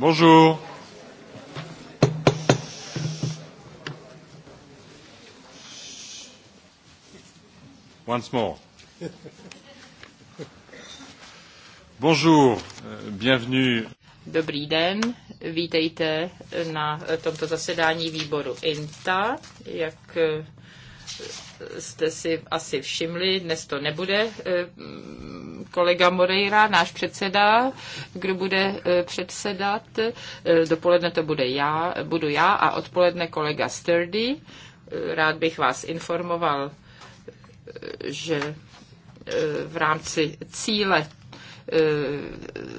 Bonjour. Once more. Bonjour, bienvenue. Dobrý den, vítejte na tomto zasedání výboru INTA. Jak jste si asi všimli, dnes to nebude eh, kolega Moreira, náš předseda, kdo bude e, předsedat. E, dopoledne to bude já, budu já a odpoledne kolega Sturdy. E, rád bych vás informoval, že v rámci cíle Eh,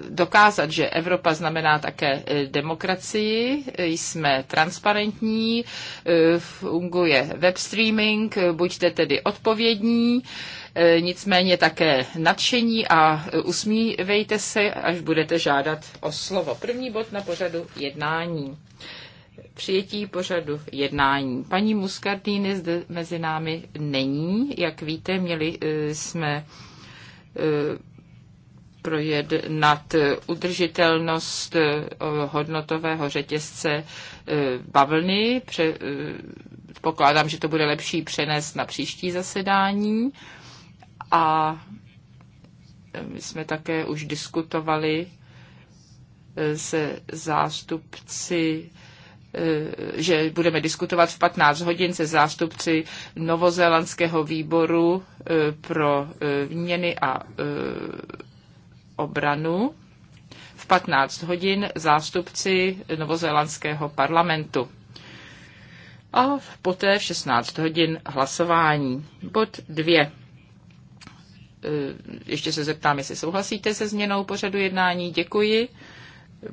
dokázat, že Evropa znamená také eh, demokracii, jsme transparentní, funguje eh, web streaming, buďte tedy odpovědní, nicméně také nadšení a usmívejte se, až budete žádat o slovo. První bod na pořadu jednání přijetí pořadu jednání. Paní Muscardini zde mezi námi není. Jak víte, měli jsme projednat udržitelnost eh, hodnotového řetězce eh, bavlny. Eh, pokládám, že to bude lepší přenést na příští zasedání. A my jsme také už diskutovali se zástupci že budeme diskutovat v 15 hodin se zástupci Novozélandského výboru pro měny a obranu v 15 hodin zástupci novozélandského parlamentu. A poté v 16 hodin hlasování. Bod 2 e, ještě se zeptám, jestli souhlasíte se změnou pořadu jednání. Děkuji.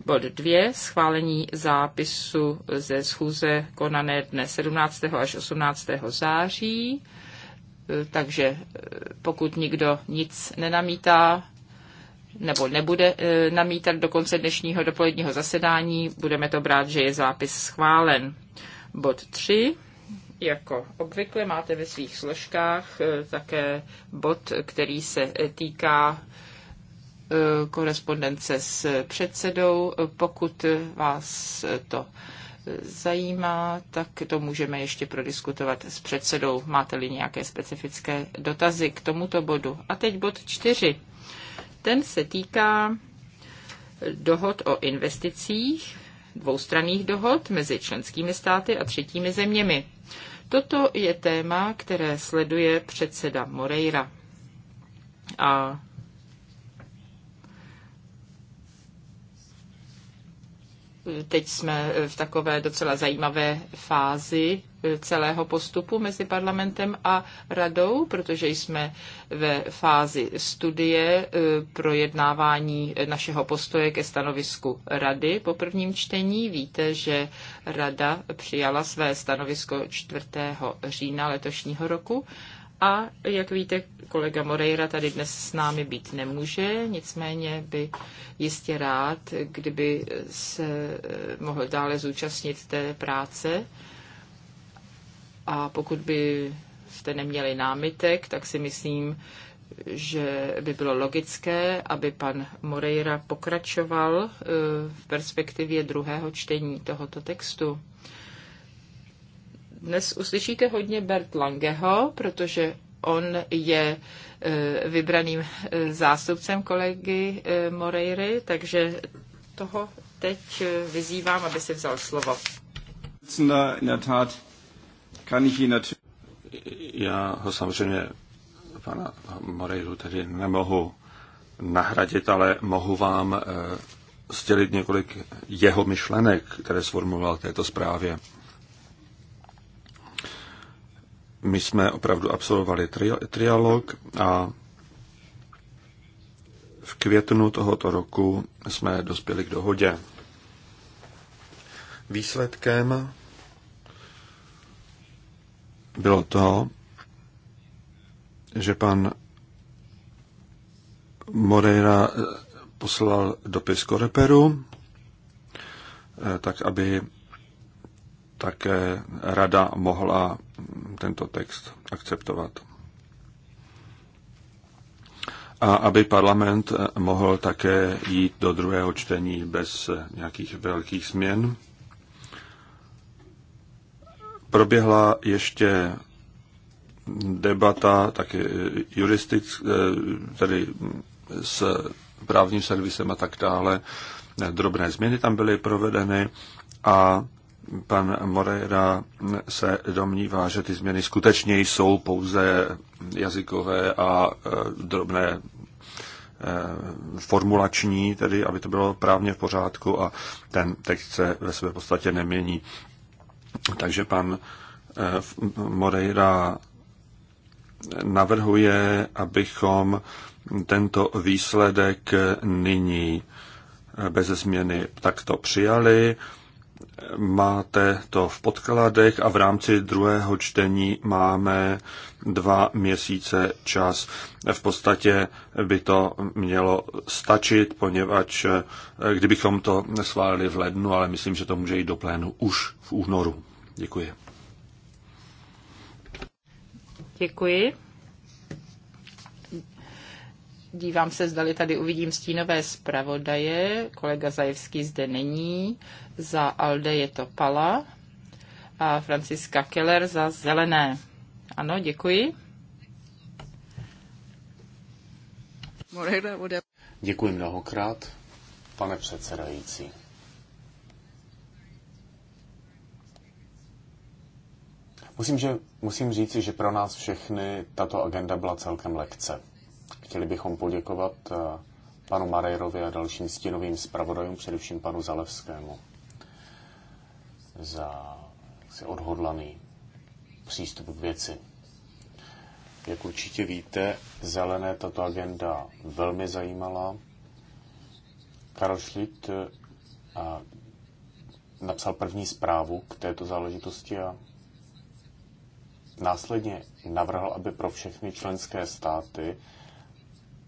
Bod 2. Schválení zápisu ze schůze konané dne 17. až 18. září. E, takže e, pokud nikdo nic nenamítá, nebo nebude e, namítat do konce dnešního dopoledního zasedání. Budeme to brát, že je zápis schválen. Bod 3. Jako obvykle máte ve svých složkách e, také bod, který se e, týká korespondence s předsedou. Pokud vás to zajímá, tak to můžeme ještě prodiskutovat s předsedou. Máte-li nějaké specifické dotazy k tomuto bodu? A teď bod čtyři. Ten se týká dohod o investicích, dvoustranných dohod mezi členskými státy a třetími zeměmi. Toto je téma, které sleduje předseda Moreira. A teď jsme v takové docela zajímavé fázi celého postupu mezi parlamentem a radou, protože jsme ve fázi studie e, projednávání našeho postoje ke stanovisku rady po prvním čtení. Víte, že rada přijala své stanovisko 4. října letošního roku. A jak víte, kolega Moreira tady dnes s námi být nemůže, nicméně by jistě rád, kdyby se mohl dále zúčastnit té práce a pokud by jste neměli námitek, tak si myslím, že by bylo logické, aby pan Moreira pokračoval e, v perspektivě druhého čtení tohoto textu. Dnes uslyšíte hodně Bert Langeho, protože on je e, vybraným e, zástupcem kolegy Moreiry, takže toho teď vyzývám, aby si vzal slovo. tat kann ich natürlich... Já ho samozřejmě, pana Moreiru, tady nemohu nahradit, ale mohu vám e, sdělit několik jeho myšlenek, které sformuloval v této zprávě. My jsme opravdu absolvovali tri, trialog a v květnu tohoto roku jsme dospěli k dohodě. Výsledkem bylo to, že pan Moreira eh, poslal dopis Koreperu, eh, tak aby také rada mohla mm, tento text akceptovat. A aby parlament eh, mohl také jít do druhého čtení bez nějakých velkých změn proběhla ještě debata taky eh, juristic, eh, tedy mm, s právním servisem a tak dále. Eh, drobné změny tam byly provedeny a pan Moreira mm, se domnívá, že ty změny skutečně jsou pouze jazykové a drobné formulační, tedy aby to bylo právně v pořádku a ten text se ve své podstatě nemění. Takže pan eh, Moreira navrhuje, abychom tento výsledek nyní eh, bez změny takto přijali Máte to v podkladech a v rámci druhého čtení máme dva měsíce čas. V podstatě by to mělo stačit, poněvadž eh, kdybychom to schválili v lednu, ale myslím, že to může jít do plénu už v únoru. Děkuji. Děkuji. Dívám se, zdali tady uvidím stínové zpravodaje. Kolega Zajevský zde není. Za Alde je to Pala a Franciska Keller za Zelené. Ano, děkuji. Děkuji mnohokrát, pane předsedající. Musím, že, musím říci, že pro nás všechny tato agenda byla celkem lekce. Chtěli bychom poděkovat eh, panu Marejrovi a dalším stínovým zpravodajům, především panu Zalevskému, za si odhodlaný přístup k věci. Jak určitě víte, zelené tato agenda velmi zajímala. Karl Schlitt eh, napsal první zprávu k této záležitosti a následně navrhl, aby pro všechny členské státy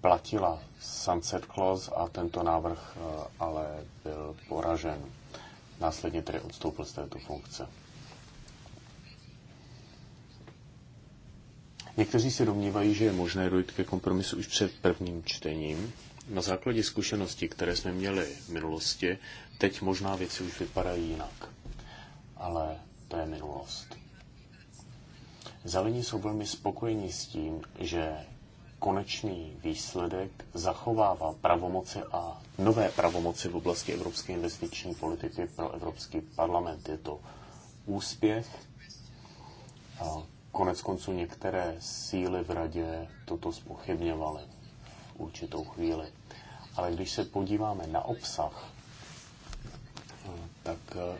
platila sunset clause a tento návrh eh, ale byl poražen. Následně tedy odstoupil z této funkce. Někteří se domnívají, že je možné dojít ke kompromisu už před prvním čtením. Na základě zkušeností, které jsme měli v minulosti, teď možná věci už vypadají jinak. Ale to je minulost. Zelení jsou velmi spokojení s tím, že konečný výsledek zachovává pravomoci a nové pravomoci v oblasti evropské investiční politiky pro Evropský parlament. Je to úspěch. A konec konců některé síly v radě toto spochybňovaly v určitou chvíli. Ale když se podíváme na obsah, tak eh,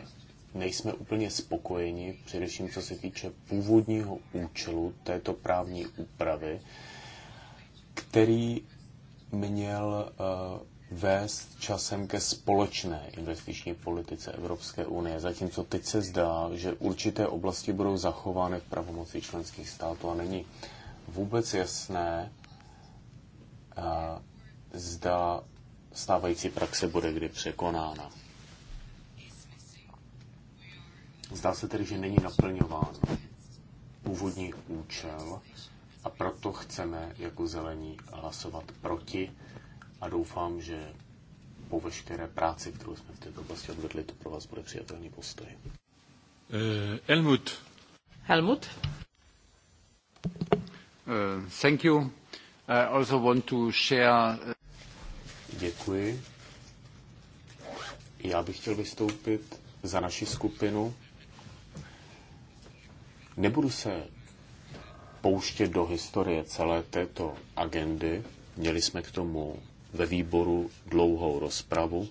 nejsme úplně spokojeni, především co se týče původního účelu této právní úpravy, který měl eh, vést časem ke společné investiční politice Evropské unie, zatímco teď se zdá, že určité oblasti budou zachovány v pravomoci členských států a není vůbec jasné, eh, zda stávající praxe bude kdy překonána. Zdá se tedy, že není naplňován původní účel a proto chceme jako zelení hlasovat proti a doufám, že po veškeré práci, kterou jsme v této oblasti odvedli, to pro vás bude přijatelný postoj. Eh, Helmut. Helmut. Uh, thank you. I also want to share... Eh, Děkuji. Já bych chtěl vystoupit za naši skupinu. Nebudu se pouštět do historie celé této agendy. Měli jsme k tomu ve výboru dlouhou rozpravu,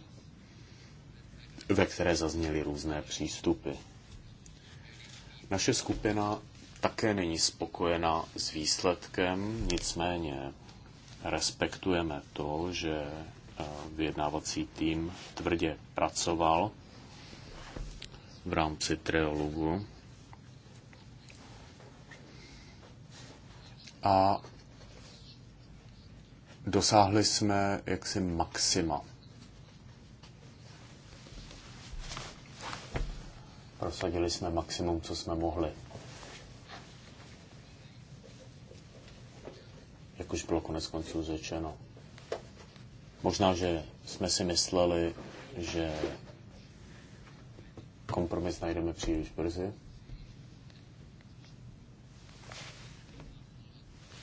ve které zazněly různé přístupy. Naše skupina také není spokojena s výsledkem, nicméně respektujeme to, že eh, vyjednávací tým tvrdě pracoval v rámci triologu. a dosáhli jsme jaksi maxima. Prosadili jsme maximum, co jsme mohli. Jak už bylo konec konců řečeno. Možná, že jsme si mysleli, že kompromis najdeme příliš brzy,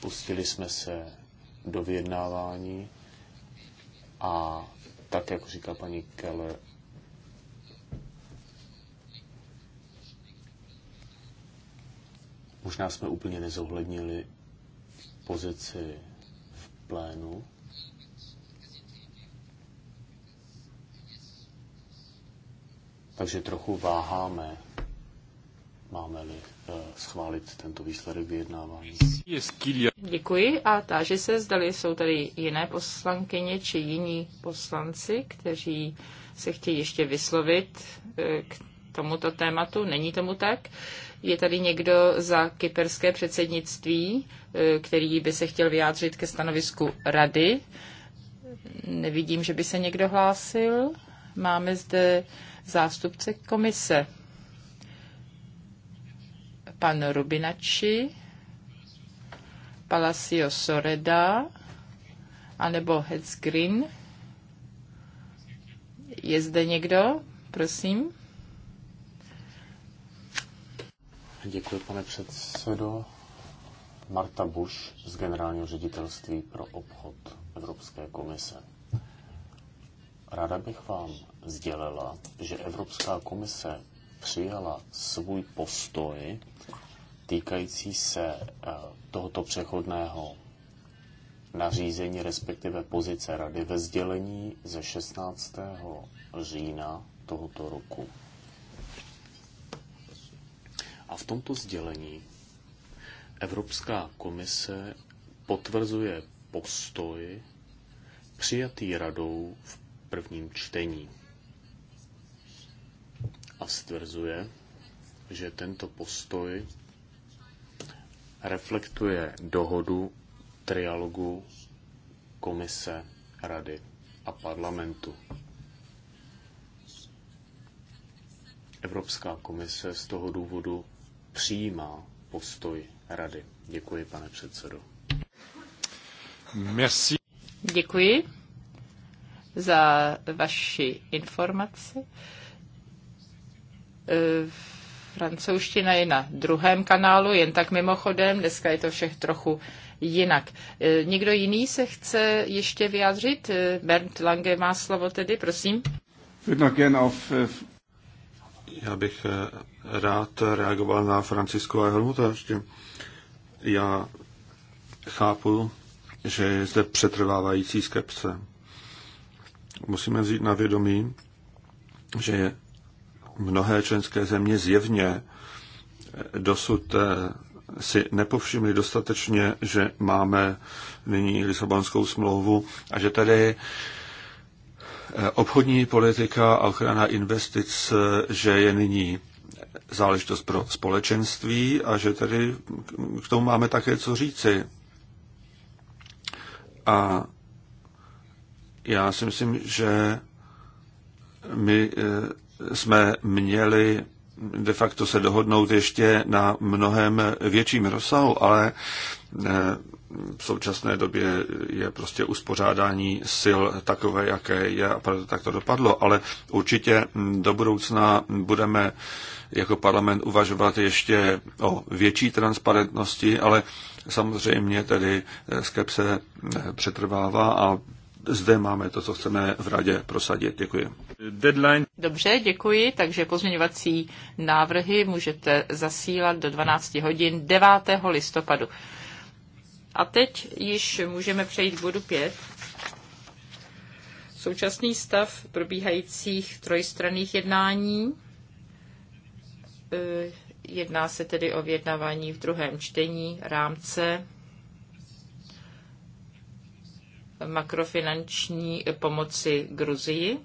Pustili jsme se do vyjednávání a tak, jak říká paní Keller, možná jsme úplně nezohlednili pozici v plénu, takže trochu váháme máme-li eh, schválit tento výsledek vyjednávání. Děkuji a táži se, zdali jsou tady jiné poslankyně či jiní poslanci, kteří se chtějí ještě vyslovit eh, k tomuto tématu. Není tomu tak? Je tady někdo za kyperské předsednictví, eh, který by se chtěl vyjádřit ke stanovisku rady? Nevidím, že by se někdo hlásil. Máme zde zástupce komise pan Rubinači, Palacio Soreda, anebo Hetz Green. Je zde někdo? Prosím. Děkuji, pane předsedo. Marta Bush z Generálního ředitelství pro obchod Evropské komise. Ráda bych vám sdělila, že Evropská komise přijala svůj postoj týkající se eh, tohoto přechodného nařízení, respektive pozice rady ve sdělení ze 16. října tohoto roku. A v tomto sdělení Evropská komise potvrzuje postoj přijatý radou v prvním čtení a stvrzuje, že tento postoj reflektuje dohodu trialogu komise, rady a parlamentu. Evropská komise z toho důvodu přijímá postoj rady. Děkuji, pane předsedo. Merci. Děkuji za vaši informaci. Eh, francouzština je na druhém kanálu, jen tak mimochodem, dneska je to všech trochu jinak. Eh, někdo jiný se chce ještě vyjádřit? Eh, Bernd Lange má slovo tedy, prosím. Já bych rád reagoval na Francisku a Helmuta ještě. Já chápu, že je zde přetrvávající skepse. Musíme vzít na vědomí, že mnohé členské země zjevně dosud eh, si nepovšimli dostatečně, že máme nyní Lisabonskou smlouvu a že tady eh, obchodní politika a ochrana investic, eh, že je nyní záležitost pro společenství a že tedy k tomu máme také co říci. A já si myslím, že my jsme měli de facto se dohodnout ještě na mnohem větším rozsahu, ale eh, v současné době je prostě uspořádání sil takové, jaké je a proto tak to dopadlo. Ale určitě do budoucna budeme jako parlament uvažovat ještě o větší transparentnosti, ale samozřejmě tedy eh, skepse eh, přetrvává a zde máme to, co chceme v radě prosadit. Děkuji. Deadline. Dobře, děkuji. Takže pozměňovací návrhy můžete zasílat do 12 hodin 9. listopadu. A teď již můžeme přejít k bodu 5. Současný stav probíhajících trojstranných jednání. E, jedná se tedy o vyjednávání v druhém čtení rámce makrofinanční pomoci Gruzii.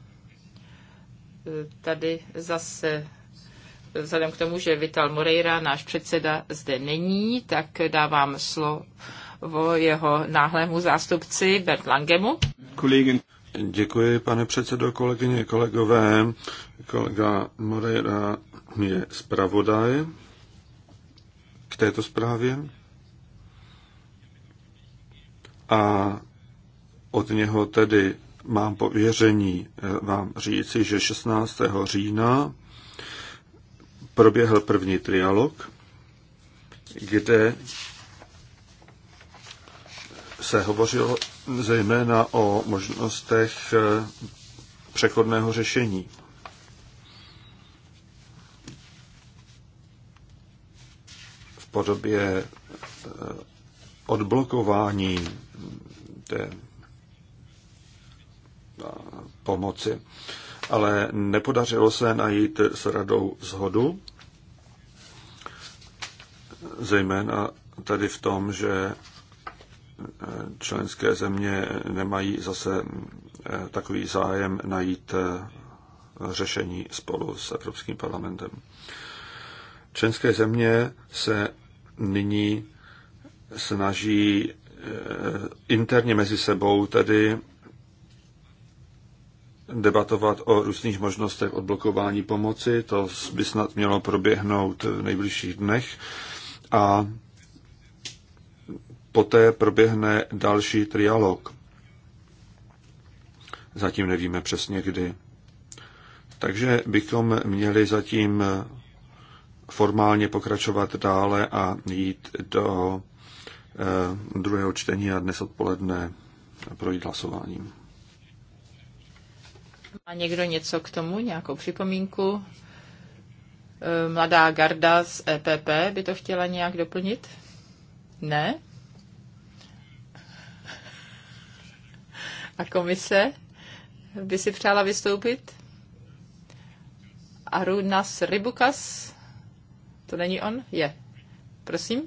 Tady zase vzhledem k tomu, že Vital Moreira, náš předseda, zde není, tak dávám slovo jeho náhlému zástupci Bert Langemu. Kolegin. Děkuji, pane předsedo, kolegyně, kolegové. Kolega Moreira je zpravodaj k této zprávě. A od něho tedy mám pověření eh, vám říci, že 16. října proběhl první trialog, kde se hovořilo zejména o možnostech eh, přechodného řešení. V podobě eh, odblokování té pomoci. Ale nepodařilo se najít s radou zhodu, zejména tady v tom, že členské země nemají zase eh, takový zájem najít eh, řešení spolu s Evropským parlamentem. Členské země se nyní snaží eh, interně mezi sebou tedy debatovat o různých možnostech odblokování pomoci. To by snad mělo proběhnout v nejbližších dnech. A poté proběhne další trialog. Zatím nevíme přesně kdy. Takže bychom měli zatím formálně pokračovat dále a jít do eh, druhého čtení a dnes odpoledne projít hlasováním. Má někdo něco k tomu, nějakou připomínku? Eh, Mladá garda z EPP by to chtěla nějak doplnit? Ne? A komise by si přála vystoupit? Arunas Rybukas? To není on? Je. Prosím.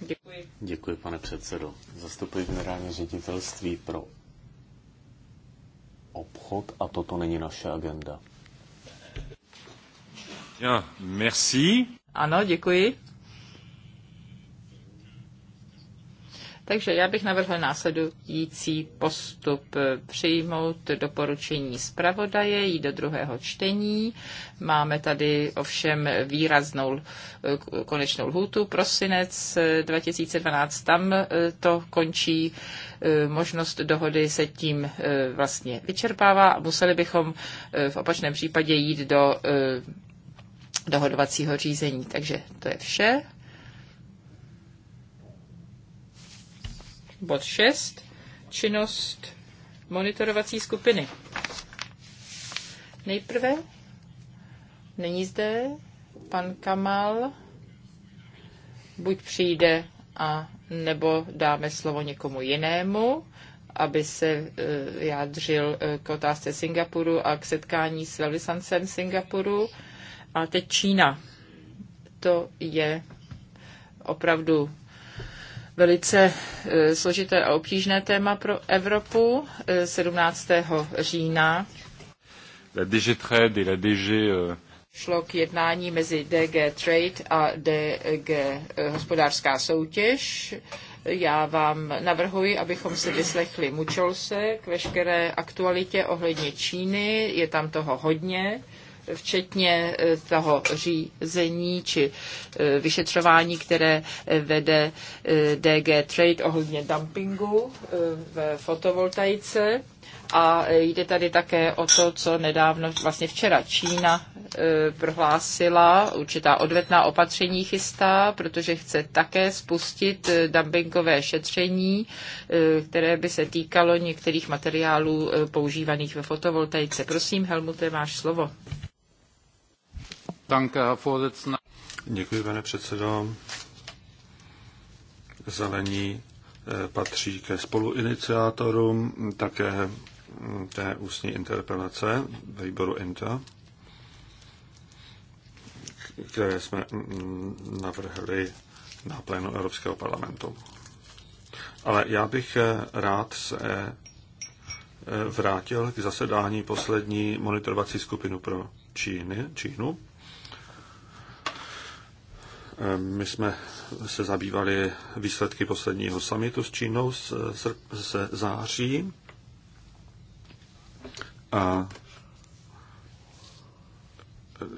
Děkuji. Děkuji, pane předsedo. Zastupuji generální ředitelství pro obchod a toto není naše agenda. Ja, merci. Ano, děkuji. Takže já bych navrhl následující postup. Přijmout doporučení zpravodaje, jít do druhého čtení. Máme tady ovšem výraznou konečnou lhůtu, prosinec 2012. Tam e, to končí. E, možnost dohody se tím e, vlastně vyčerpává a museli bychom v opačném případě jít do dohodovacího řízení. Takže to je vše. bod 6, činnost monitorovací skupiny. Nejprve není zde pan Kamal, buď přijde a nebo dáme slovo někomu jinému, aby se eh, vyjádřil eh, k otázce Singapuru a k setkání s velvyslancem Singapuru. A teď Čína. To je opravdu velice eh, složité a obtížné téma pro Evropu 17. Eh, října. La DG Trade et la DG eh, šlo k jednání mezi DG Trade a DG Hospodářská soutěž. Já vám navrhuji, abychom si vyslechli Mučolse k veškeré aktualitě ohledně Číny. Je tam toho hodně včetně eh, toho řízení či eh, vyšetřování, které eh, vede DG Trade ohledně dumpingu v fotovoltaice. A jde tady také o to, co nedávno, vlastně včera Čína prohlásila, určitá odvetná opatření chystá, protože chce také spustit dumpingové šetření, které by se týkalo některých materiálů používaných ve fotovoltaice. Prosím, Helmute, máš slovo. Děkuji, pane předsedo. Zelení eh, patří ke spoluiniciátorům také hm, té ústní interpelace výboru INTA, které jsme hm, navrhli na plénu Evropského parlamentu. Ale já bych eh, rád se eh, vrátil k zasedání poslední monitorovací skupinu pro Číny, Čínu my jsme se zabývali výsledky posledního samitu s Čínou se září a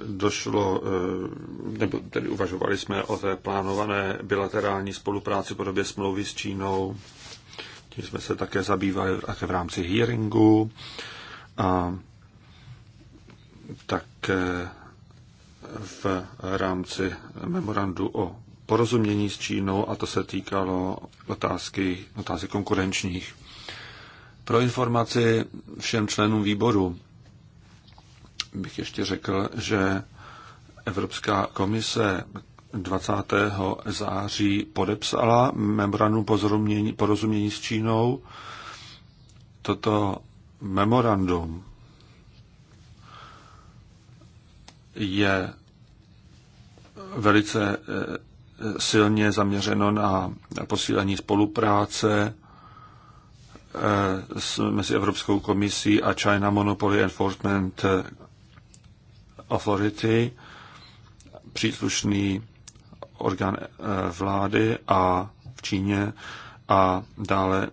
došlo, eh, nebo tedy uvažovali jsme o té plánované bilaterální spolupráci po době smlouvy s Čínou. Tím jsme se také zabývali také v rámci hearingu a tak v rámci memorandu o porozumění s Čínou a to se týkalo otázky, otázky konkurenčních. Pro informaci všem členům výboru bych ještě řekl, že Evropská komise 20. září podepsala memorandum porozumění s Čínou. Toto memorandum je velice eh, silně zaměřeno na posílení spolupráce eh, mezi Evropskou komisí a China Monopoly Enforcement Authority, příslušný orgán eh, vlády a v Číně a dále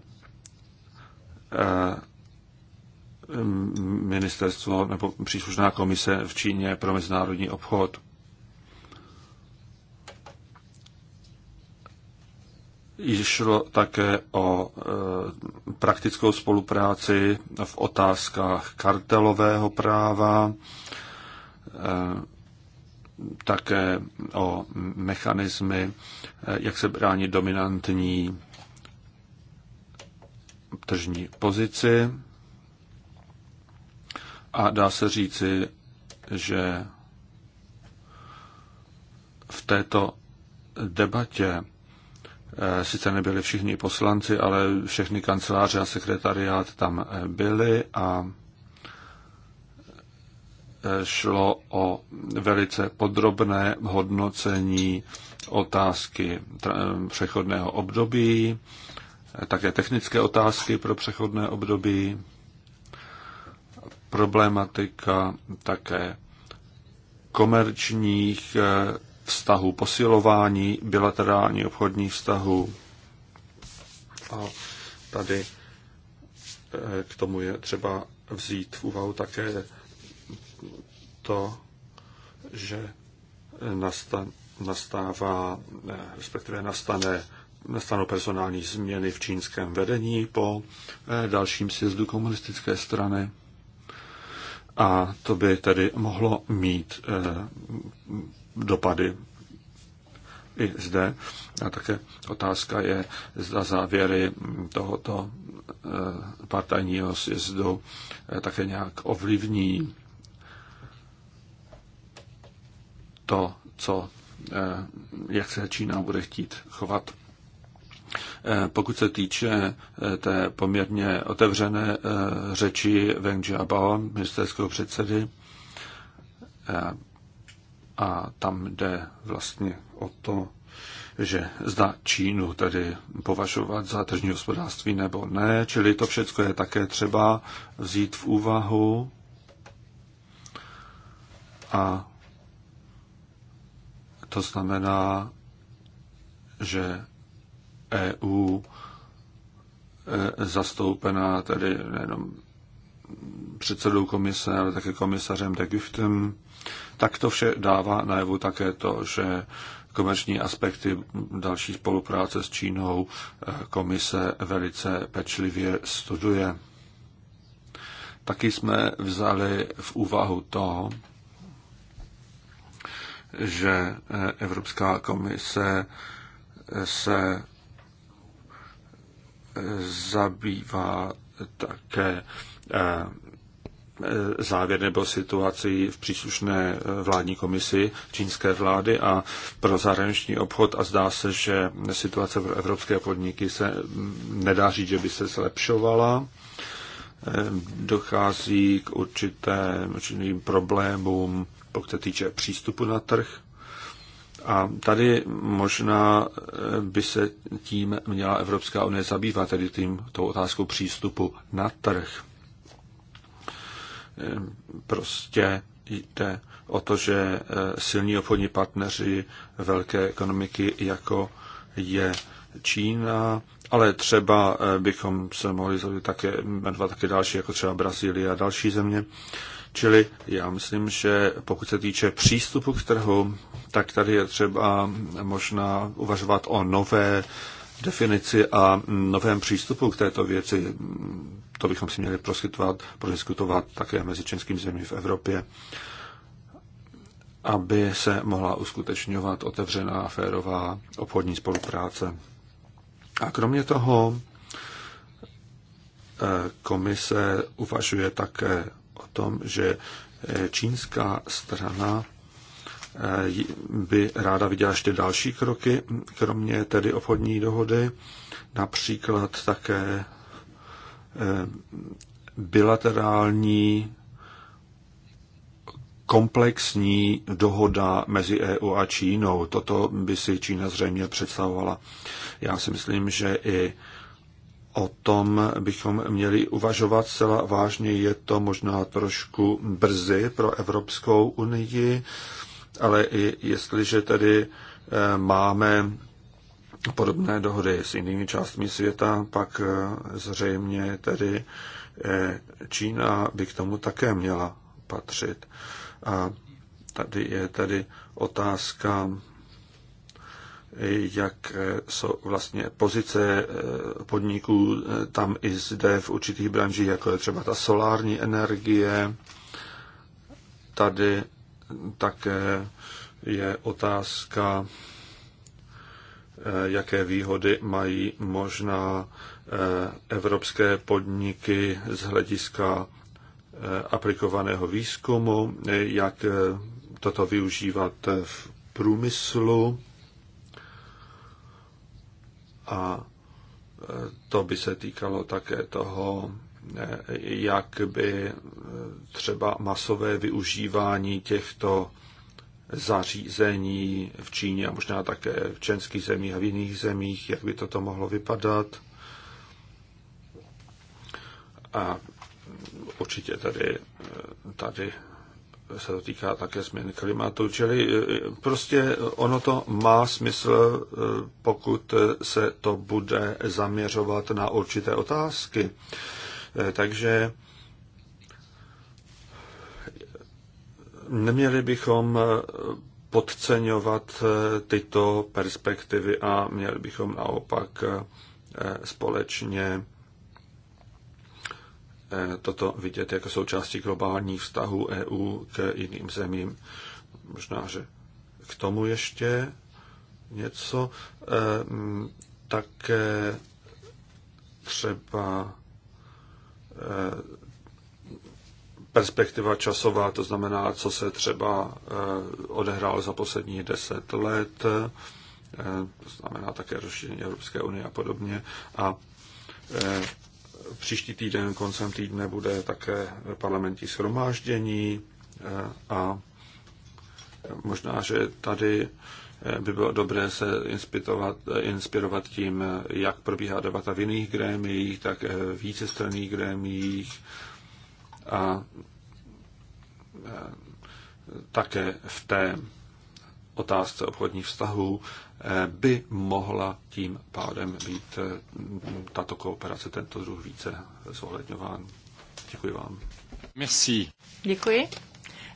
ministerstvo nebo příslušná komise v Číně pro mezinárodní obchod. Již šlo také o e, praktickou spolupráci v otázkách kartelového práva, e, také o mechanismy, e, jak se bránit dominantní tržní pozici a dá se říci, že v této debatě eh, sice nebyli všichni poslanci, ale všechny kanceláře a sekretariát tam eh, byly a eh, šlo o velice podrobné hodnocení otázky přechodného období, také technické otázky pro přechodné období problematika také komerčních eh, vztahů, posilování bilaterální obchodních vztahů. A tady eh, k tomu je třeba vzít v úvahu také to, že nastává, eh, respektive nastane, nastanou personální změny v čínském vedení po dalším sjezdu komunistické strany a to by tedy mohlo mít eh, dopady i zde. A také otázka je, zda závěry tohoto eh, partajního sjezdu eh, také nějak ovlivní to, co, jak se Čína bude chtít chovat. Eh, pokud se týče eh, té poměrně otevřené eh, řeči Weng Jiabao, ministerského předsedy, a tam jde vlastně o to, že zda Čínu tedy považovat za tržní hospodářství nebo ne, čili to všechno je také třeba vzít v úvahu a to znamená, že EU e, zastoupená tedy nejenom předsedou komise, ale také komisařem de Giftem, tak to vše dává najevu také to, že komerční aspekty další spolupráce s Čínou e, komise velice pečlivě studuje. Taky jsme vzali v úvahu to, že e, Evropská komise se zabývá také eh, závěr nebo situaci v příslušné eh, vládní komisi čínské vlády a pro zahraniční obchod a zdá se, že situace pro evropské podniky se mm, nedá říct, že by se zlepšovala. Eh, dochází k určitým problémům, pokud se týče přístupu na trh. A tady možná eh, by se tím měla Evropská unie zabývat, tedy tím tou otázkou přístupu na trh. Eh, prostě jde o to, že eh, silní obchodní partneři velké ekonomiky, jako je Čína, ale třeba bychom se mohli také také další, jako třeba Brazílie a další země, Čili já myslím, že pokud se týče přístupu k trhu, tak tady je třeba možná uvažovat o nové definici a novém přístupu k této věci. To bychom si měli proskytovat, prodiskutovat také mezi českými zemí v Evropě, aby se mohla uskutečňovat otevřená férová obchodní spolupráce. A kromě toho eh, komise uvažuje také o tom, že eh, čínská strana eh, by ráda viděla ještě další kroky, kromě tedy obchodní dohody, například také eh, bilaterální komplexní dohoda mezi EU a Čínou. Toto by si Čína zřejmě představovala. Já si myslím, že i o tom bychom měli uvažovat celá vážně. Je to možná trošku brzy pro Evropskou unii, ale i jestliže tedy eh, máme podobné dohody s jinými částmi světa, pak eh, zřejmě tedy eh, Čína by k tomu také měla patřit. A tady je tedy otázka jak eh, jsou vlastně pozice eh, podniků eh, tam i zde v určitých branžích, jako je třeba ta solární energie. Tady také je otázka, jaké výhody mají možná evropské podniky z hlediska aplikovaného výzkumu, jak toto využívat v průmyslu a e, to by se týkalo také toho, e, jak by e, třeba masové využívání těchto zařízení v Číně a možná také v čenských zemích a v jiných zemích, jak by toto mohlo vypadat. A určitě tady, tady se to týká také změny klimatu, čili e, e, prostě ono to má smysl, e, pokud se to bude zaměřovat na určité otázky. Takže neměli bychom podceňovat tyto perspektivy a měli bychom naopak společně Eh, toto vidět jako součástí globálních vztahů EU k jiným zemím. Možná, že k tomu ještě něco. Eh, také eh, třeba perspektiva časová, to znamená, co se třeba odehrálo za poslední deset let, to znamená také rozšíření Evropské unie a podobně. A Příští týden, koncem týdne, bude také parlamentní shromáždění eh, a možná, že tady eh, by bylo dobré se inspirovat, eh, inspirovat tím, jak probíhá debata v jiných grémiích, tak vícestranných grémiích a také v té otázce obchodních vztahů by mohla tím pádem být eh, tato kooperace, tento druh více zohledňován. Děkuji vám. Merci. Děkuji.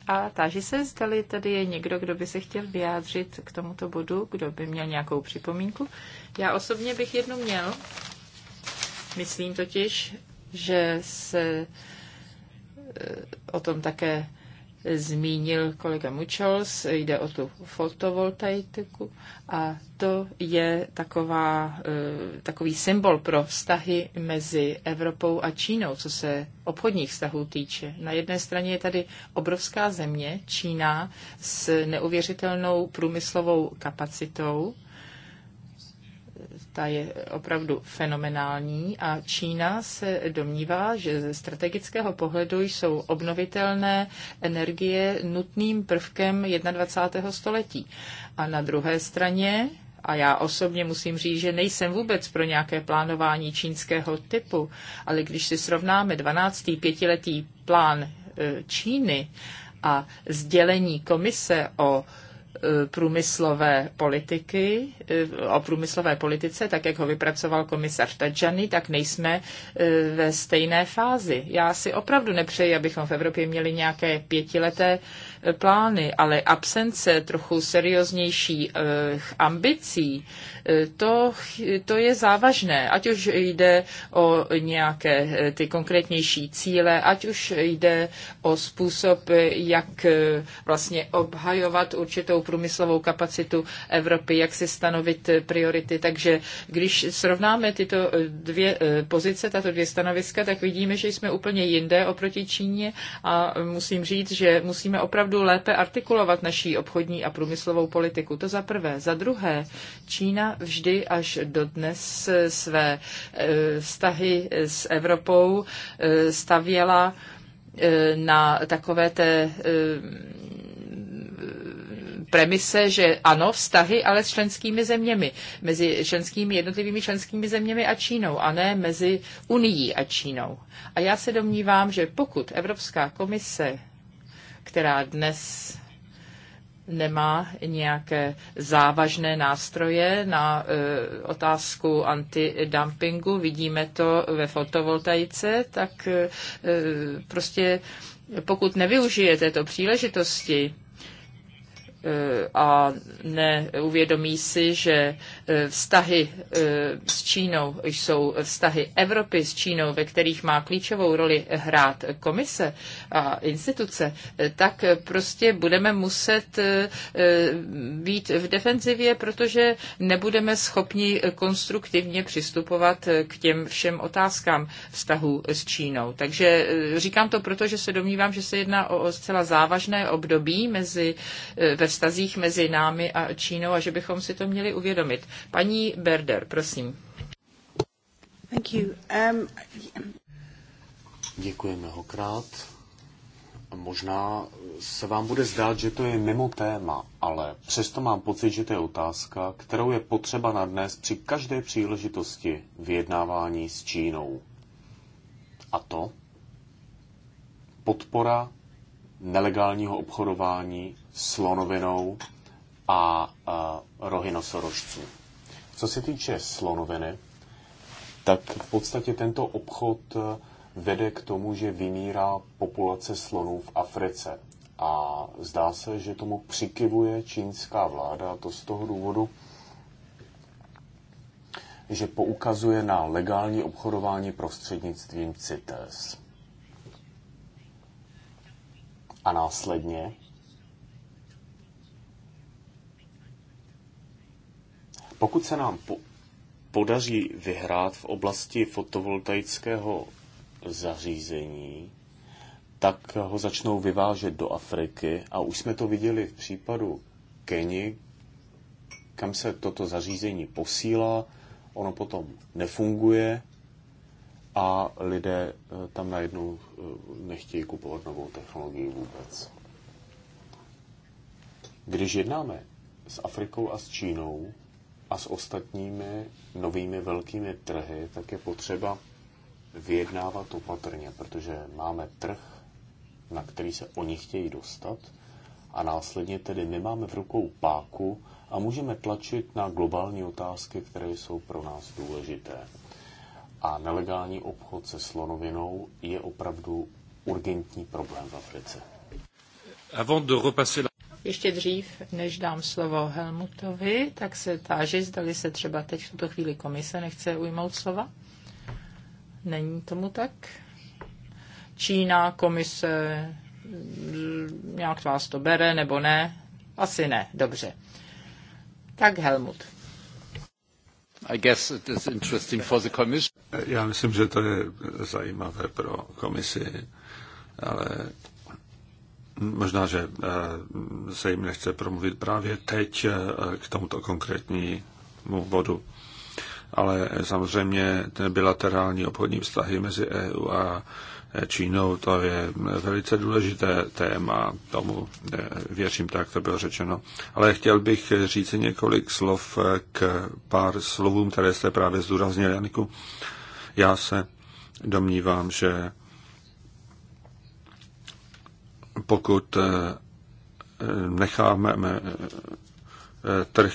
A táži se, zdali tady je někdo, kdo by se chtěl vyjádřit k tomuto bodu, kdo by měl nějakou připomínku. Já osobně bych jednu měl. Myslím totiž, že se eh, o tom také zmínil kolega Mučols, jde o tu fotovoltaiku a to je taková, e, takový symbol pro vztahy mezi Evropou a Čínou, co se obchodních vztahů týče. Na jedné straně je tady obrovská země, Čína, s neuvěřitelnou průmyslovou kapacitou, ta je opravdu fenomenální a Čína se domnívá, že ze strategického pohledu jsou obnovitelné energie nutným prvkem 21. století. A na druhé straně a já osobně musím říct, že nejsem vůbec pro nějaké plánování čínského typu, ale když si srovnáme 12. pětiletý plán e, Číny a sdělení komise o Eh, průmyslové politiky, eh, o průmyslové politice, tak jak ho vypracoval komisař Tajani, tak nejsme eh, ve stejné fázi. Já si opravdu nepřeji, abychom v Evropě měli nějaké pětileté plány, ale absence trochu serióznějších eh, ambicí, eh, to, to je závažné, ať už jde o nějaké eh, ty konkrétnější cíle, ať už jde o způsob, jak vlastně obhajovat určitou průmyslovou kapacitu Evropy, jak si stanovit priority. Takže když srovnáme tyto dvě pozice, tato dvě stanoviska, tak vidíme, že jsme úplně jinde oproti Číně a musím říct, že musíme opravdu opravdu lépe artikulovat naší obchodní a průmyslovou politiku. To za prvé. Za druhé, Čína vždy až do dnes eh, své eh, vztahy eh, s Evropou stavěla na takové té premise, že ano, vztahy, ale s členskými zeměmi, mezi členskými jednotlivými členskými zeměmi a Čínou, a ne mezi Unií a Čínou. A já se domnívám, že pokud Evropská komise která dnes nemá nějaké závažné nástroje na e, otázku antidumpingu, vidíme to ve fotovoltaice, tak e, prostě pokud nevyužije této příležitosti, E, a neuvědomí si, že e, vztahy e, s Čínou jsou vztahy Evropy s Čínou, ve kterých má klíčovou roli hrát komise a instituce, tak prostě budeme muset být v defenzivě, protože nebudeme schopni konstruktivně přistupovat k těm všem otázkám vztahu s Čínou. Takže říkám to proto, že se domnívám, že se jedná o zcela závažné období mezi ve vztazích mezi námi a Čínou a že bychom si to měli uvědomit. Paní Berder, prosím. Thank you. Um... Děkuji mnohokrát. Možná se vám bude zdát, že to je mimo téma, ale přesto mám pocit, že to je otázka, kterou je potřeba nadnést při každé příležitosti vyjednávání s Čínou. A to podpora nelegálního obchodování slonovinou a, a rohy nosorožců. Co se týče slonoviny, tak v podstatě tento obchod e, vede k tomu, že vymírá populace slonů v Africe. A zdá se, že tomu přikivuje čínská vláda, a to z toho důvodu, že poukazuje na legální obchodování prostřednictvím CITES a následně pokud se nám po- podaří vyhrát v oblasti fotovoltaického zařízení, tak ho začnou vyvážet do Afriky a už jsme to viděli v případu Keni, kam se toto zařízení posílá, ono potom nefunguje a lidé eh, tam najednou eh, nechtějí kupovat novou technologii vůbec. Když jednáme s Afrikou a s Čínou a s ostatními novými velkými trhy, tak je potřeba vyjednávat opatrně, protože máme trh, na který se oni chtějí dostat a následně tedy nemáme v rukou páku a můžeme tlačit na globální otázky, které jsou pro nás důležité a nelegální obchod se slonovinou je opravdu urgentní problém v Africe. Ještě dřív, než dám slovo Helmutovi, tak se táži, zdali se třeba teď v tuto chvíli komise nechce ujmout slova. Není tomu tak? Čína, komise, nějak vás to bere nebo ne? Asi ne, dobře. Tak Helmut. Já myslím, že to je zajímavé pro komisi, ale možná, že eh, se jim nechce promluvit právě teď eh, k tomuto konkrétnímu bodu. Ale samozřejmě ten bilaterální obchodní vztahy mezi EU a Čínou, to je velice důležité téma, tomu eh, věřím, tak to bylo řečeno. Ale chtěl bych říct několik slov k pár slovům, které jste právě zdůraznil, Janiku. Já se domnívám, že pokud eh, necháme eh, trh,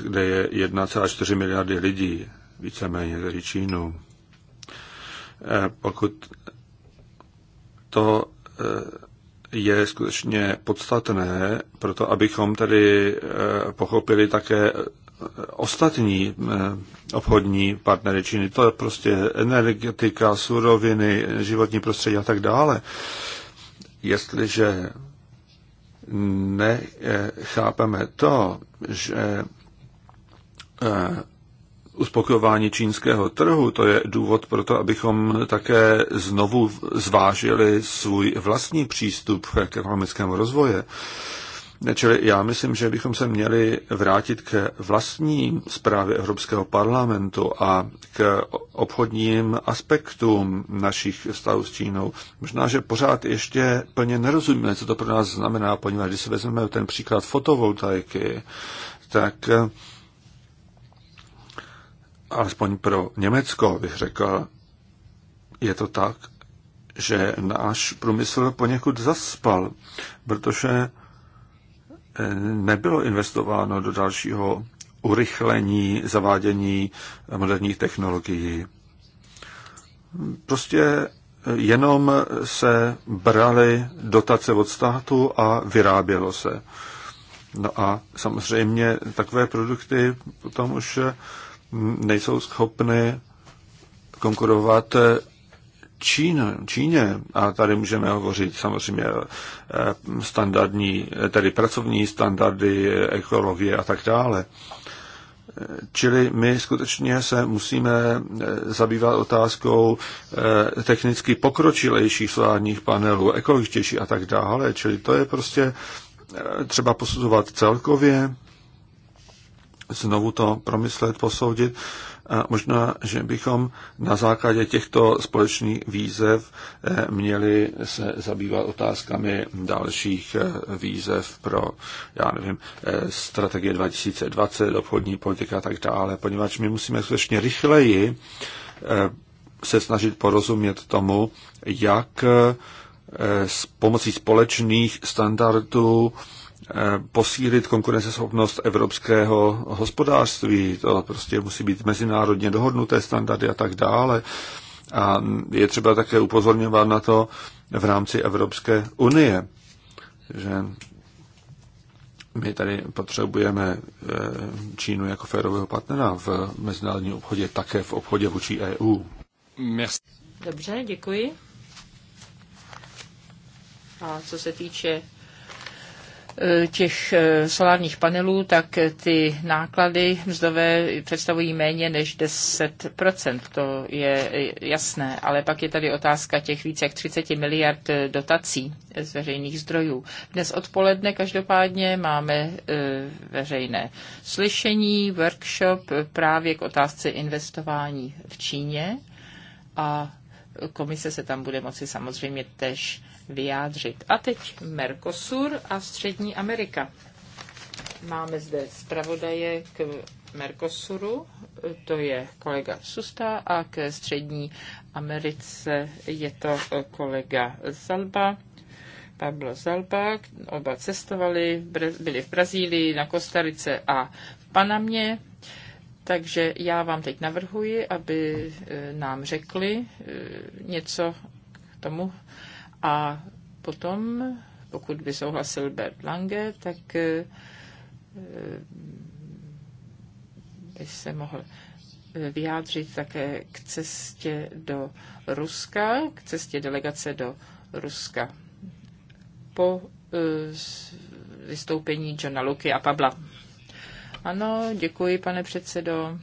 kde je 1,4 miliardy lidí, víceméně tedy Čínu, pokud to eh, je skutečně podstatné, proto abychom tedy eh, pochopili také eh, ostatní obchodní partnery Číny. To je prostě energetika, suroviny, životní prostředí a tak dále. Jestliže nechápeme to, že uspokojování čínského trhu, to je důvod pro to, abychom také znovu zvážili svůj vlastní přístup k ekonomickému rozvoje. Čili já myslím, že bychom se měli vrátit k vlastní zprávě Evropského parlamentu a k obchodním aspektům našich vztahů s Čínou. Možná, že pořád ještě plně nerozumíme, co to pro nás znamená, poněvadž když si vezmeme ten příklad fotovoltaiky, tak alespoň pro Německo, bych řekl, je to tak, že náš průmysl poněkud zaspal, protože eh, nebylo investováno do dalšího urychlení zavádění moderních technologií. Prostě eh, jenom se braly dotace od státu a vyrábělo se. No a samozřejmě takové produkty potom už eh, nejsou schopny konkurovat Čín, Číně, a tady můžeme hovořit samozřejmě eh, standardní, eh, tedy pracovní standardy, ekologie a tak dále. Čili my skutečně se musíme eh, zabývat otázkou technicky pokročilejších solárních panelů, ekologičtější a tak dále. Čili to je prostě třeba posuzovat celkově znovu to promyslet, posoudit. A možná, že bychom na základě těchto společných výzev eh, měli se zabývat otázkami dalších eh, výzev pro, já nevím, eh, strategie 2020, obchodní politika a tak dále, poněvadž my musíme skutečně rychleji se snažit porozumět tomu, jak s pomocí společných standardů Eh, posílit konkurenceschopnost evropského hospodářství. To prostě musí být mezinárodně dohodnuté standardy a tak dále. A je třeba také upozorňovat na to v rámci Evropské unie, že my tady potřebujeme eh, Čínu jako férového partnera v mezinárodním obchodě, také v obchodě vůči EU. Dobře, děkuji. A co se týče Eh, těch eh, solárních panelů, tak ty náklady mzdové představují méně než 10%, to je eh, jasné, ale pak je tady otázka těch více jak 30 miliard dotací z veřejných zdrojů. Dnes odpoledne každopádně máme veřejné slyšení, workshop právě k otázce investování v Číně a komise se tam bude moci samozřejmě tež vyjádřit. A teď Mercosur a Střední Amerika. Máme zde zpravodaje k Mercosuru, to je kolega Susta, a k Střední Americe je to kolega Zalba. Pablo Zalba, oba cestovali, byli v Brazílii, na Kostarice a v Panamě. Takže já vám teď navrhuji, aby eh, nám řekli eh, něco k tomu, a potom, pokud by souhlasil Bert Lange, tak eh, eh, by se mohl eh, vyjádřit také k cestě do Ruska, k cestě delegace do Ruska po vystoupení Johna Luky a Pabla. Ano, děkuji, pane předsedo.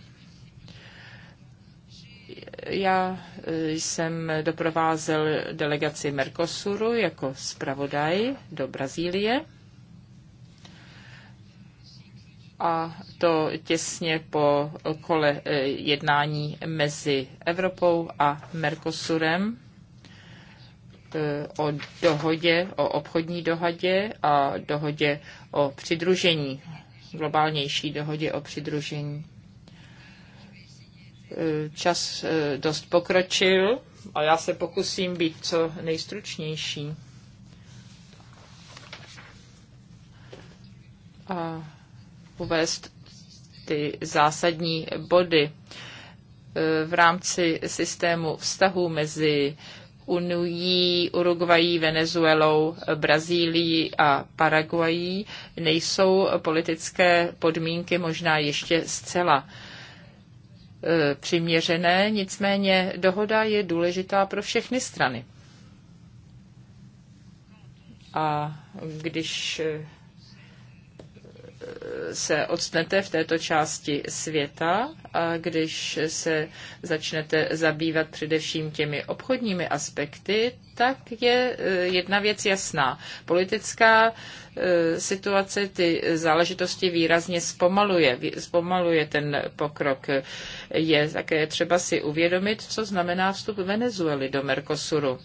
Já eh, jsem doprovázel delegaci Mercosuru jako zpravodaj do Brazílie a to těsně po kole eh, jednání mezi Evropou a Mercosurem eh, o dohodě, o obchodní dohodě a dohodě o přidružení, globálnější dohodě o přidružení. Eh, čas eh, dost pokročil a já se pokusím být co nejstručnější. A uvést ty zásadní body eh, v rámci systému vztahu mezi Unují, Uruguají, Venezuelou, Brazílií a Paraguají nejsou politické podmínky možná ještě zcela E, přiměřené, nicméně dohoda je důležitá pro všechny strany. A když e, se odstnete v této části světa a když se začnete zabývat především těmi obchodními aspekty, tak je eh, jedna věc jasná. Politická eh, situace ty záležitosti výrazně zpomaluje. Zpomaluje ten pokrok. Je také třeba si uvědomit, co znamená vstup Venezuely do Mercosuru.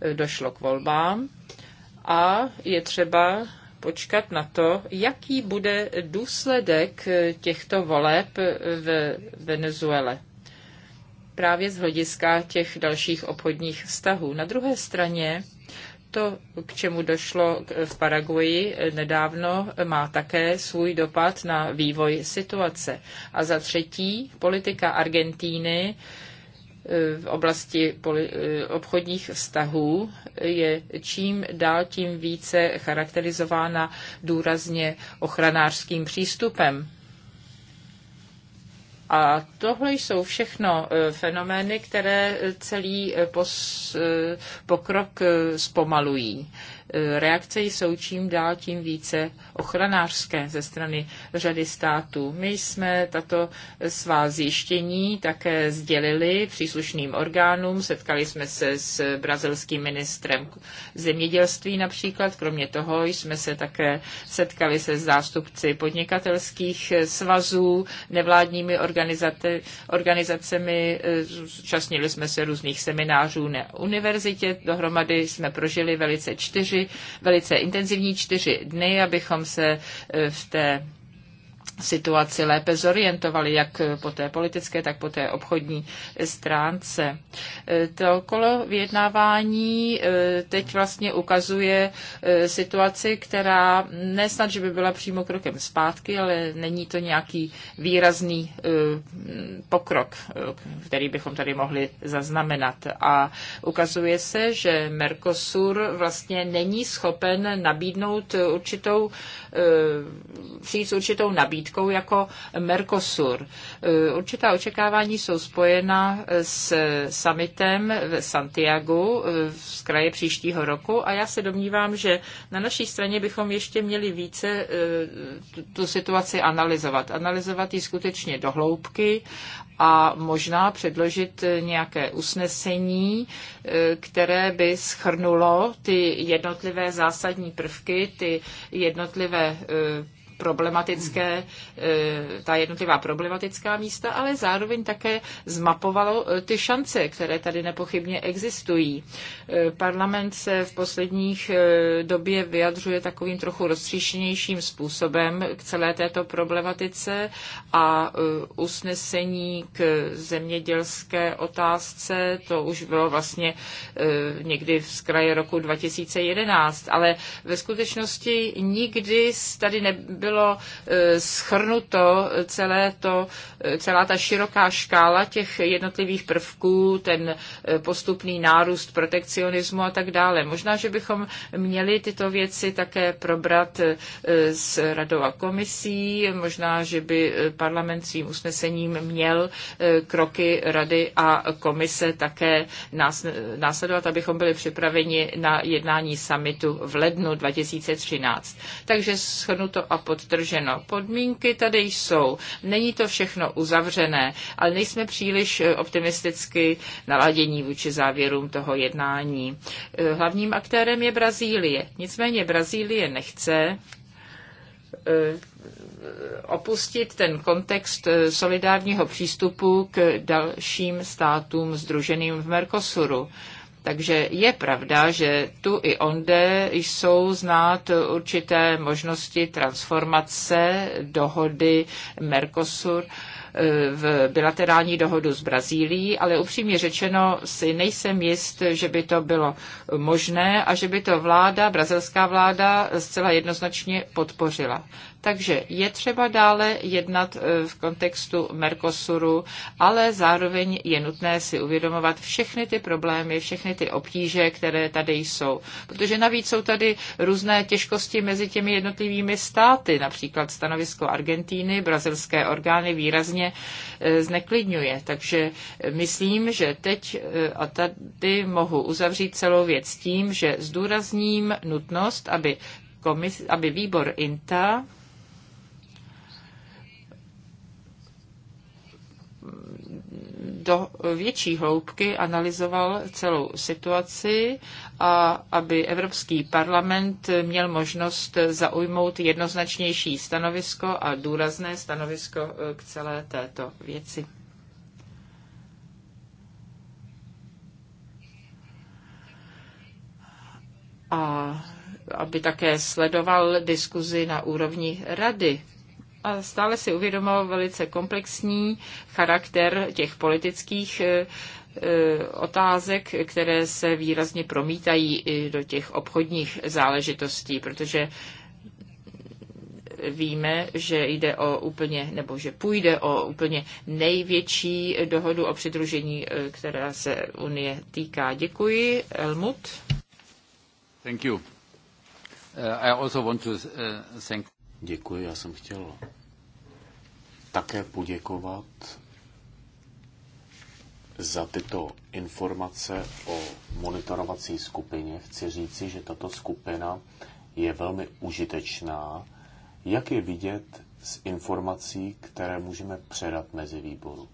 Eh, došlo k volbám a je třeba počkat na to, jaký bude důsledek těchto voleb v Venezuele právě z hlediska těch dalších obchodních vztahů. Na druhé straně to, k čemu došlo v Paraguji nedávno, má také svůj dopad na vývoj situace. A za třetí, politika Argentíny v oblasti eh, obchodních vztahů je čím dál tím více charakterizována důrazně ochranářským přístupem. A tohle jsou všechno eh, fenomény, které celý eh, pokrok zpomalují. E, reakce jsou čím dál tím více ochranářské ze strany řady států. My jsme tato svá zjištění také sdělili příslušným orgánům. Setkali jsme se s brazilským ministrem zemědělství například. Kromě toho jsme se také setkali se zástupci podnikatelských svazů, nevládními organizacemi. E, zúčastnili jsme se různých seminářů na univerzitě. Dohromady jsme prožili velice čtyři čtyři velice intenzivní čtyři dny, abychom se eh, v té situaci lépe zorientovali, jak po té politické, tak po té obchodní stránce. To kolo vyjednávání eh, teď vlastně ukazuje eh, situaci, která nesnad, že by byla přímo krokem zpátky, ale není to nějaký výrazný eh, pokrok, který bychom tady mohli zaznamenat. A ukazuje se, že Mercosur vlastně není schopen nabídnout určitou, přijít s určitou nabídkou, značkou jako Mercosur. E, určitá očekávání jsou spojena s summitem v Santiago e, z kraje příštího roku a já se domnívám, že na naší straně bychom ještě měli více e, tu situaci analyzovat. Analyzovat ji skutečně dohloubky a možná předložit nějaké usnesení, které by schrnulo ty jednotlivé zásadní prvky, ty jednotlivé problematické, eh, ta jednotlivá problematická místa, ale zároveň také zmapovalo eh, ty šance, které tady nepochybně existují. Eh, parlament se v posledních době vyjadřuje takovým trochu rozstříšenějším způsobem k celé této problematice a usnesení k zemědělské otázce, to už bylo vlastně někdy z kraje roku 2011, ale ve skutečnosti nikdy tady nebyl bylo eh, schrnuto celé to, eh, celá ta široká škála těch jednotlivých prvků, ten eh, postupný nárůst protekcionismu a tak dále. Možná, že bychom měli tyto věci také probrat s radou a komisí, možná, že by parlament svým usnesením měl kroky rady a komise také následovat, abychom byli připraveni na jednání summitu v lednu 2013. Takže shrnuto a pod podtrženo. Podmínky tady jsou. Není to všechno uzavřené, ale nejsme příliš eh, optimisticky naladění vůči závěrům toho jednání. Eh, hlavním aktérem je Brazílie. Nicméně Brazílie nechce eh, opustit ten kontext solidárního přístupu k dalším státům združeným v Mercosuru. Takže je pravda, že tu i onde jsou znát určité možnosti transformace dohody Mercosur v bilaterální dohodu s Brazílií, ale upřímně řečeno si nejsem jist, že by to bylo možné a že by to vláda, brazilská vláda zcela jednoznačně podpořila. Takže je třeba dále jednat eh, v kontextu Mercosuru, ale zároveň je nutné si uvědomovat všechny ty problémy, všechny ty obtíže, které tady jsou. Protože navíc jsou tady různé těžkosti mezi těmi jednotlivými státy, například stanovisko Argentíny, brazilské orgány výrazně výrazně eh, zneklidňuje. Takže eh, myslím, že teď eh, a tady mohu uzavřít celou věc tím, že zdůrazním nutnost, aby, komis, aby výbor INTA do větší hloubky analyzoval celou situaci a aby Evropský parlament měl možnost zaujmout jednoznačnější stanovisko a důrazné stanovisko eh, k celé této věci. A aby také sledoval diskuzi na úrovni rady a stále si uvědomoval velice komplexní charakter těch politických eh, Eh, otázek, které se výrazně promítají i do těch obchodních záležitostí, protože víme, že jde o úplně, nebo že půjde o úplně největší dohodu o přidružení, eh, která se Unie týká. Děkuji. Elmut. Thank you. Eh, I also want to thank... Děkuji, já jsem chtěl také poděkovat za tyto informace o monitorovací skupině. Chci říci, že tato skupina je velmi užitečná, jak je vidět z informací, které můžeme předat mezi výboru.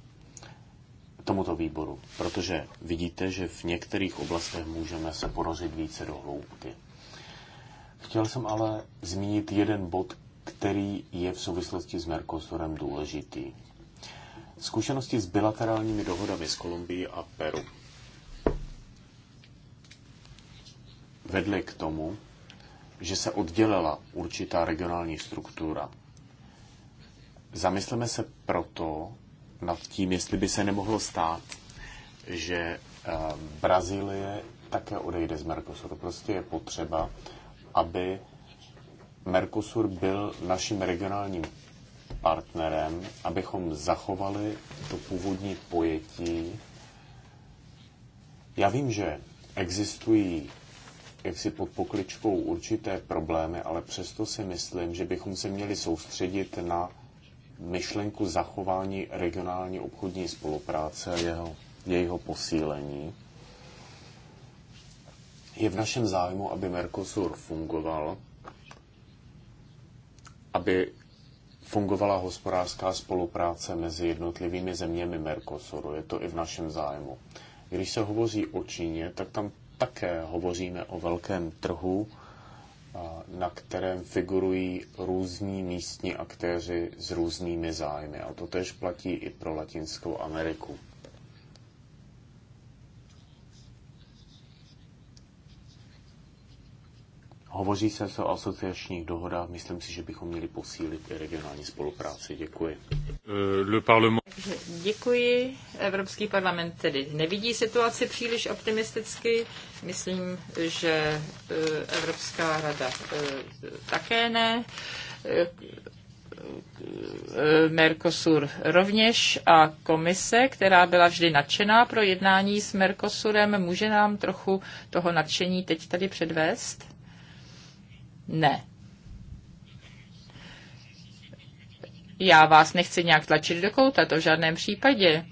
Tomuto výboru, protože vidíte, že v některých oblastech můžeme se porozit více do hloubky. Chtěl jsem ale zmínit jeden bod, který je v souvislosti s Mercosurem důležitý. Zkušenosti s bilaterálními dohodami s Kolumbií a Peru vedly k tomu, že se oddělila určitá regionální struktura. Zamysleme se proto nad tím, jestli by se nemohlo stát, že eh, Brazílie také odejde z Mercosuru. Prostě je potřeba, aby Mercosur byl naším regionálním partnerem, abychom zachovali to původní pojetí. Já vím, že existují jaksi pod pokličkou určité problémy, ale přesto si myslím, že bychom se měli soustředit na myšlenku zachování regionální obchodní spolupráce a jeho, jejího posílení. Je v našem zájmu, aby Mercosur fungoval, aby fungovala hospodářská spolupráce mezi jednotlivými zeměmi Mercosuru. Je to i v našem zájmu. Když se hovoří o Číně, tak tam také hovoříme o velkém trhu, na kterém figurují různí místní aktéři s různými zájmy. A to tež platí i pro Latinskou Ameriku. Hovoří se o asociačních dohodách, myslím si, že bychom měli posílit i regionální spolupráci. Děkuji. Eh, le parlement... děkuji. Evropský parlament tedy nevidí situaci příliš optimisticky. Myslím, že eh, Evropská rada eh, také ne. Mercosur rovněž a komise, která byla vždy nadšená pro jednání s Mercosurem, může nám trochu toho nadšení teď tady předvést? Ne. Já vás nechci nějak tlačit do kouta, to v žádném případě.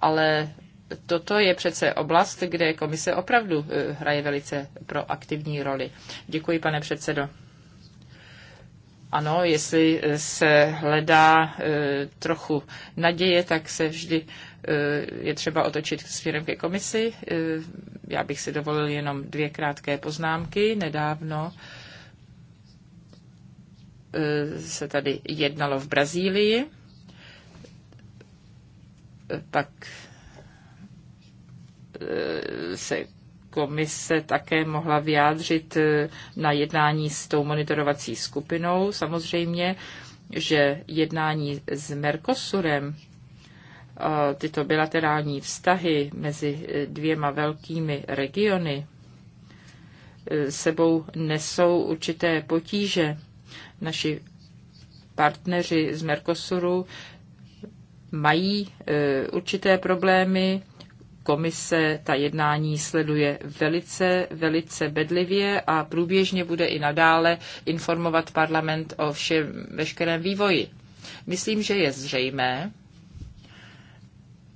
Ale toto je přece oblast, kde komise opravdu eh, hraje velice proaktivní roli. Děkuji, pane předsedo. Ano, jestli se hledá eh, trochu naděje, tak se vždy je třeba otočit směrem ke komisi. Eh, já bych si dovolil jenom dvě krátké poznámky. Nedávno eh, se tady jednalo v Brazílii, pak eh, se komise také mohla vyjádřit na jednání s tou monitorovací skupinou. Samozřejmě, že jednání s Mercosurem tyto bilaterální vztahy mezi eh, dvěma velkými regiony eh, sebou nesou určité potíže. Naši partneři z Mercosuru mají eh, určité problémy. Komise ta jednání sleduje velice, velice bedlivě a průběžně bude i nadále informovat parlament o všem, veškerém vývoji. Myslím, že je zřejmé,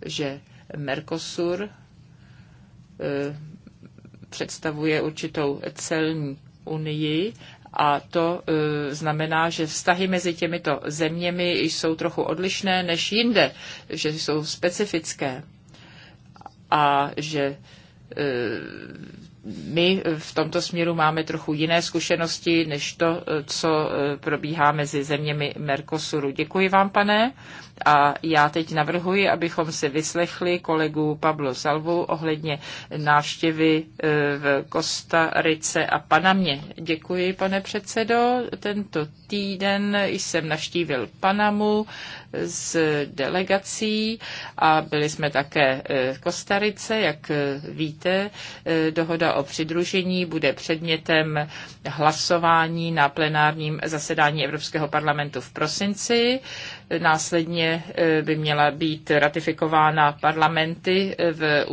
že Mercosur eh, představuje určitou celní unii a to eh, znamená, že vztahy mezi těmito zeměmi jsou trochu odlišné než jinde, že jsou specifické a že eh, my v tomto směru máme trochu jiné zkušenosti než to, co probíhá mezi zeměmi Mercosuru. Děkuji vám, pane. A já teď navrhuji, abychom si vyslechli kolegu Pablo Salvu ohledně návštěvy e, v Kostarice a Panamě. Děkuji, pane předsedo. Tento týden jsem navštívil Panamu s delegací a byli jsme také e, v Kostarice. Jak e, víte, dohoda o přidružení bude předmětem hlasování na plenárním zasedání Evropského parlamentu v prosinci. Následně eh, by měla být ratifikována parlamenty eh, v,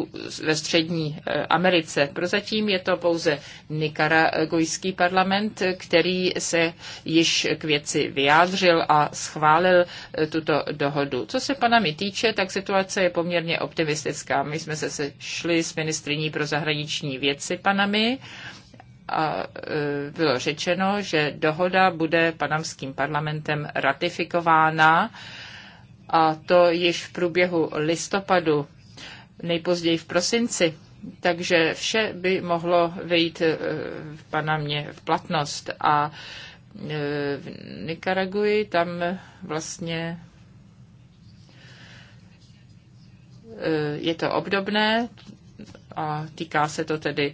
ve Střední eh, Americe. Prozatím je to pouze nikaragujský parlament, který se již k věci vyjádřil a schválil tuto dohodu. Co se panami týče, tak situace je poměrně optimistická. My jsme se sešli s ministriní pro zahraniční věci panami a e, bylo řečeno, že dohoda bude panamským parlamentem ratifikována a to již v průběhu listopadu, nejpozději v prosinci. Takže vše by mohlo vejít e, v Panamě v platnost. A e, v Nikaraguji tam vlastně je to obdobné a týká se to tedy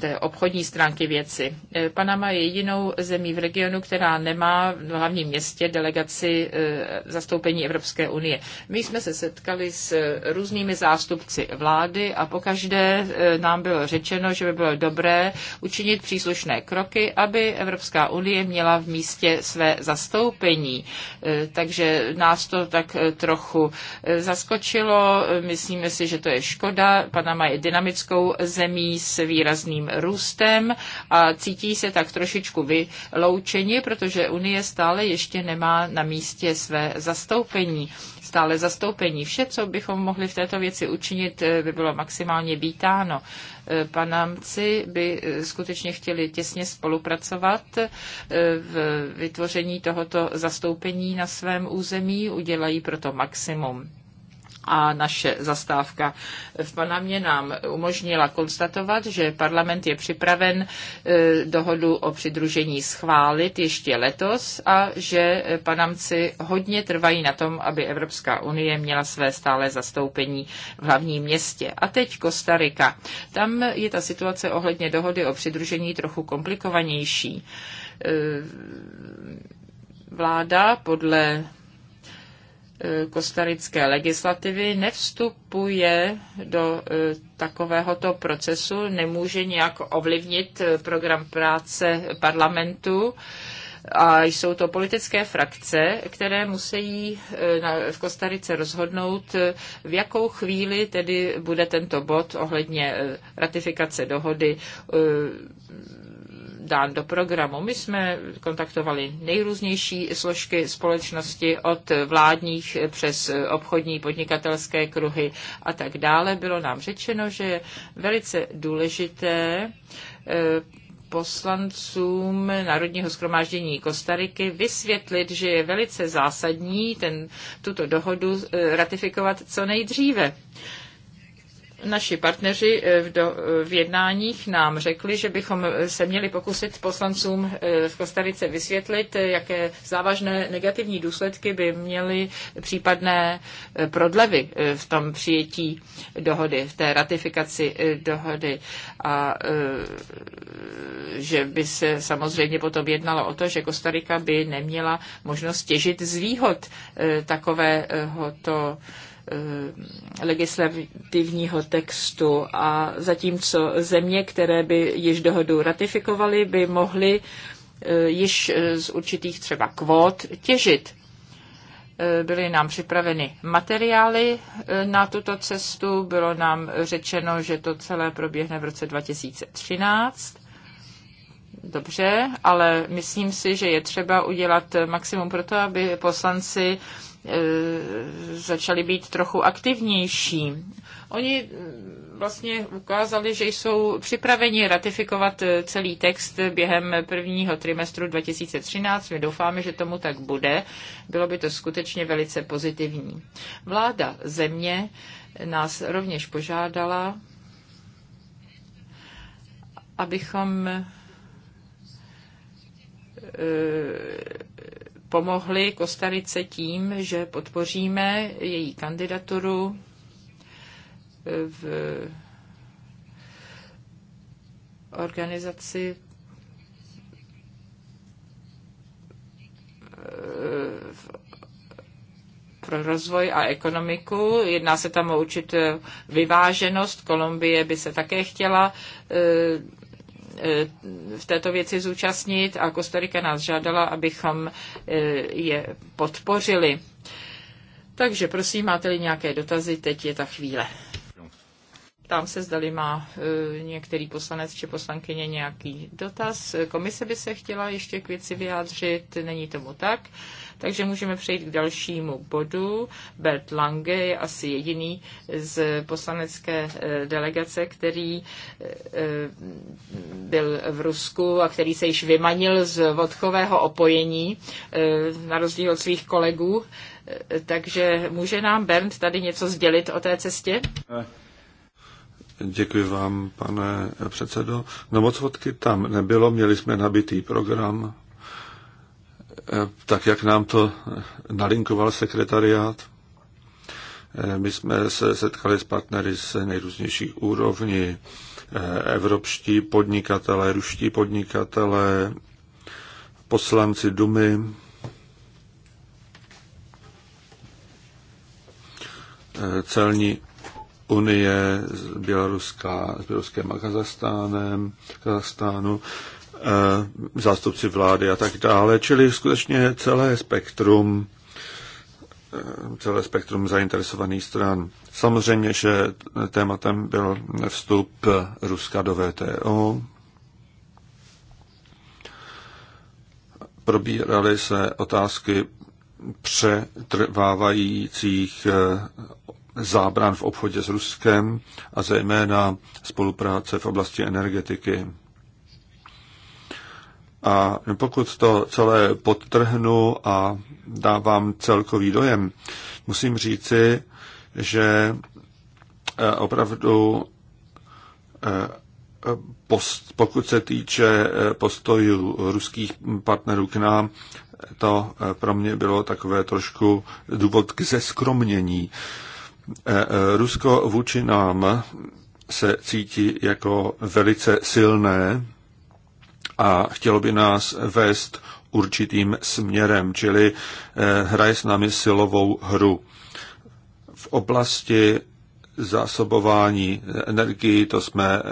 té obchodní stránky věci. Eh, Panama je jedinou zemí v regionu, která nemá v hlavním městě delegaci eh, zastoupení Evropské unie. My jsme se setkali s eh, různými zástupci vlády a pokaždé nám bylo řečeno, že by bylo dobré učinit příslušné kroky, aby Evropská unie měla v místě své zastoupení. Takže nás to tak trochu zaskočilo. Myslíme si, že to je škoda. Panama je dynamickou zemí s výrazným ekonomickým růstem a cítí se tak trošičku vyloučeni, protože Unie stále ještě nemá na místě své zastoupení stále zastoupení. Vše, co bychom mohli v této věci učinit, eh, by bylo maximálně vítáno. Eh, panamci by eh, skutečně chtěli těsně spolupracovat v vytvoření tohoto zastoupení na svém území, udělají proto maximum a naše zastávka v Panamě nám umožnila konstatovat, že parlament je připraven e, dohodu o přidružení schválit ještě letos a že Panamci hodně trvají na tom, aby Evropská unie měla své stále zastoupení v hlavním městě. A teď Kostarika. Tam je ta situace ohledně dohody o přidružení trochu komplikovanější. E, vláda podle Eh, kostarické legislativy nevstupuje do eh, takovéhoto procesu, nemůže nějak ovlivnit eh, program práce parlamentu a jsou to politické frakce, které musí v Kostarice rozhodnout, v jakou chvíli tedy bude tento bod ohledně ratifikace dohody dán do programu. My jsme kontaktovali nejrůznější složky společnosti od vládních přes obchodní podnikatelské kruhy a tak dále. Bylo nám řečeno, že je velice důležité eh, poslancům Národního schromáždění Kostariky vysvětlit, že je velice zásadní ten, tuto dohodu eh, ratifikovat co nejdříve naši partneři eh, v, do, eh, v jednáních nám řekli, že bychom eh, se měli pokusit poslancům v Kostarice vysvětlit, jaké závažné negativní důsledky by měly případné prodlevy v tom přijetí dohody, v té ratifikaci dohody. A že by se samozřejmě potom jednalo o to, že Kostarika by neměla možnost těžit z výhod takového to Eh, legislativního textu a zatímco země, které by již dohodu ratifikovaly, by mohly eh, již eh, z určitých třeba kvót těžit. Byly nám připraveny materiály na tuto cestu, bylo nám řečeno, že to celé proběhne v roce 2013 dobře, ale myslím si, že je třeba udělat maximum pro to, aby poslanci E, začali být trochu aktivnější. Oni e, vlastně ukázali, že jsou připraveni ratifikovat e, celý text během prvního trimestru 2013. My doufáme, že tomu tak bude. Bylo by to skutečně velice pozitivní. Vláda země nás rovněž požádala, abychom pomohli Kostarice tím, že podpoříme její kandidaturu eh, v organizaci eh, pro rozvoj a ekonomiku. Jedná se tam o určitou vyváženost. Kolumbie by se také chtěla eh, Eh, v této věci zúčastnit a Kostarika nás žádala, abychom eh, je podpořili. Takže prosím, máte-li nějaké dotazy, teď je ta chvíle. Tam se, zdali má eh, některý poslanec či poslankyně nějaký dotaz. Komise by se chtěla ještě k věci vyjádřit, není tomu tak. Takže můžeme přejít k dalšímu bodu. Bert Lange je asi jediný z poslanecké eh, delegace, který eh, eh, byl v Rusku a který se již vymanil z vodkového opojení, na rozdíl od svých kolegů. Takže může nám Bernd tady něco sdělit o té cestě? Děkuji vám, pane předsedo. No moc vodky tam nebylo, měli jsme nabitý program. Eh, tak jak nám to nalinkoval sekretariát. Eh, my jsme se setkali s partnery z nejrůznějších úrovní, eh, evropští podnikatelé, ruští podnikatelé, poslanci Dumy, celní unie s Běloruska, s Běloruskem a Kazachstánem, Kazachstánu, zástupci vlády a tak dále, čili skutečně celé spektrum eh, celé spektrum zainteresovaných stran. Samozřejmě, že tématem byl vstup Ruska do VTO. Probíraly se otázky přetrvávajících eh, zábran v obchodě s Ruskem a zejména spolupráce v oblasti energetiky. A pokud to celé podtrhnu a dávám celkový dojem, musím říci, že eh, opravdu eh, post, pokud se týče eh, postojů ruských partnerů k nám, to pro mě bylo takové trošku důvod k zeskromnění. Rusko vůči nám se cítí jako velice silné a chtělo by nás vést určitým směrem, čili eh, hraje s námi silovou hru. V oblasti zásobování energii, to jsme eh,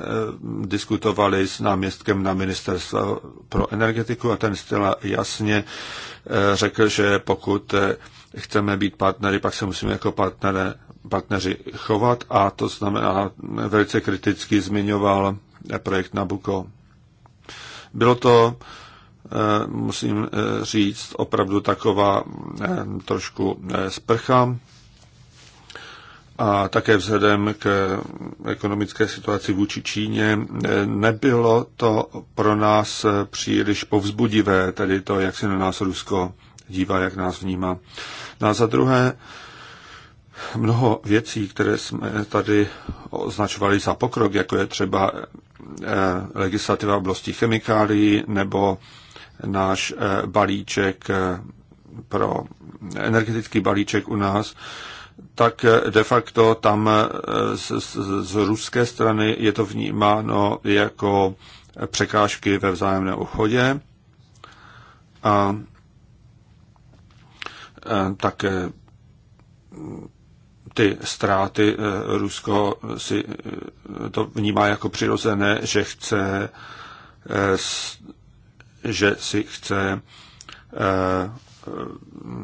diskutovali s náměstkem na ministerstvo pro energetiku a ten zcela jasně eh, řekl, že pokud chceme být partnery, pak se musíme jako partnere, partneři chovat a to znamená, velice kriticky zmiňoval projekt Nabuko. Bylo to, eh, musím eh, říct, opravdu taková eh, trošku sprcha a také vzhledem k ekonomické situaci vůči Číně nebylo to pro nás příliš povzbudivé, tedy to, jak se na nás Rusko dívá, jak nás vnímá. No a za druhé, mnoho věcí, které jsme tady označovali za pokrok, jako je třeba Eh, legislativa v oblasti chemikálií nebo náš eh, balíček eh, pro energetický balíček u nás, tak de facto tam z, z, z ruské strany je to vnímáno jako překážky ve vzájemném obchodě a tak ty ztráty eh, Rusko si eh, to vnímá jako přirozené, že chce, eh, že si chce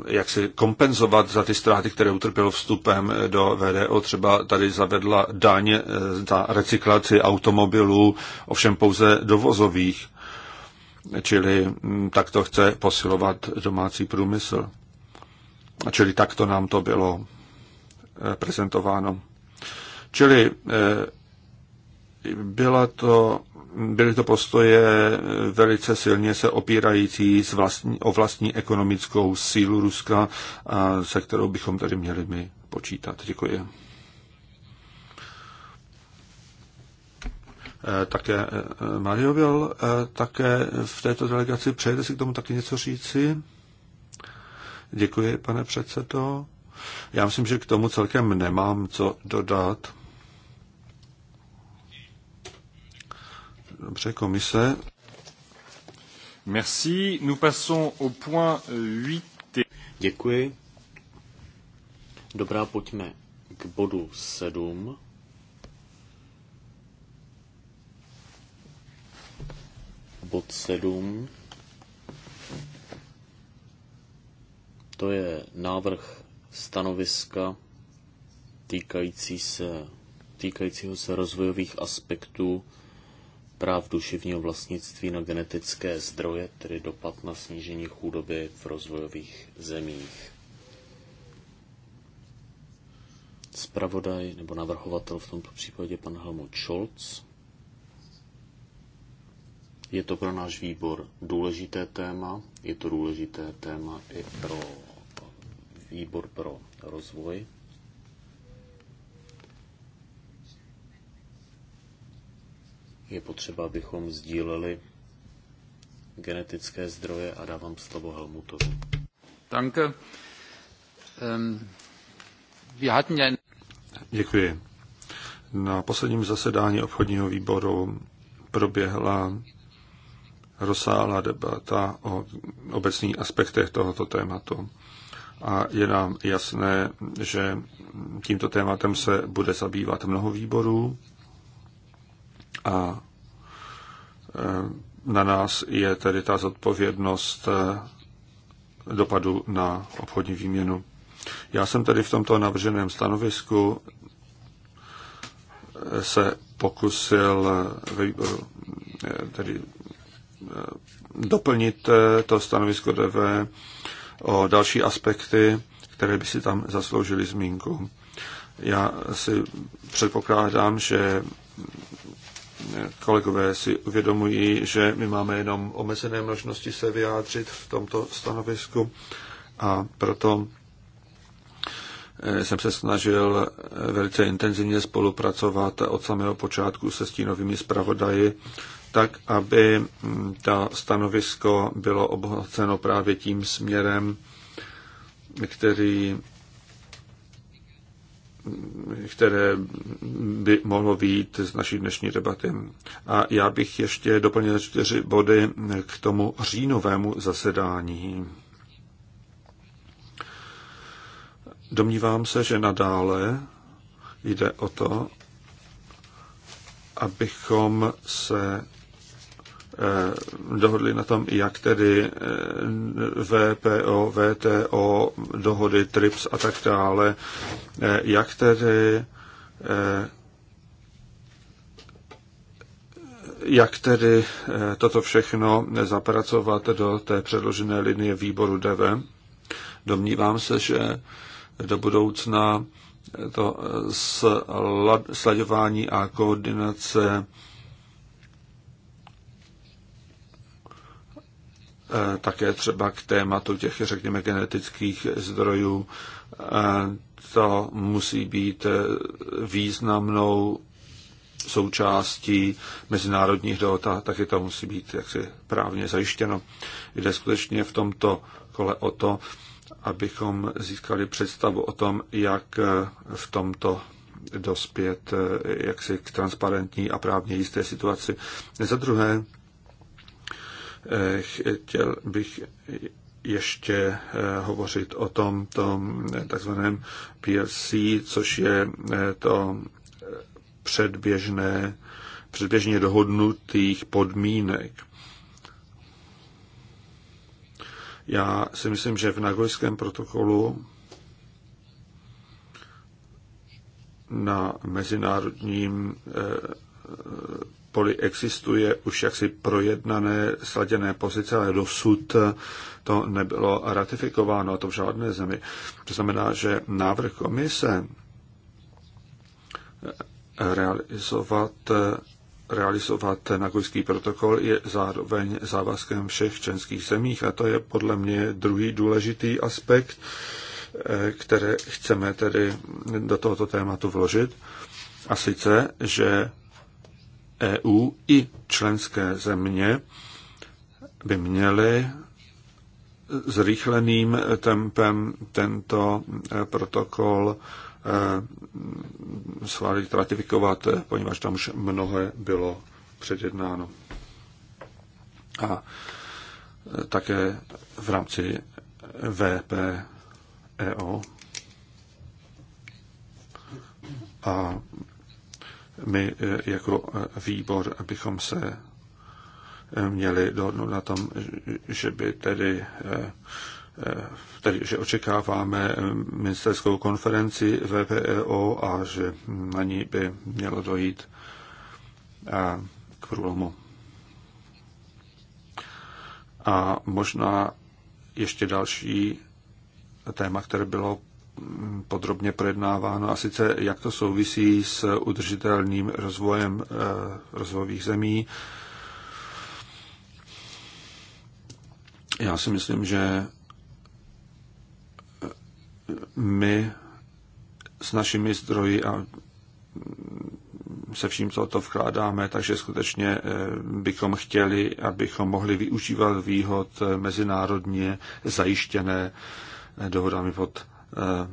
jak si kompenzovat za ty ztráty, které utrpělo vstupem do VDO. Třeba tady zavedla daň za recyklaci automobilů, ovšem pouze dovozových, čili hm, to chce posilovat domácí průmysl. Čili takto nám to bylo Eh, prezentováno. Čili eh, byla to, byly to postoje velice silně se opírající z vlastní, o vlastní ekonomickou sílu Ruska, se kterou bychom tady měli my počítat. Děkuji. Eh, také Mario byl také v této delegaci. Přejete si k tomu taky něco říci? Děkuji, pane předsedo. Já myslím, že k tomu celkem nemám co dodat. Dobře, komise. Merci. Nous passons au point 8. Děkuji. Dobrá, pojďme k bodu 7. Bod 7. To je návrh stanoviska týkající se, týkajícího se rozvojových aspektů práv duševního vlastnictví na genetické zdroje, tedy dopad na snížení chudoby v rozvojových zemích. Spravodaj nebo navrhovatel v tomto případě pan Helmut Scholz. Je to pro náš výbor důležité téma, je to důležité téma i pro výbor pro rozvoj. Je potřeba, abychom sdíleli genetické zdroje a dávám slovo Helmutovi. Danke. Um, wir hatten ja... Děkuji. Na posledním zasedání obchodního výboru proběhla rozsáhlá debata o obecných aspektech tohoto tématu a je nám jasné, že tímto tématem se bude zabývat mnoho výborů a eh, na nás je tedy ta zodpovědnost eh, dopadu na obchodní výměnu. Já jsem tedy v tomto navrženém stanovisku eh, se pokusil tedy doplnit to stanovisko DV o další aspekty, které by si tam zasloužily zmínku. Já si předpokládám, že kolegové si uvědomují, že my máme jenom omezené možnosti se vyjádřit v tomto stanovisku a proto eh, jsem se snažil eh, velice intenzivně spolupracovat od samého počátku se stínovými zpravodaji tak aby mm, ta stanovisko bylo obohaceno právě tím směrem, který mm, které by mohlo výjít z naší dnešní debaty. A já bych ještě doplnil čtyři body k tomu říjnovému zasedání. Domnívám se, že nadále jde o to, abychom se Eh, dohodli na tom, jak tedy eh, VPO, VTO, dohody TRIPS a tak dále, eh, jak tedy jak tedy toto všechno zapracovat do té předložené linie výboru DV. Domnívám se, že do budoucna to sladování a koordinace Eh, také třeba k tématu těch, řekněme, genetických zdrojů. Eh, to musí být eh, významnou součástí mezinárodních dohod a taky to musí být jaksi právně zajištěno. Jde skutečně v tomto kole o to, abychom získali představu o tom, jak v tomto dospět jaksi k transparentní a právně jisté situaci. Za druhé, Eh, chtěl bych ještě eh, hovořit o tom, tom eh, takzvaném PLC, což je to předběžné, předběžně dohodnutých podmínek. Já si myslím, že v Nagojském protokolu na mezinárodním poli existuje už jaksi projednané sladěné pozice, ale dosud to nebylo ratifikováno, a to v žádné zemi. To znamená, že návrh komise eh, realizovat eh, realizovat Nagojský protokol je zároveň závazkem všech členských zemích a to je podle mě druhý důležitý aspekt, eh, které chceme tedy do tohoto tématu vložit. A sice, že EU i členské země by měly zrychleným tempem tento eh, protokol eh, schválit, ratifikovat, eh, poněvadž tam už mnohé bylo předjednáno. A také v rámci VPEO. A my e, jako e, výbor bychom se e, měli dohodnout na tom, že by tedy, tedy že očekáváme ministerskou konferenci VPEO a že na ní by mělo dojít k průlomu. A možná ještě další téma, které bylo podrobně projednáváno, a sice jak to souvisí s udržitelným rozvojem eh, rozvojových zemí. Já si myslím, že eh, my s našimi zdroji a se vším, co to vkládáme, takže skutečně eh, bychom chtěli, abychom mohli využívat výhod mezinárodně zajištěné dohodami pod Eh,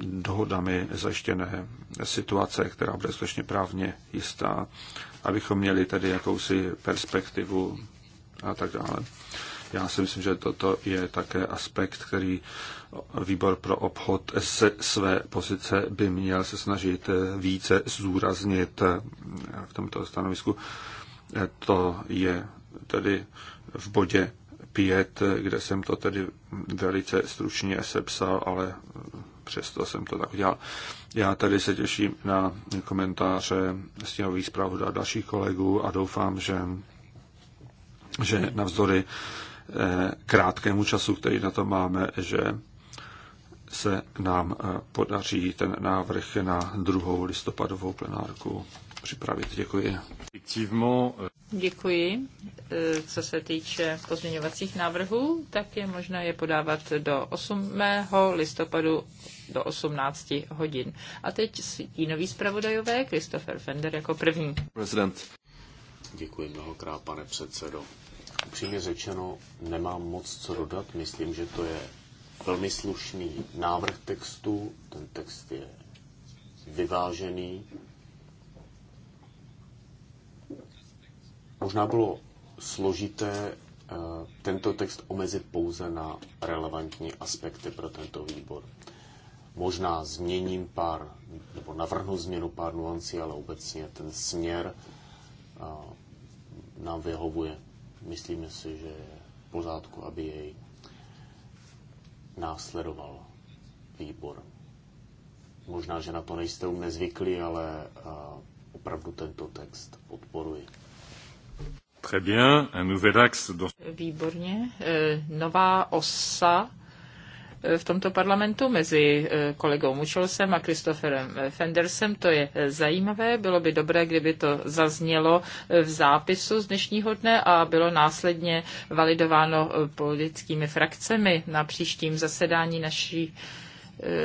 dohodami zajištěné situace, která bude skutečně právně jistá, abychom měli tady jakousi perspektivu a tak dále. Já si myslím, že toto je také aspekt, který výbor pro obchod se své pozice by měl se snažit více zúraznit. v tomto stanovisku. To je tedy v bodě 5, kde jsem to tedy velice stručně sepsal, ale přesto jsem to tak udělal. Já tady se těším na komentáře sněhových zpráv a dalších kolegů a doufám, že, že navzdory eh, krátkému času, který na to máme, že se nám eh, podaří ten návrh na druhou listopadovou plenárku připravit. Děkuji. Děkuji. E, co se týče pozměňovacích návrhů, tak je možné je podávat do 8. listopadu do 18 hodin. A teď stínový zpravodajové, Christopher Fender jako první. Prezident. Děkuji mnohokrát, pane předsedo. Upřímně řečeno, nemám moc co dodat. Myslím, že to je velmi slušný návrh textu. Ten text je vyvážený, Možná bylo složité eh, tento text omezit pouze na relevantní aspekty pro tento výbor. Možná změním pár, nebo navrhnu změnu pár nuancí, ale obecně ten směr eh, nám vyhovuje. Myslíme si, že je v pořádku, aby jej následoval výbor. Možná, že na to nejste u mě zvyklí, ale eh, opravdu tento text podporuji. Très bien, un nouvel axe. Dans... Výborně. Eh, nová osa eh, v tomto parlamentu mezi eh, kolegou Mučelsem a Kristoferem Fendersem. To je zajímavé. Bylo by dobré, kdyby to zaznělo v zápisu z dnešního dne a bylo následně validováno politickými frakcemi na příštím zasedání naší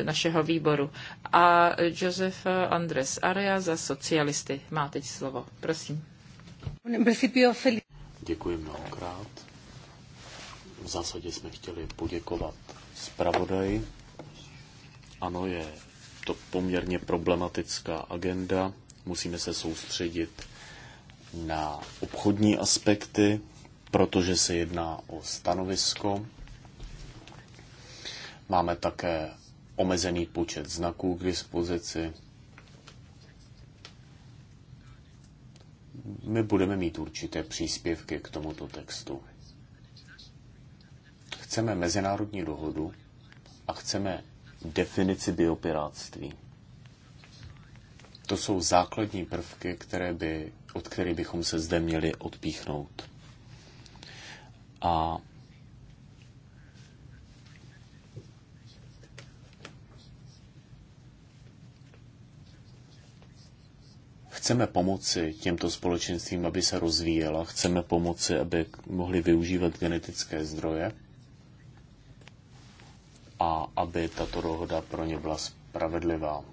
našeho výboru. A Josef Andres Area za socialisty má teď slovo. Prosím. Děkuji mnohokrát. V zásadě jsme chtěli poděkovat zpravodaji. Ano, je to poměrně problematická agenda. Musíme se soustředit na obchodní aspekty, protože se jedná o stanovisko. Máme také omezený počet znaků k dispozici, my budeme mít určité příspěvky k tomuto textu. Chceme mezinárodní dohodu a chceme definici biopiráctví. To jsou základní prvky, které by, od kterých bychom se zde měli odpíchnout. A Chceme pomoci těmto společenstvím, aby se rozvíjela, chceme pomoci, aby mohli využívat genetické zdroje a aby tato dohoda pro ně byla spravedlivá.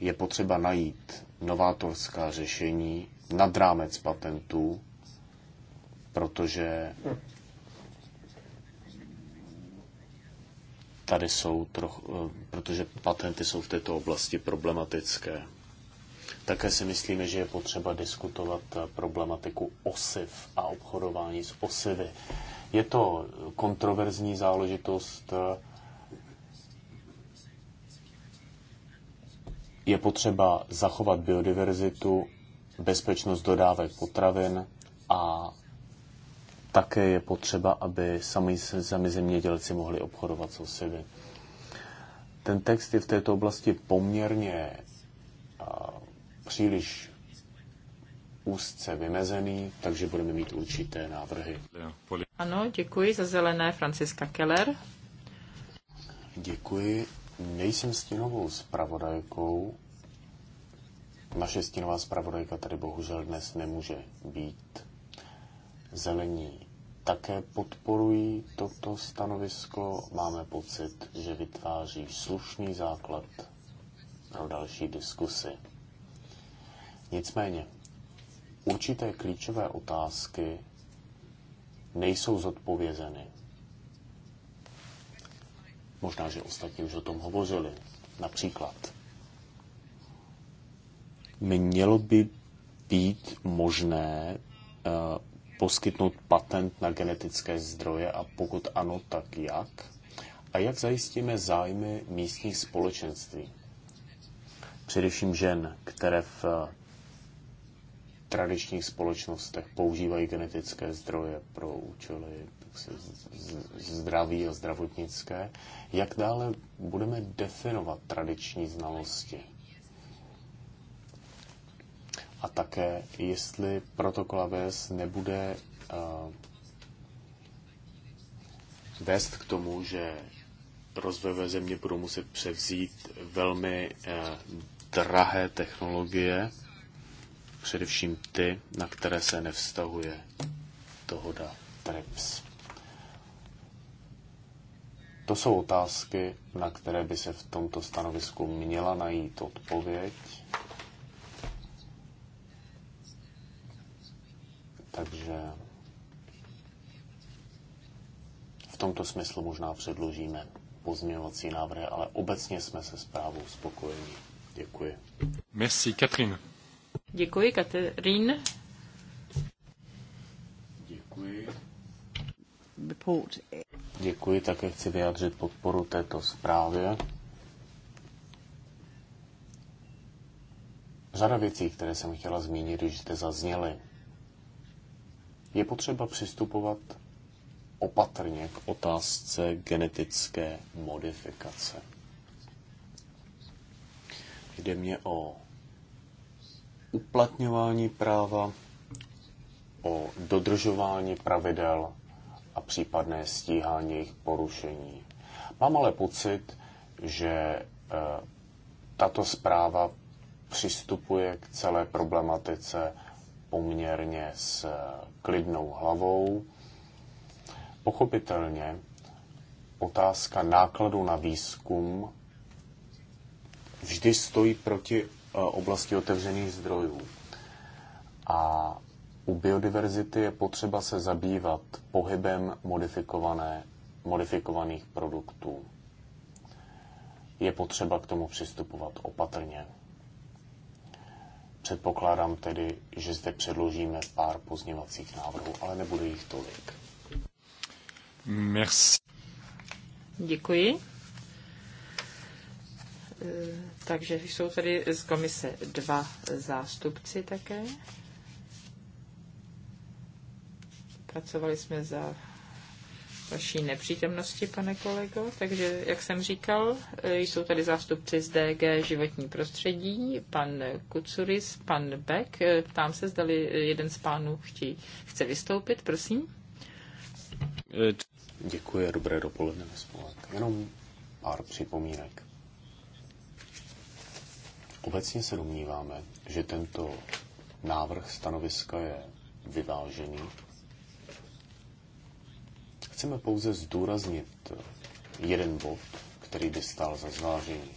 Je potřeba najít novátorská řešení nad rámec patentů, protože tady jsou troch, eh, protože patenty jsou v této oblasti problematické. Také si myslíme, že je potřeba diskutovat problematiku osiv a obchodování s osivy. Je to kontroverzní záležitost. Je potřeba zachovat biodiverzitu, bezpečnost dodávek potravin a také je potřeba, aby sami, sami zemědělci mohli obchodovat s osivy. Ten text je v této oblasti poměrně příliš úzce vymezený, takže budeme mít určité návrhy. Ano, děkuji za zelené Franciska Keller. Děkuji. Nejsem stínovou zpravodajkou. Naše stínová zpravodajka tady bohužel dnes nemůže být. Zelení také podporují toto stanovisko. Máme pocit, že vytváří slušný základ pro další diskusy. Nicméně, určité klíčové otázky nejsou zodpovězeny. Možná, že ostatní už o tom hovořili. Například, mělo by být možné eh, poskytnout patent na genetické zdroje a pokud ano, tak jak? A jak zajistíme zájmy místních společenství? Především žen, které v tradičních společnostech používají genetické zdroje pro účely zdraví a zdravotnické. Jak dále budeme definovat tradiční znalosti? A také, jestli protokol ABS nebude uh, vést k tomu, že rozvojové země budou muset převzít velmi uh, drahé technologie, především ty, na které se nevztahuje dohoda TREPS. To jsou otázky, na které by se v tomto stanovisku měla najít odpověď. Takže v tomto smyslu možná předložíme pozměňovací návrhy, ale obecně jsme se zprávou spokojeni. Děkuji. Merci, Catherine. Děkuji, Katerín. Děkuji. Děkuji, také chci vyjádřit podporu této zprávě. Řada věcí, které jsem chtěla zmínit, když jste zazněly. Je potřeba přistupovat opatrně k otázce genetické modifikace. Jde mě o uplatňování práva, o dodržování pravidel a případné stíhání jejich porušení. Mám ale pocit, že e, tato zpráva přistupuje k celé problematice poměrně s e, klidnou hlavou. Pochopitelně otázka nákladu na výzkum vždy stojí proti Eh, oblasti otevřených zdrojů. A u biodiverzity je potřeba se zabývat pohybem modifikované, modifikovaných produktů. Je potřeba k tomu přistupovat opatrně. Předpokládám tedy, že zde předložíme pár pozněvacích návrhů, ale nebude jich tolik. Merci. Děkuji. Eh, takže jsou tady z komise dva zástupci také. Pracovali jsme za vaší nepřítomnosti, pane kolego. Takže, jak jsem říkal, eh, jsou tady zástupci z DG životní prostředí, pan Kucuris, pan Beck. Eh, ptám se, zdali jeden z pánů chtí, chce vystoupit, prosím. Děkuji, dobré dopoledne, Jenom pár připomínek. Obecně se domníváme, že tento návrh stanoviska je vyvážený. Chceme pouze zdůraznit jeden bod, který by stál za zvážení.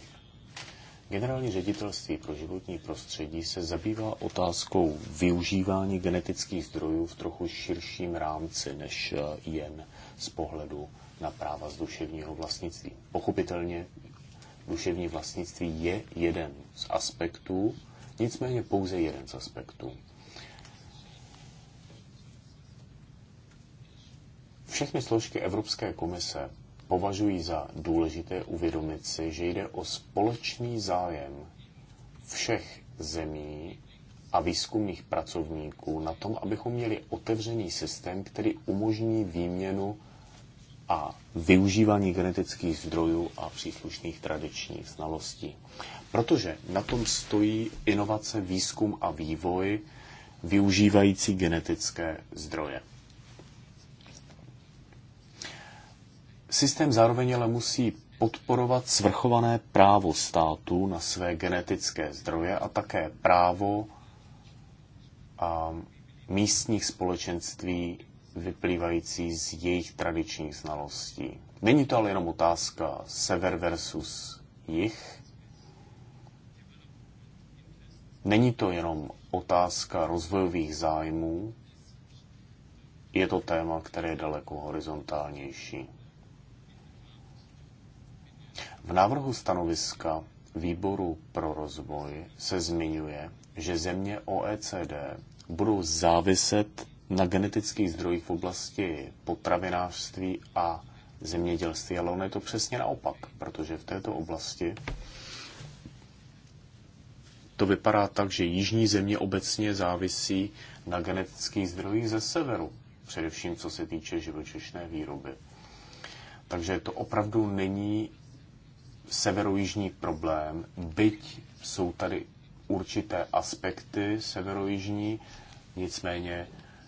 Generální ředitelství pro životní prostředí se zabývá otázkou využívání genetických zdrojů v trochu širším rámci, než jen z pohledu na práva z duševního vlastnictví. Pochopitelně duševní vlastnictví je jeden z aspektů, nicméně pouze jeden z aspektů. Všechny složky Evropské komise považují za důležité uvědomit si, že jde o společný zájem všech zemí a výzkumných pracovníků na tom, abychom měli otevřený systém, který umožní výměnu a využívání genetických zdrojů a příslušných tradičních znalostí. Protože na tom stojí inovace, výzkum a vývoj využívající genetické zdroje. Systém zároveň ale musí podporovat svrchované právo státu na své genetické zdroje a také právo a místních společenství vyplývající z jejich tradičních znalostí. Není to ale jenom otázka sever versus jich. Není to jenom otázka rozvojových zájmů. Je to téma, které je daleko horizontálnější. V návrhu stanoviska Výboru pro rozvoj se zmiňuje, že země OECD budou záviset na genetických zdrojích v oblasti potravinářství a zemědělství, ale ono je to přesně naopak, protože v této oblasti to vypadá tak, že jižní země obecně závisí na genetických zdrojích ze severu, především co se týče živočišné výroby. Takže to opravdu není severojižní problém, byť jsou tady určité aspekty severojižní, nicméně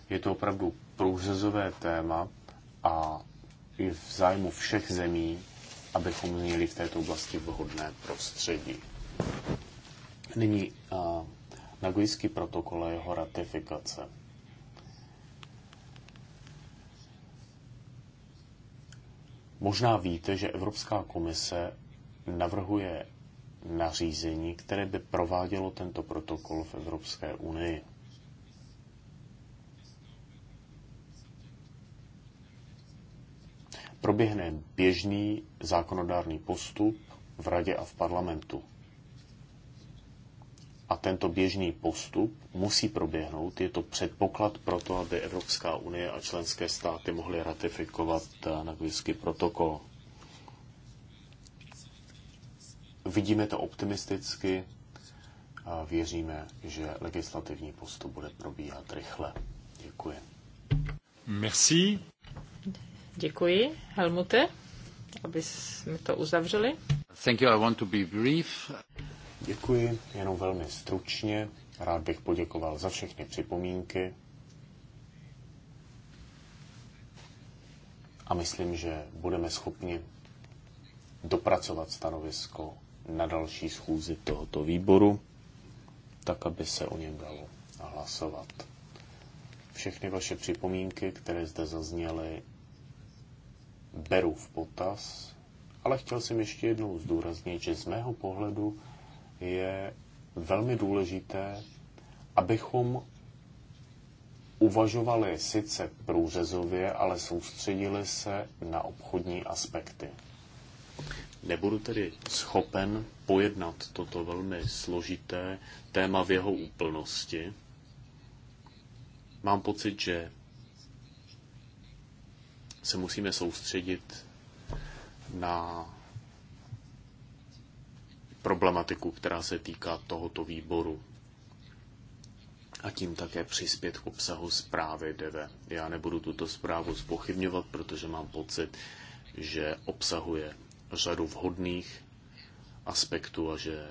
je to opravdu průřezové téma a je v zájmu všech zemí, abychom měli v této oblasti vhodné prostředí. Nyní uh, Nagojský protokol a jeho ratifikace. Možná víte, že Evropská komise navrhuje nařízení, které by provádělo tento protokol v Evropské unii. proběhne běžný zákonodárný postup v radě a v parlamentu. A tento běžný postup musí proběhnout. Je to předpoklad pro to, aby Evropská unie a členské státy mohly ratifikovat eh, Nagojský protokol. Vidíme to optimisticky a věříme, že legislativní postup bude probíhat rychle. Děkuji. Merci. Děkuji, Helmute, aby jsme to uzavřeli. Thank you, I want to be brief. Děkuji, jenom velmi stručně. Rád bych poděkoval za všechny připomínky. A myslím, že budeme schopni dopracovat stanovisko na další schůzi tohoto výboru, tak aby se o něm dalo hlasovat. Všechny vaše připomínky, které zde zazněly, beru v potaz, ale chtěl jsem ještě jednou zdůraznit, že z mého pohledu je velmi důležité, abychom uvažovali sice průřezově, ale soustředili se na obchodní aspekty. Nebudu tedy schopen pojednat toto velmi složité téma v jeho úplnosti. Mám pocit, že se musíme soustředit na problematiku, která se týká tohoto výboru a tím také přispět k obsahu zprávy DV. Já nebudu tuto zprávu zpochybňovat, protože mám pocit, že obsahuje řadu vhodných aspektů a že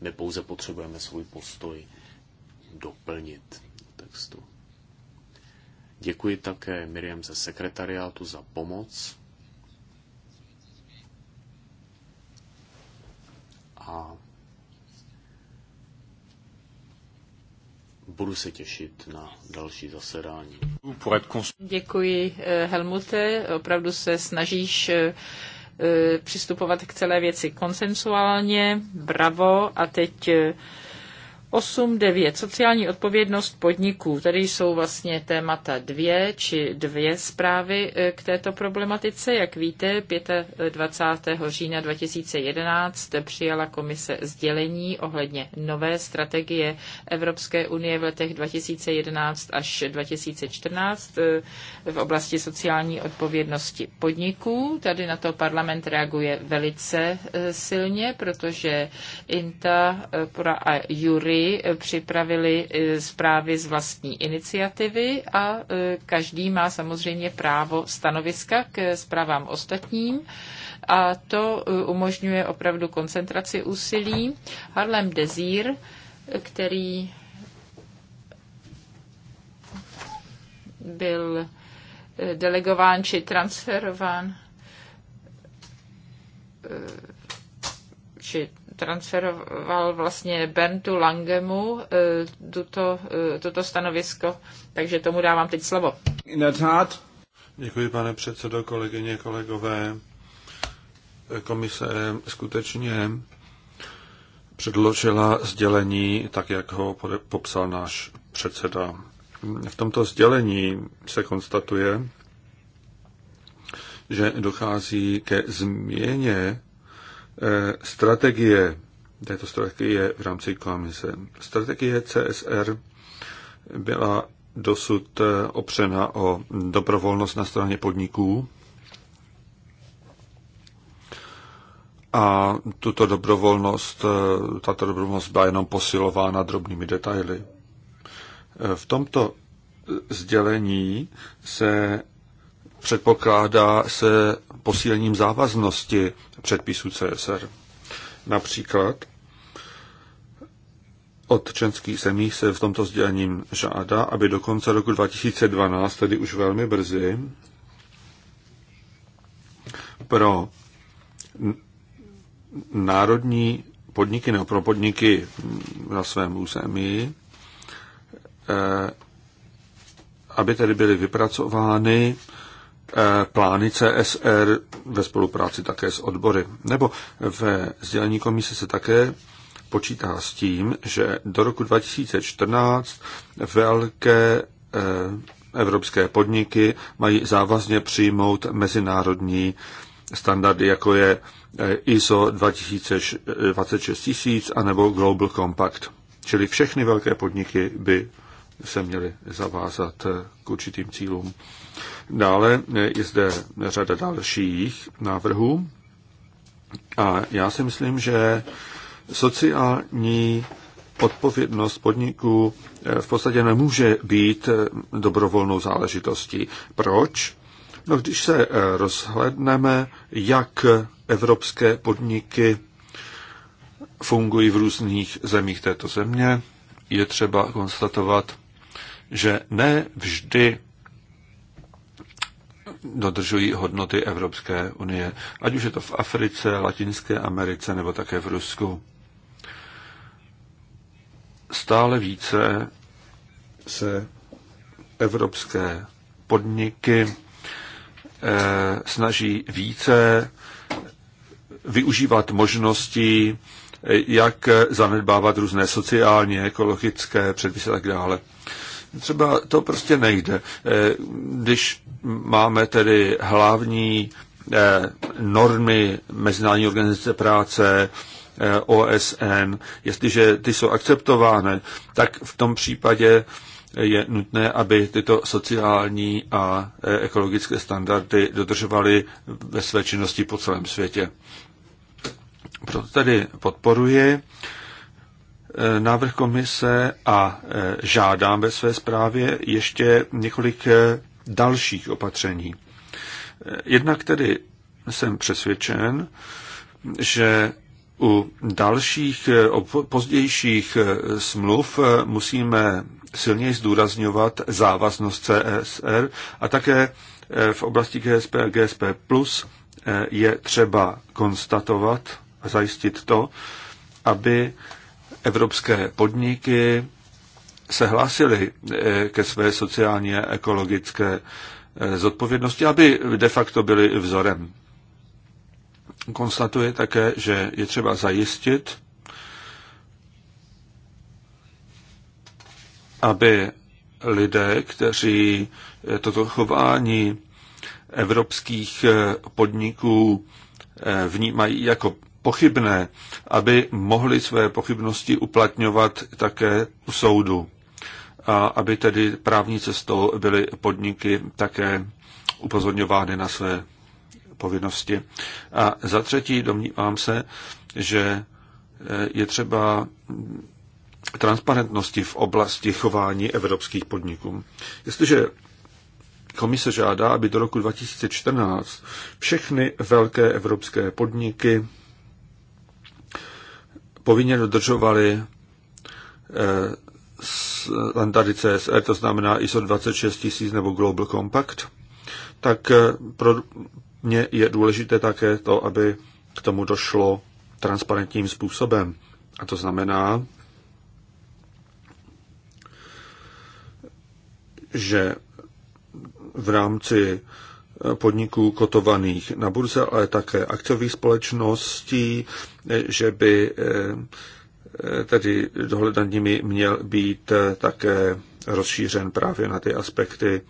nepouze potřebujeme svůj postoj doplnit textu. Děkuji také Miriam ze sekretariátu za pomoc. A budu se těšit na další zasedání. Děkuji eh, Helmute, opravdu se snažíš eh, eh, přistupovat k celé věci konsensuálně, bravo a teď 8, 9. Sociální odpovědnost podniků. Tady jsou vlastně témata dvě či dvě zprávy e, k této problematice. Jak víte, 25. října 2011 přijala komise sdělení ohledně nové strategie Evropské unie v letech 2011 až 2014 e, v oblasti sociální odpovědnosti podniků. Tady na to parlament reaguje velice e, silně, protože INTA a Jury připravili e, zprávy z vlastní iniciativy a e, každý má samozřejmě právo stanoviska k zprávám ostatním a to e, umožňuje opravdu koncentraci úsilí. Harlem Desir, který byl delegován či transferován či transferoval vlastně Berntu Langemu eh, tuto, eh, toto stanovisko, takže tomu dávám teď slovo. Děkuji, pane předsedo, kolegyně, kolegové. Komise skutečně předložila sdělení, tak jak ho popsal náš předseda. V tomto sdělení se konstatuje, že dochází ke změně Eh, strategie této strategie v rámci komise. Strategie CSR byla dosud eh, opřena o dobrovolnost na straně podniků a tuto dobrovolnost, eh, tato dobrovolnost byla jenom posilována drobnými detaily. V tomto sdělení se předpokládá se posílením závaznosti předpisů CSR. Například od členských zemí se v tomto sdělení žádá, aby do konce roku 2012, tedy už velmi brzy, pro národní podniky nebo pro podniky na svém území, eh, aby tedy byly vypracovány Eh, plány CSR ve spolupráci také s odbory. Nebo ve sdělení komise se také počítá s tím, že do roku 2014 velké eh, evropské podniky mají závazně přijmout mezinárodní standardy, jako je eh, ISO a nebo Global Compact. Čili všechny velké podniky by se měly zavázat k určitým cílům. Dále je zde řada dalších návrhů a já si myslím, že sociální odpovědnost podniků eh, v podstatě nemůže být eh, dobrovolnou záležitostí. Proč? No, když se eh, rozhledneme, jak evropské podniky fungují v různých zemích této země, je třeba konstatovat, že ne vždy dodržují hodnoty Evropské unie, ať už je to v Africe, Latinské Americe nebo také v Rusku. Stále více se evropské podniky eh, snaží více využívat možností, eh, jak zanedbávat různé sociální, ekologické předpisy a tak dále třeba to prostě nejde. Eh, když máme tedy hlavní eh, normy Mezinárodní organizace práce, eh, OSN, jestliže ty jsou akceptovány, tak v tom případě je nutné, aby tyto sociální a ekologické standardy dodržovaly ve své činnosti po celém světě. Proto tedy podporuji Eh, návrh komise a eh, žádám ve své zprávě ještě několik eh, dalších opatření. Jednak tedy jsem přesvědčen, že u dalších pozdějších smluv musíme silněji zdůrazňovat závaznost CSR a také v oblasti GSP a GSP Plus je třeba konstatovat a zajistit to, aby evropské podniky se hlásily eh, ke své sociální a ekologické eh, zodpovědnosti, aby de facto byly vzorem. Konstatuje také, že je třeba zajistit, aby lidé, kteří eh, toto chování evropských podniků vnímají jako pochybné, aby mohli své pochybnosti uplatňovat také u soudu a aby tedy právní cestou byly podniky také upozorňovány na své povinnosti. A za třetí domnívám se, že eh, je třeba transparentnosti v oblasti chování evropských podniků. Jestliže komise žádá, aby do roku 2014 všechny velké evropské podniky povinně dodržovali eh, standardy CSR, to znamená ISO 26000 nebo Global Compact, tak eh, pro mě je důležité také to, aby k tomu došlo transparentním způsobem. A to znamená, že v rámci eh, podniků kotovaných na burze, ale také akciových společností, že by eh, eh, tedy dohled nad nimi měl být eh, také rozšířen právě na ty aspekty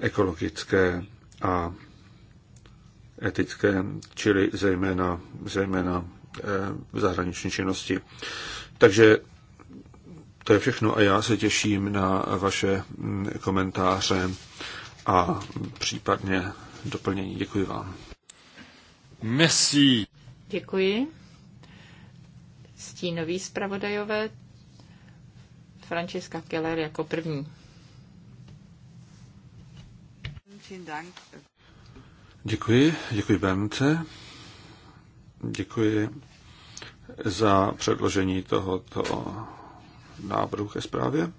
ekologické a etické, čili zejména, zejména v zahraniční činnosti. Takže to je všechno a já se těším na vaše mm, komentáře a případně doplnění. Děkuji vám. Merci. Děkuji. Stínový zpravodajové Francesca Keller jako první. Děkuji, děkuji Bernce. Děkuji za předložení tohoto návrhu ke zprávě.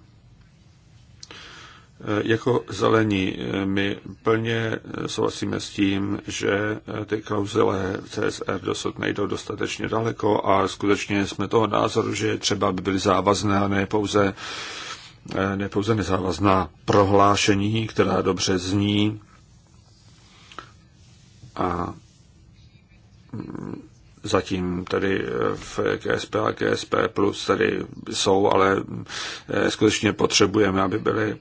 E, jako zelení e, my plně e, souhlasíme s tím, že ty klauzule CSR dosud nejdou dostatečně daleko a skutečně jsme toho názoru, že třeba by byly závazné a ne pouze, ne pouze nezávazná prohlášení, která dobře zní. A mm, zatím tedy v KSP a KSP plus tady jsou, ale skutečně potřebujeme, aby byly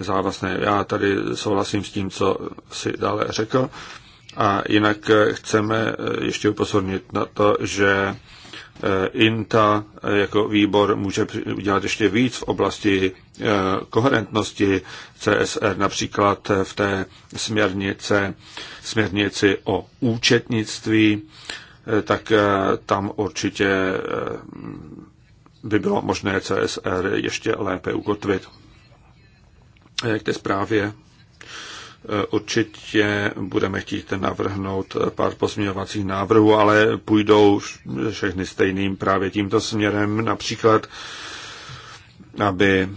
závazné. Já tady souhlasím s tím, co si dále řekl. A jinak eh, chceme eh, ještě upozornit na to, že eh, INTA jako výbor může udělat ještě víc v oblasti koherentnosti CSR, například v té směrnice, směrnici o účetnictví, tak tam určitě by bylo možné CSR ještě lépe ukotvit. Eh, k té zprávě. Eh, určitě budeme chtít navrhnout eh, pár pozměňovacích návrhů, ale půjdou všechny stejným právě tímto směrem. Například aby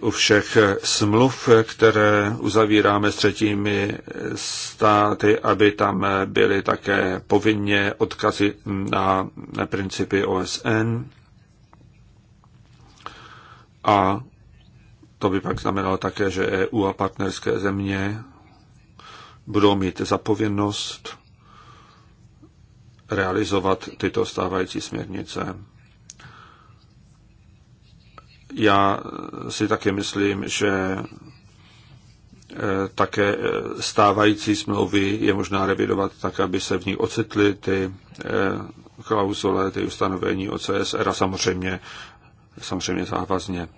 u všech smluv, které uzavíráme s třetími státy, aby tam byly také povinně odkazy na principy OSN a to by pak znamenalo také, že EU a partnerské země budou mít zapovědnost realizovat tyto stávající směrnice. Já si také myslím, že eh, také eh, stávající smlouvy je možná revidovat tak, aby se v ní ocitly ty eh, klauzule, ty ustanovení o CSR a samozřejmě, samozřejmě závazně.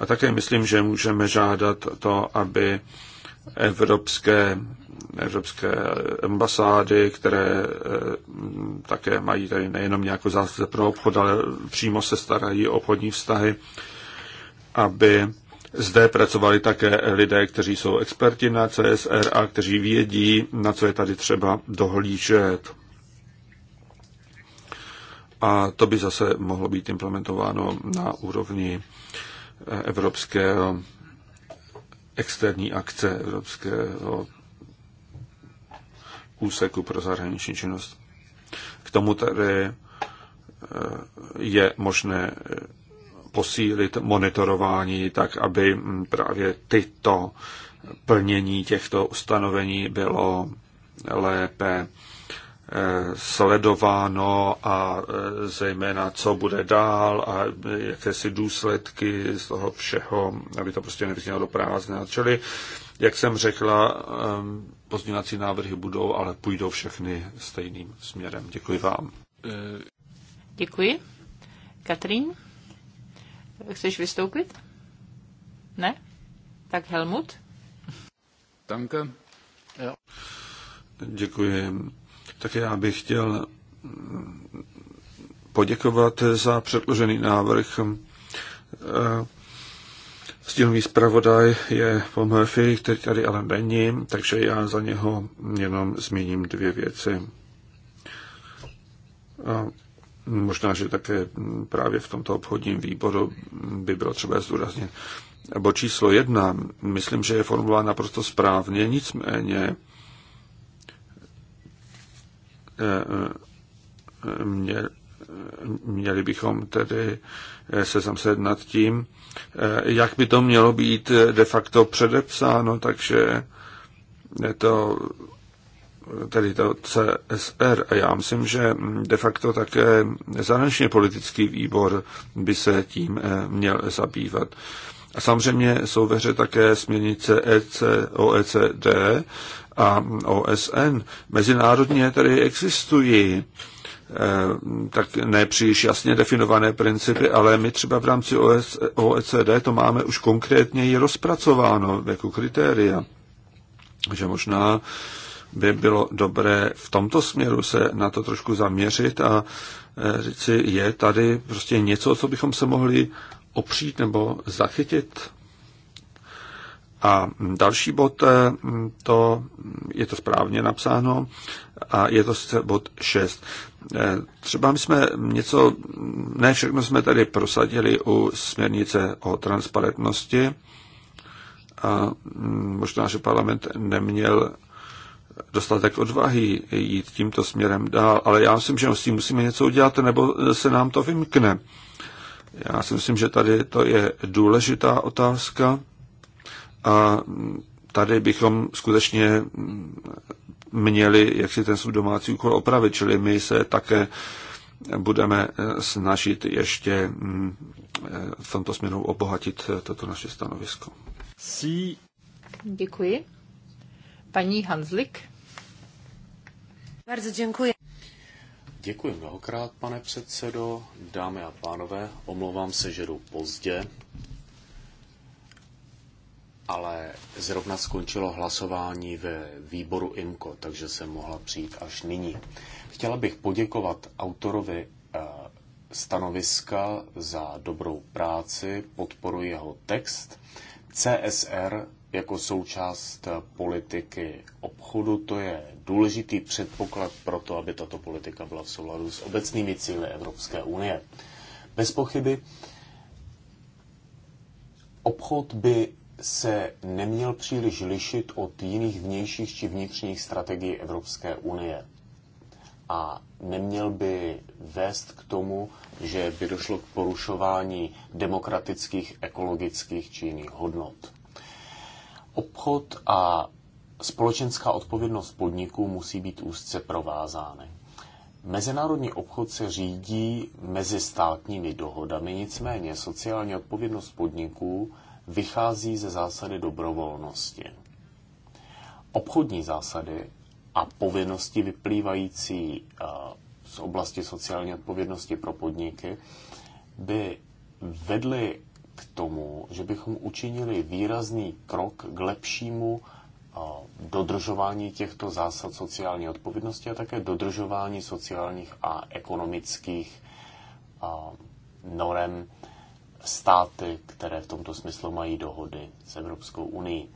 A také myslím, že můžeme žádat to, aby evropské, evropské ambasády, které eh, také mají tady nejenom nějakou zástupce pro obchod, ale přímo se starají o obchodní vztahy, aby zde pracovali také lidé, kteří jsou experti na CSR a kteří vědí, na co je tady třeba dohlížet. A to by zase mohlo být implementováno na úrovni evropského externí akce, evropského úseku pro zahraniční činnost. K tomu tady eh, je možné posílit monitorování tak, aby hm, právě tyto plnění těchto ustanovení bylo lépe Eh, sledováno a eh, zejména co bude dál a jaké si důsledky z toho všeho, aby to prostě nevyznělo do prázdna. Čili, jak jsem řekla, eh, pozměňovací návrhy budou, ale půjdou všechny stejným směrem. Děkuji vám. Děkuji. Katrín, chceš vystoupit? Ne? Tak Helmut? Danke. Děkuji. Tak já bych chtěl poděkovat za předložený návrh. Stílový zpravodaj je Paul Murphy, který tady ale není, takže já za něho jenom zmíním dvě věci. A možná, že také právě v tomto obchodním výboru by bylo třeba zdůraznit. Bo číslo jedna, myslím, že je formulována naprosto správně, nicméně Eh, eh, mě, eh, měli bychom tedy se zamyslet nad tím, jak by to mělo být de facto předepsáno, takže to tedy to CSR. A já myslím, že mm, de facto také zahraničně politický výbor by se tím měl zabývat. A samozřejmě jsou ve hře také směrnice EC, OECD a OSN. Mezinárodně tedy existují eh, tak ne příliš jasně definované principy, ale my třeba v rámci OECD to máme už konkrétněji rozpracováno jako kritéria. Že možná by bylo dobré v tomto směru se na to trošku zaměřit a eh, říci, je tady prostě něco, co bychom se mohli opřít nebo zachytit. A další bod, eh, to, je to správně napsáno, a je to bod 6. Eh, třeba my jsme něco, ne všechno jsme tady prosadili u směrnice o transparentnosti a mm, možná, že parlament neměl dostatek odvahy jít tímto směrem dál, ale já myslím, že s tím musíme něco udělat, nebo eh, se nám to vymkne. Já si myslím, že tady to je důležitá otázka a tady bychom skutečně měli jak si ten svůj domácí úkol opravit, čili my se také budeme snažit ještě mm, eh, v tomto směru obohatit eh, toto naše stanovisko. Sí. Děkuji. Paní Hanzlik. Bardzo děkuji. Děkuji mnohokrát, pane předsedo. Dámy a pánové, omlouvám se, že jdu pozdě ale zrovna skončilo hlasování ve výboru IMCO, takže jsem mohla přijít až nyní. Chtěla bych poděkovat autorovi eh, stanoviska za dobrou práci, podporu jeho text. CSR jako součást politiky obchodu, to je důležitý předpoklad pro to, aby tato politika byla v souladu s obecnými cíly Evropské unie. Bez pochyby obchod by se neměl příliš lišit od jiných vnějších či vnitřních strategií Evropské unie. A neměl by vést k tomu, že by došlo k porušování demokratických, ekologických či jiných hodnot. Obchod a společenská odpovědnost podniků musí být úzce provázány. Mezinárodní obchod se řídí státními dohodami, nicméně sociální odpovědnost podniků vychází ze zásady dobrovolnosti. Obchodní zásady a povinnosti vyplývající eh, z oblasti sociální odpovědnosti pro podniky by vedly k tomu, že bychom učinili výrazný krok k lepšímu eh, dodržování těchto zásad sociální odpovědnosti a také dodržování sociálních a ekonomických eh, norem státy, které v tomto smyslu mají dohody s Evropskou unii.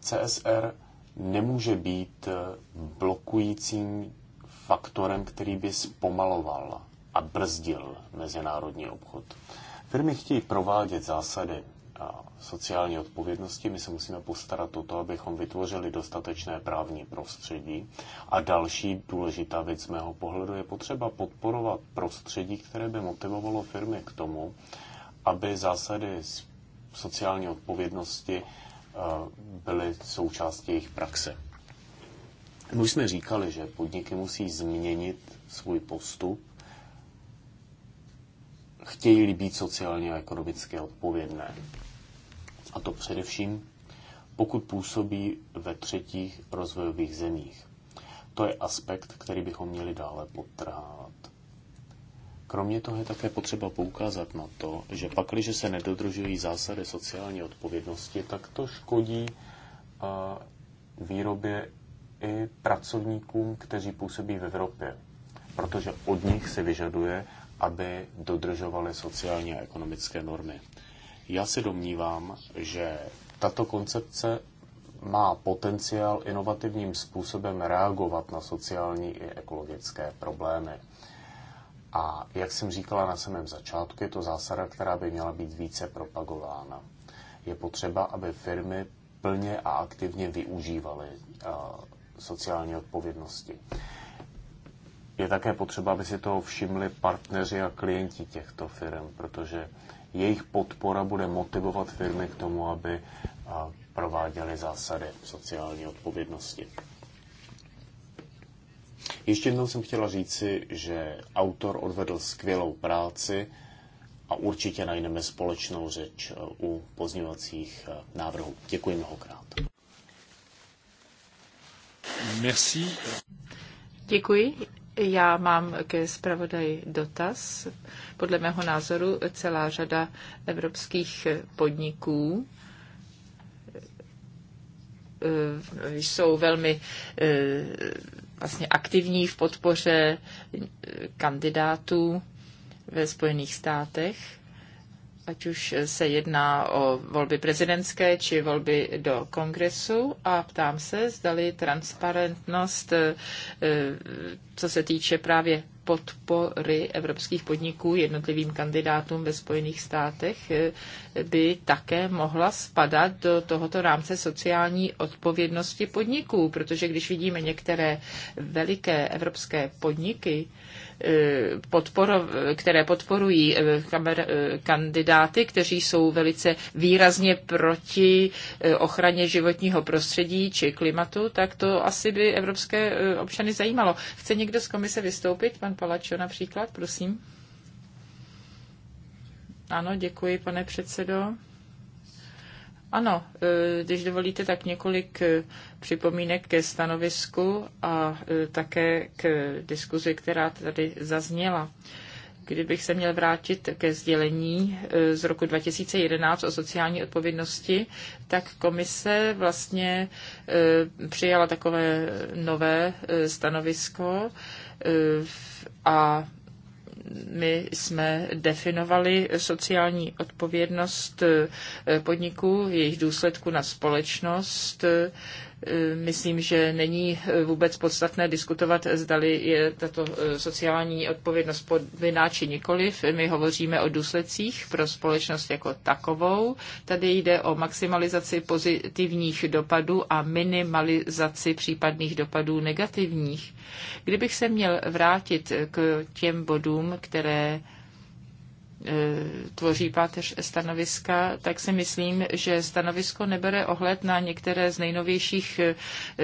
CSR nemůže být eh, blokujícím faktorem, který by zpomaloval a brzdil mezinárodní obchod. Firmy chtějí provádět zásady sociální odpovědnosti. My se musíme postarat o to, abychom vytvořili dostatečné právní prostředí. A další důležitá věc z mého pohledu je potřeba podporovat prostředí, které by motivovalo firmy k tomu, aby zásady sociální odpovědnosti eh, byly součástí jejich praxe. My jsme říkali, že podniky musí změnit svůj postup, chtějí být sociálně a ekonomicky odpovědné. A to především, pokud působí ve třetích rozvojových zemích. To je aspekt, který bychom měli dále potrhávat. Kromě toho je také potřeba poukázat na to, že pakliže se nedodržují zásady sociální odpovědnosti, tak to škodí výrobě i pracovníkům, kteří působí v Evropě, protože od nich se vyžaduje, aby dodržovali sociální a ekonomické normy. Já si domnívám, že tato koncepce má potenciál inovativním způsobem reagovat na sociální i ekologické problémy. A jak jsem říkala na samém začátku, je to zásada, která by měla být více propagována. Je potřeba, aby firmy plně a aktivně využívaly eh, sociální odpovědnosti. Je také potřeba, aby si toho všimli partneři a klienti těchto firm, protože jejich podpora bude motivovat firmy k tomu, aby eh, prováděly zásady sociální odpovědnosti. Ještě jednou jsem chtěla říci, že autor odvedl skvělou práci a určitě najdeme společnou řeč eh, u pozměňovacích eh, návrhů. Děkuji mnohokrát. Merci. Děkuji. Já mám ke zpravodaji dotaz. Podle mého názoru celá řada evropských podniků eh, jsou velmi vlastně aktivní v podpoře eh, kandidátů ve Spojených státech, ať už se jedná o volby prezidentské či volby do kongresu a ptám se, zdali transparentnost, eh, eh, co se týče právě podpory evropských podniků jednotlivým kandidátům ve Spojených státech eh, by také mohla spadat do tohoto rámce sociální odpovědnosti podniků, protože když vidíme některé veliké evropské podniky, Eh, podporo, které podporují eh, kamer, eh, kandidáty, kteří jsou velice výrazně proti ochraně životního prostředí či klimatu, tak to asi by evropské občany zajímalo. Chce někdo z komise vystoupit? Pan Palačo například, prosím. Ano, děkuji, pane předsedo. Ano, e, když dovolíte, tak několik e, připomínek ke stanovisku a e, také k diskuzi, která tady zazněla. Kdybych se měl vrátit ke sdělení z roku 2011 o sociální odpovědnosti, tak komise vlastně přijala takové nové stanovisko a my jsme definovali sociální odpovědnost eh, podniků, jejich důsledku na společnost Eh, myslím, že není eh, vůbec podstatné diskutovat, zdali je tato eh, sociální odpovědnost povinná či nikoliv. My hovoříme o důsledcích pro společnost jako takovou. Tady jde o maximalizaci pozitivních dopadů a minimalizaci případných dopadů negativních. Kdybych se měl vrátit k těm bodům, které E, tvoří páteř stanoviska, tak si myslím, že stanovisko nebere ohled na některé z nejnovějších e,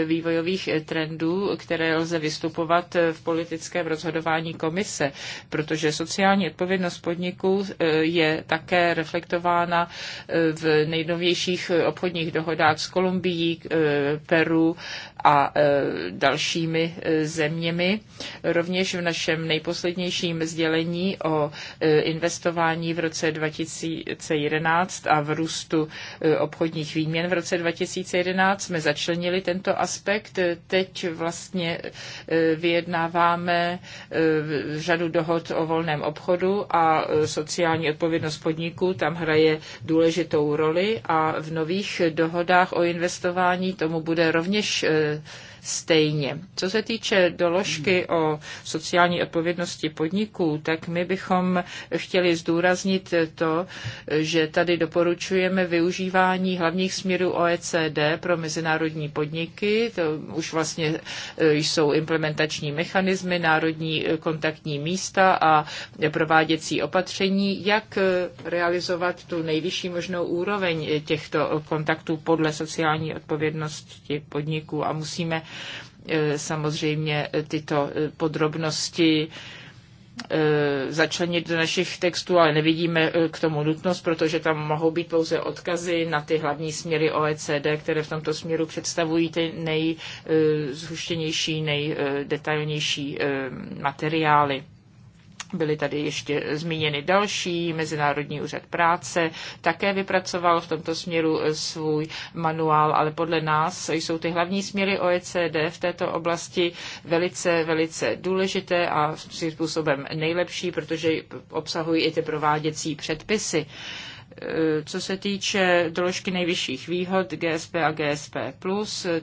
vývojových trendů, které lze vystupovat v politickém rozhodování komise, protože sociální odpovědnost podniků e, je také reflektována v nejnovějších obchodních dohodách s Kolumbií, Peru a dalšími zeměmi. Rovněž v našem nejposlednějším sdělení o investování investování v roce 2011 a v růstu e, obchodních výměn v roce 2011 jsme začlenili tento aspekt. Teď vlastně e, vyjednáváme e, řadu dohod o volném obchodu a sociální odpovědnost podniků tam hraje důležitou roli a v nových dohodách o investování tomu bude rovněž stejně. Co se týče doložky o sociální odpovědnosti podniků, tak my bychom chtěli zdůraznit to, že tady doporučujeme využívání hlavních směrů OECD pro mezinárodní podniky. To už vlastně e, jsou implementační mechanismy, národní e, kontaktní místa a prováděcí opatření, jak e, realizovat tu nejvyšší možnou úroveň těchto kontaktů podle sociální odpovědnosti podniků a musíme Eh, samozřejmě eh, tyto eh, podrobnosti začlenit do našich textů, ale nevidíme k tomu nutnost, protože tam mohou být pouze odkazy na ty hlavní směry OECD, které v tomto směru představují ty nejzhuštěnější, nejdetailnější materiály. Byly tady ještě zmíněny další, Mezinárodní úřad práce také vypracoval v tomto směru eh, svůj manuál, ale podle nás jsou ty hlavní směry OECD v této oblasti velice, velice důležité a svým způsobem nejlepší, protože obsahují i ty prováděcí předpisy. Eh, co se týče doložky nejvyšších výhod GSP a GSP+,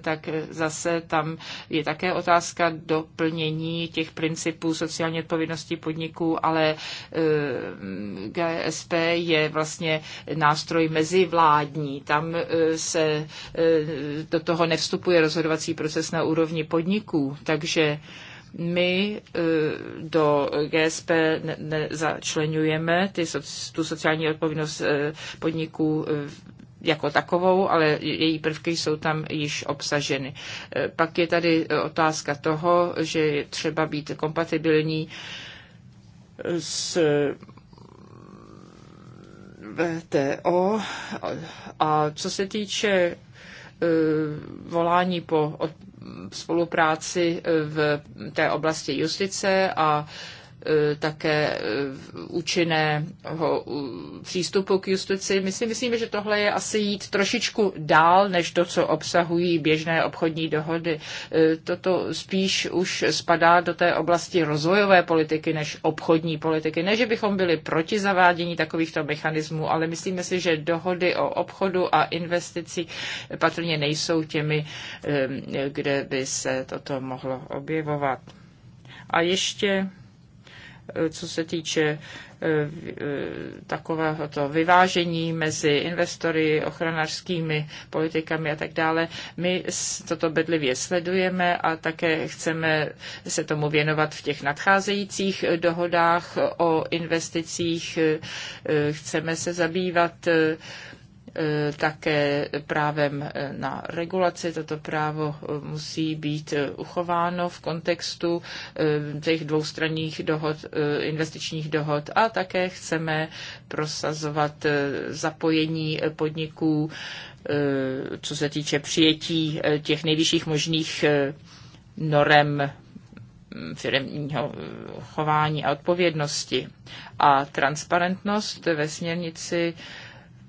tak zase tam je také otázka doplnění těch principů sociální odpovědnosti podniků, ale eh, GSP je vlastně nástroj mezivládní. Tam eh, se do toho nevstupuje rozhodovací proces na úrovni podniků, takže my eh, do GSP nezačlenujeme ne tu sociální odpovědnost eh, podniků eh, jako takovou, ale její prvky jsou tam již obsaženy. Pak je tady otázka toho, že je třeba být kompatibilní s VTO. A co se týče volání po spolupráci v té oblasti justice a Eh, také eh, účinného přístupu k justici. My si myslíme, že tohle je asi jít trošičku dál, než to, co obsahují běžné obchodní dohody. Eh, toto spíš už spadá do té oblasti rozvojové politiky než obchodní politiky. Ne, že bychom byli proti zavádění takovýchto mechanismů, ale myslíme si, že dohody o obchodu a investici patrně nejsou těmi, kde by se toto mohlo objevovat. A ještě Eh, co se týče eh, eh, takového to vyvážení mezi investory, ochranářskými politikami a tak dále. My toto bedlivě sledujeme a také chceme se tomu věnovat v těch nadcházejících dohodách o investicích. Chceme se zabývat Eh, také právem eh, na regulaci. Toto právo eh, musí být uchováno v kontextu těch dvoustranných dohod, investičních dohod a také chceme prosazovat zapojení podniků, co se týče přijetí těch nejvyšších možných norem mm, firmního chování a odpovědnosti. A transparentnost ve směrnici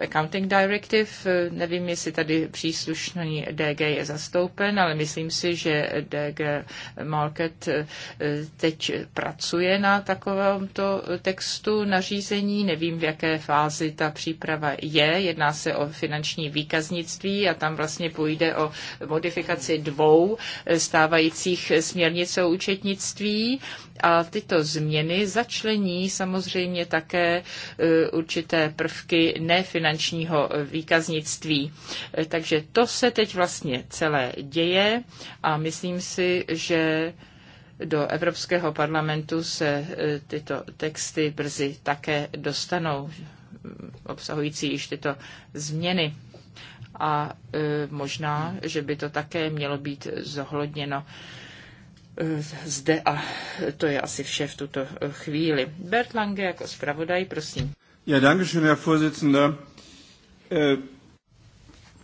Accounting Directive. Nevím, jestli tady příslušný DG je zastoupen, ale myslím si, že DG Market eh, teď pracuje na takovémto textu nařízení. Nevím, v jaké fázi ta příprava je. Jedná se o finanční výkaznictví a tam vlastně půjde o modifikaci dvou eh, stávajících směrnic o účetnictví a tyto změny začlení samozřejmě také eh, určité prvky nefinanční finančního výkaznictví. Takže to se teď vlastně celé děje a myslím si, že do Evropského parlamentu se e, tyto texty brzy také dostanou, obsahující již tyto změny. A e, možná, že by to také mělo být zohledněno e, zde a to je asi vše v tuto chvíli. Bert Lange jako zpravodaj, prosím. Ja, danke schön, Herr Vorsitzender.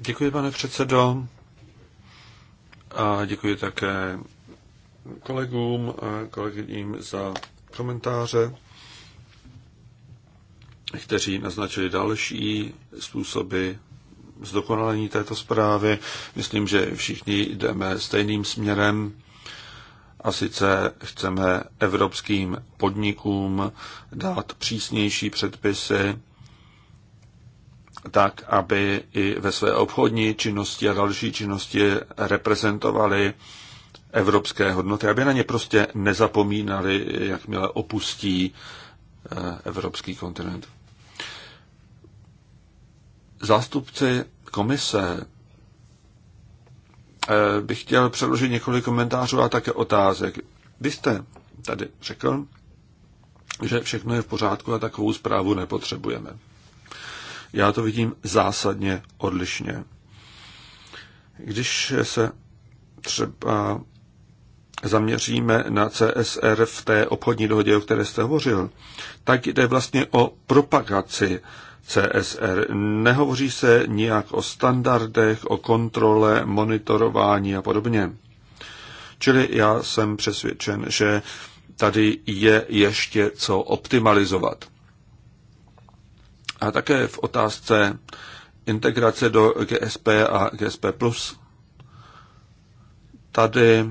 Děkuji, pane předsedo. A děkuji také kolegům a kolegyním za komentáře, kteří naznačili další způsoby zdokonalení této zprávy. Myslím, že všichni jdeme stejným směrem a sice chceme evropským podnikům dát přísnější předpisy, tak, aby i ve své obchodní činnosti a další činnosti reprezentovali evropské hodnoty, aby na ně prostě nezapomínali, jakmile opustí eh, evropský kontinent. Zástupci komise eh, bych chtěl předložit několik komentářů a také otázek. Vy jste tady řekl, že všechno je v pořádku a takovou zprávu nepotřebujeme. Já to vidím zásadně odlišně. Když se třeba zaměříme na CSR v té obchodní dohodě, o které jste hovořil, tak jde vlastně o propagaci CSR. Nehovoří se nijak o standardech, o kontrole, monitorování a podobně. Čili já jsem přesvědčen, že tady je ještě co optimalizovat a také v otázce integrace do GSP a GSP+. Tady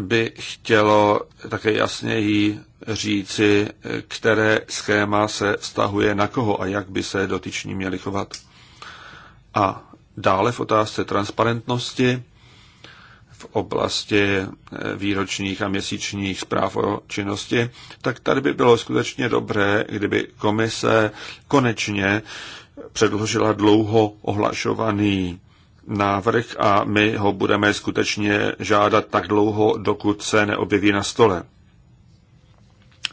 by chtělo také jasněji říci, které schéma se vztahuje na koho a jak by se dotyční měli chovat. A dále v otázce transparentnosti v oblasti eh, výročních a měsíčních zpráv o činnosti, tak tady by bylo skutečně dobré, kdyby komise konečně předložila dlouho ohlašovaný návrh a my ho budeme skutečně žádat tak dlouho, dokud se neobjeví na stole.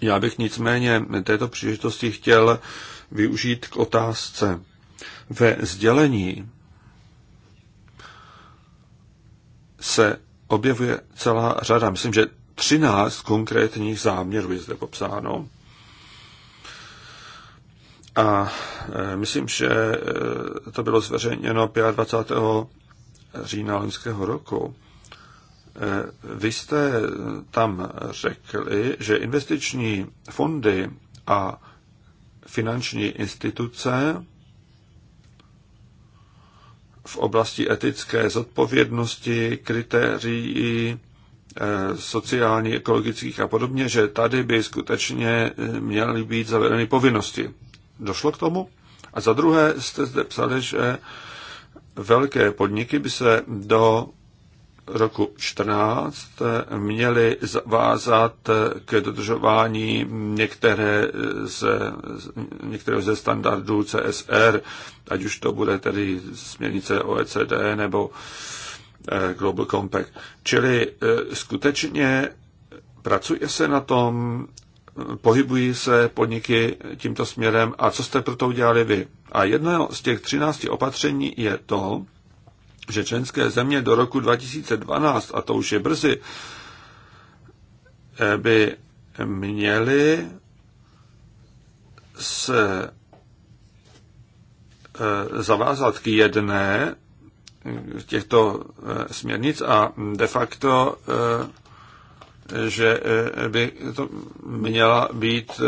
Já bych nicméně této příležitosti chtěl využít k otázce. Ve sdělení se objevuje celá řada, myslím, že 13 konkrétních záměrů je zde popsáno. A e, myslím, že e, to bylo zveřejněno 25. října loňského roku. E, vy jste tam řekli, že investiční fondy a finanční instituce v oblasti etické zodpovědnosti, kritérií eh, sociální, ekologických a podobně, že tady by skutečně eh, měly být zavedeny povinnosti. Došlo k tomu? A za druhé jste zde psali, že velké podniky by se do roku 14 měli zavázat k dodržování některé z, některého ze standardů CSR, ať už to bude tedy směrnice OECD nebo eh, Global Compact. Čili eh, skutečně pracuje se na tom, pohybují se podniky tímto směrem a co jste to udělali vy? A jedno z těch 13 opatření je to, že členské země do roku 2012, a to už je brzy, eh, by měly se eh, zavázat k jedné těchto eh, směrnic a de facto že eh, by to měla být eh,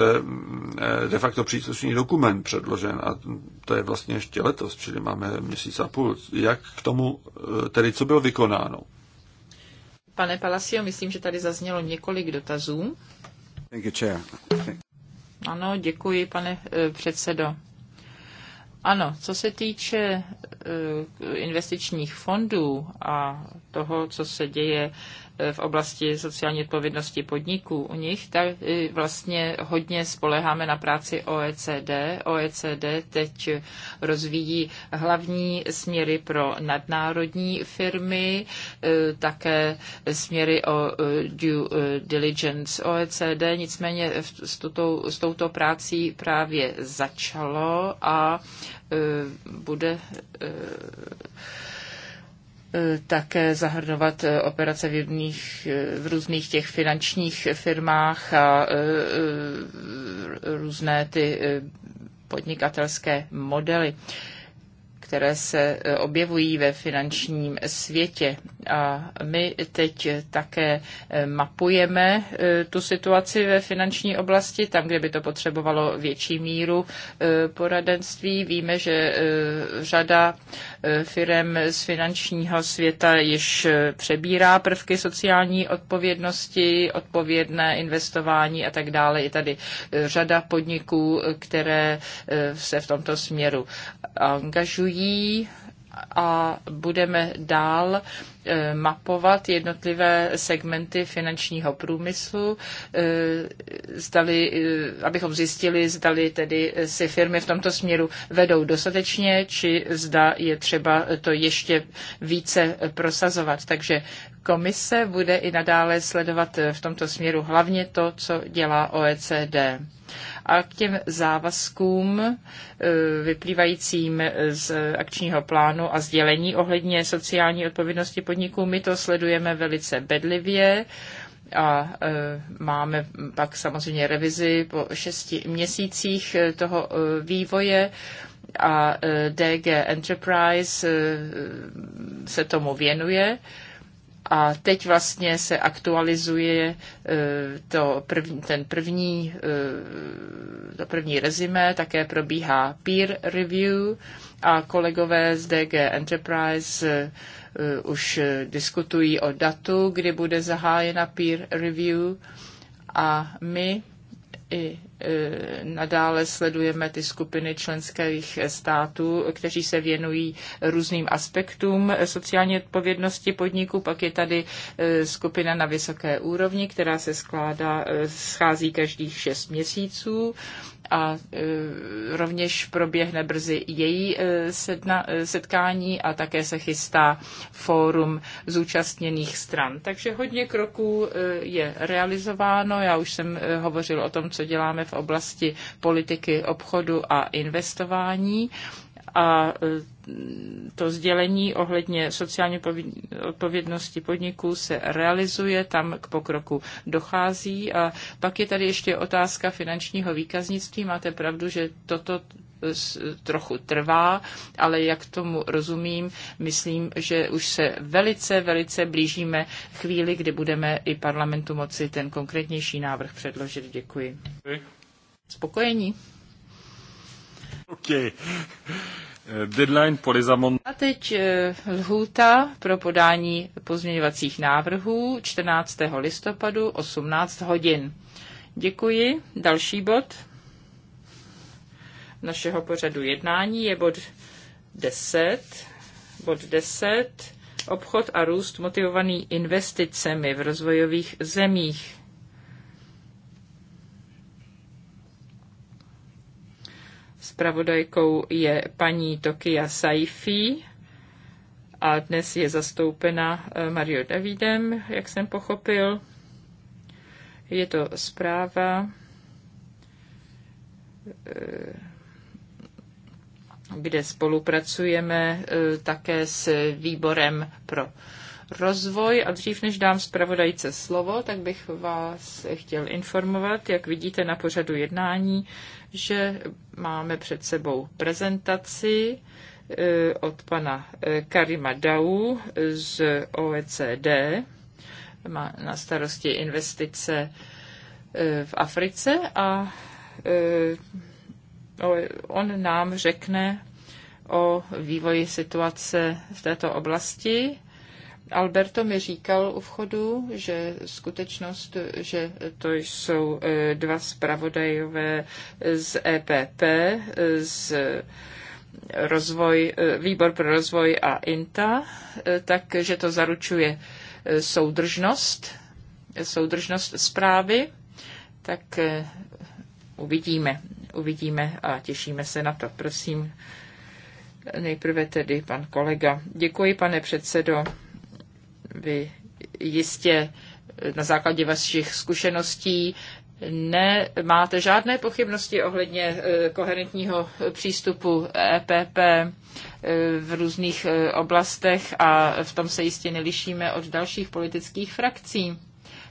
eh, de facto příslušný dokument předložen a to je vlastně ještě letos, čili máme měsíc a půl. Jak k tomu, tedy co bylo vykonáno? Pane Palacio, myslím, že tady zaznělo několik dotazů. Thank you, chair. Ano, děkuji, pane předsedo. Ano, co se týče investičních fondů a toho, co se děje v oblasti sociální odpovědnosti podniků u nich, tak eh, vlastně hodně spoleháme na práci OECD. OECD teď rozvíjí hlavní směry pro nadnárodní firmy, eh, také směry o eh, due diligence OECD. Nicméně s, tuto, s touto prací právě začalo a bude E, také zahrnovat e, operace v, jedných, e, v různých těch finančních firmách a různé ty podnikatelské modely které se eh, objevují ve finančním světě. A my teď také eh, mapujeme eh, tu situaci ve finanční oblasti, tam, kde by to potřebovalo větší míru poradenství. Víme, že řada firm z finančního světa již přebírá prvky sociální odpovědnosti, odpovědné investování a tak dále. Je tady řada podniků, které se v tomto směru angažují lidí a budeme dál Eh, mapovat jednotlivé segmenty finančního průmyslu, eh, zdali, eh, abychom zjistili, zdali tedy si firmy v tomto směru vedou dostatečně, či zda je třeba to ještě více prosazovat. Takže komise bude i nadále sledovat v tomto směru hlavně to, co dělá OECD. A k těm závazkům vyplývajícím z akčního plánu a sdělení ohledně sociální odpovědnosti podniků. My to sledujeme velice bedlivě a e, máme pak samozřejmě revizi po šesti měsících e, toho e, vývoje a DG Enterprise se tomu věnuje. A teď vlastně se aktualizuje to první, ten první, to první rezime, také probíhá peer review a kolegové z DG Enterprise Eh, už eh, diskutují o datu, kdy bude zahájena peer review a my i eh, nadále sledujeme ty skupiny členských států, kteří se věnují různým aspektům sociální odpovědnosti podniku. Pak je tady skupina na vysoké úrovni, která se skládá, schází každých šest měsíců a e, rovněž proběhne brzy její e, sedna, e, setkání a také se chystá fórum zúčastněných stran. Takže hodně kroků je realizováno. Já už jsem hovořil o tom, co děláme v oblasti politiky obchodu a investování a e, to sdělení ohledně sociální odpovědnosti podniků se realizuje, tam k pokroku dochází. A pak je tady ještě otázka finančního výkaznictví. Máte pravdu, že toto e, trochu trvá, ale jak tomu rozumím, myslím, že už se velice, velice blížíme chvíli, kdy budeme i parlamentu moci ten konkrétnější návrh předložit. Děkuji. Spokojení. Okay. Eh, deadline pour A teď eh, lhůta pro podání pozměňovacích návrhů 14. listopadu 18 hodin. Děkuji. Další bod našeho pořadu jednání je bod 10. Bod 10. Obchod a růst motivovaný investicemi v rozvojových zemích. Spravodajkou je paní Tokia Saifi a dnes je zastoupena eh, Mario Davidem, jak jsem pochopil. Je to zpráva, eh, kde spolupracujeme eh, také s výborem pro rozvoj. A dřív, než dám zpravodajce slovo, tak bych vás chtěl informovat, jak vidíte na pořadu jednání, že máme před sebou prezentaci eh, od pana eh, Karima Dau eh, z OECD. Má na starosti investice v Africe a on nám řekne o vývoji situace v této oblasti Alberto mi říkal u vchodu, že skutečnost, že to jsou e, dva zpravodajové z EPP, z rozvoj, e, výbor pro rozvoj a INTA, e, takže to zaručuje soudržnost, soudržnost zprávy, tak uvidíme, uvidíme a těšíme se na to. Prosím, nejprve tedy pan kolega. Děkuji, pane předsedo. Vy jistě na základě vašich zkušeností nemáte žádné pochybnosti ohledně eh, koherentního přístupu EPP eh, v různých eh, oblastech a v tom se jistě nelišíme od dalších politických frakcí.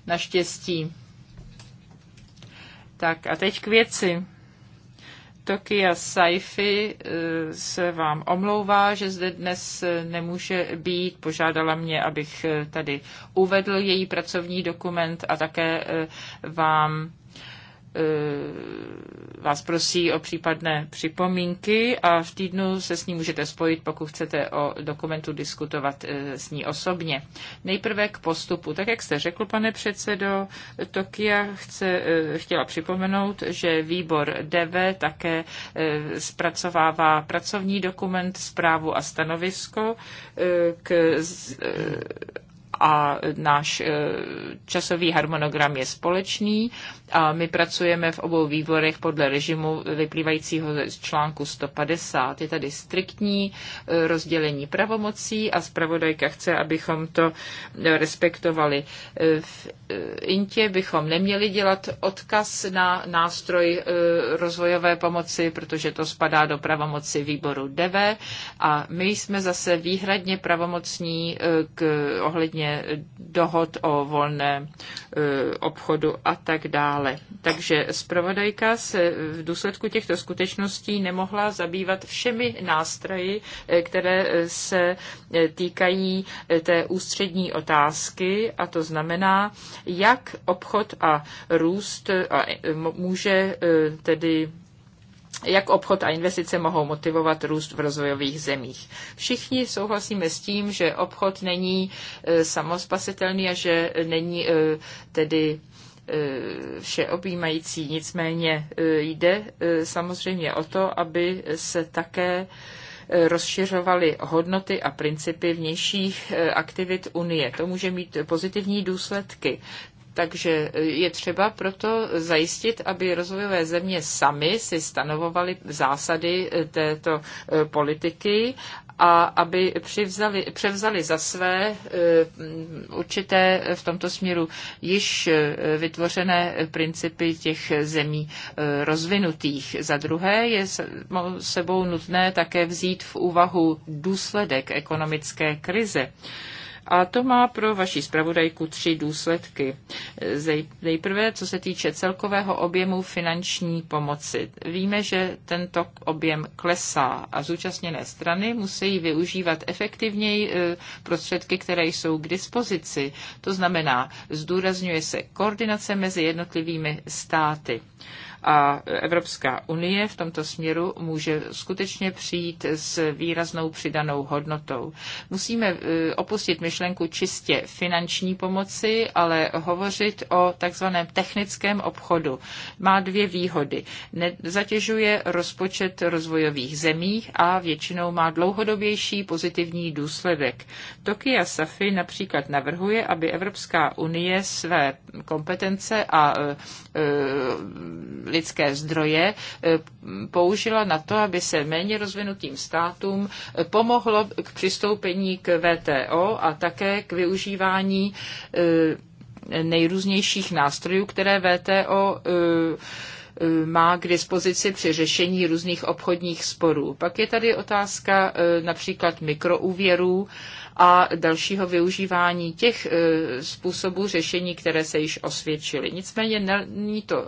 Naštěstí. Tak a teď k věci. Tokia Saifi eh, se vám omlouvá, že zde dnes eh, nemůže být. Požádala mě, abych eh, tady uvedl její pracovní dokument a také vám Eh, vás prosí o případné připomínky a v týdnu se s ní můžete spojit, pokud chcete o dokumentu diskutovat eh, s ní osobně. Nejprve k postupu. Tak jak jste řekl, pane předsedo, Tokia chce, eh, chtěla připomenout, že výbor DV také zpracovává pracovní dokument, zprávu a stanovisko k a náš eh, časový harmonogram je společný a my pracujeme v obou výborech podle režimu vyplývajícího z článku 150. Je tady striktní eh, rozdělení pravomocí a zpravodajka chce, abychom to eh, respektovali. V Intě bychom neměli dělat odkaz na nástroj rozvojové pomoci, protože to spadá do pravomoci výboru DV a my jsme zase výhradně pravomocní k ohledně ohledně dohod o volném e, obchodu a tak dále. Takže zpravodajka se v důsledku těchto skutečností nemohla zabývat všemi nástroji, e, které se e, týkají té ústřední otázky, a to znamená, jak obchod a růst může tedy jak obchod a investice mohou motivovat růst v rozvojových zemích. Všichni souhlasíme s tím, že obchod není e, samospasitelný a že není e, tedy e, všeobjímající. Nicméně jde samozřejmě o to, aby se také rozšiřovaly hodnoty a principy vnějších aktivit Unie. To může mít pozitivní důsledky takže je třeba proto zajistit, aby rozvojové země sami si stanovovaly zásady eh, této eh, politiky a aby přivzali, převzali za své eh, mm, určité v tomto směru již vytvořené principy těch zemí rozvinutých. Za druhé je sebou nutné také vzít v úvahu důsledek ekonomické krize. A to má pro vaši zpravodajku tři důsledky. Nejprve, co se týče celkového objemu finanční pomoci. Víme, že tento objem klesá a zúčastněné strany musí využívat efektivněji e, prostředky, které jsou k dispozici. To znamená, zdůrazňuje se koordinace mezi jednotlivými státy. A Evropská unie v tomto směru může skutečně přijít s výraznou přidanou hodnotou. Musíme e, opustit myšlenku čistě finanční pomoci, ale hovořit o takzvaném technickém obchodu. Má dvě výhody. Zatěžuje rozpočet rozvojových zemí a většinou má dlouhodobější pozitivní důsledek. Tokia Safi například navrhuje, aby Evropská unie své kompetence a e, e, lidské zdroje eh, použila na to, aby se méně rozvinutým státům eh, pomohlo k přistoupení k VTO a také k využívání eh, nejrůznějších nástrojů, které VTO Eh, má k dispozici při řešení různých obchodních sporů. Pak je tady otázka eh, například mikroúvěrů a dalšího využívání těch eh, způsobů řešení, které se již osvědčily. Nicméně není to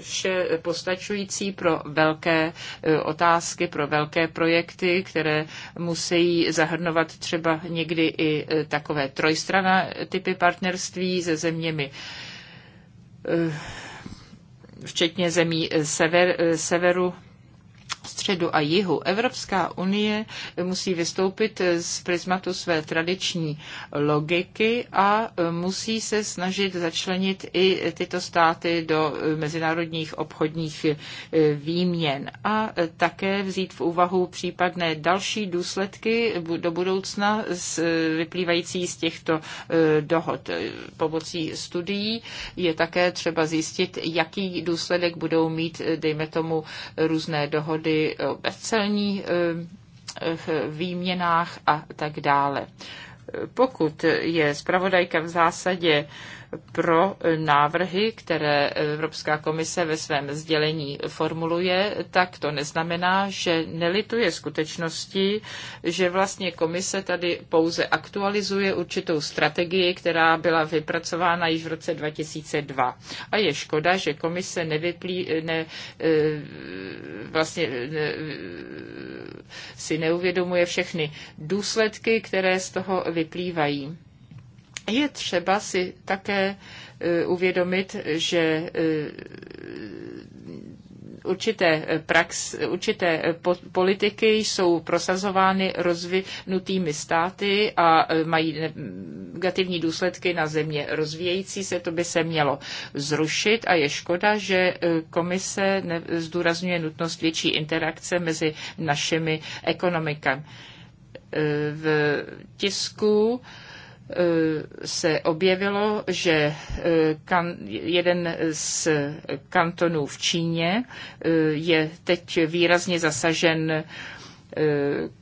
vše postačující pro velké otázky, pro velké projekty, které musí zahrnovat třeba někdy i takové trojstrana typy partnerství se zeměmi včetně zemí eh, sever, eh, severu středu a jihu. Evropská unie musí vystoupit z prismatu své tradiční logiky a e, musí se snažit začlenit i tyto státy do e, mezinárodních obchodních e, výměn a také vzít v úvahu případné další důsledky do budoucna vyplývající z těchto dohod. Pomocí studií je také třeba zjistit, jaký důsledek budou mít, dejme tomu, různé dohody tedy eh, o bezcelní eh, eh, výměnách a tak dále. Pokud je zpravodajka v zásadě pro návrhy, které Evropská komise ve svém sdělení formuluje, tak to neznamená, že nelituje skutečnosti, že vlastně komise tady pouze aktualizuje určitou strategii, která byla vypracována již v roce 2002. A je škoda, že komise nevyplí, ne, e, vlastně ne, si neuvědomuje všechny důsledky, které z toho vyplývají. Je třeba si také e, uvědomit, že e, určité, prax, určité e, politiky jsou prosazovány rozvinutými státy a mají negativní důsledky na země rozvíjející se. To by se mělo zrušit a je škoda, že komise zdůrazňuje nutnost větší interakce mezi našimi ekonomikami. V tisku Eh, se objevilo, že eh, jeden z kantonů v Číně eh, je teď výrazně zasažen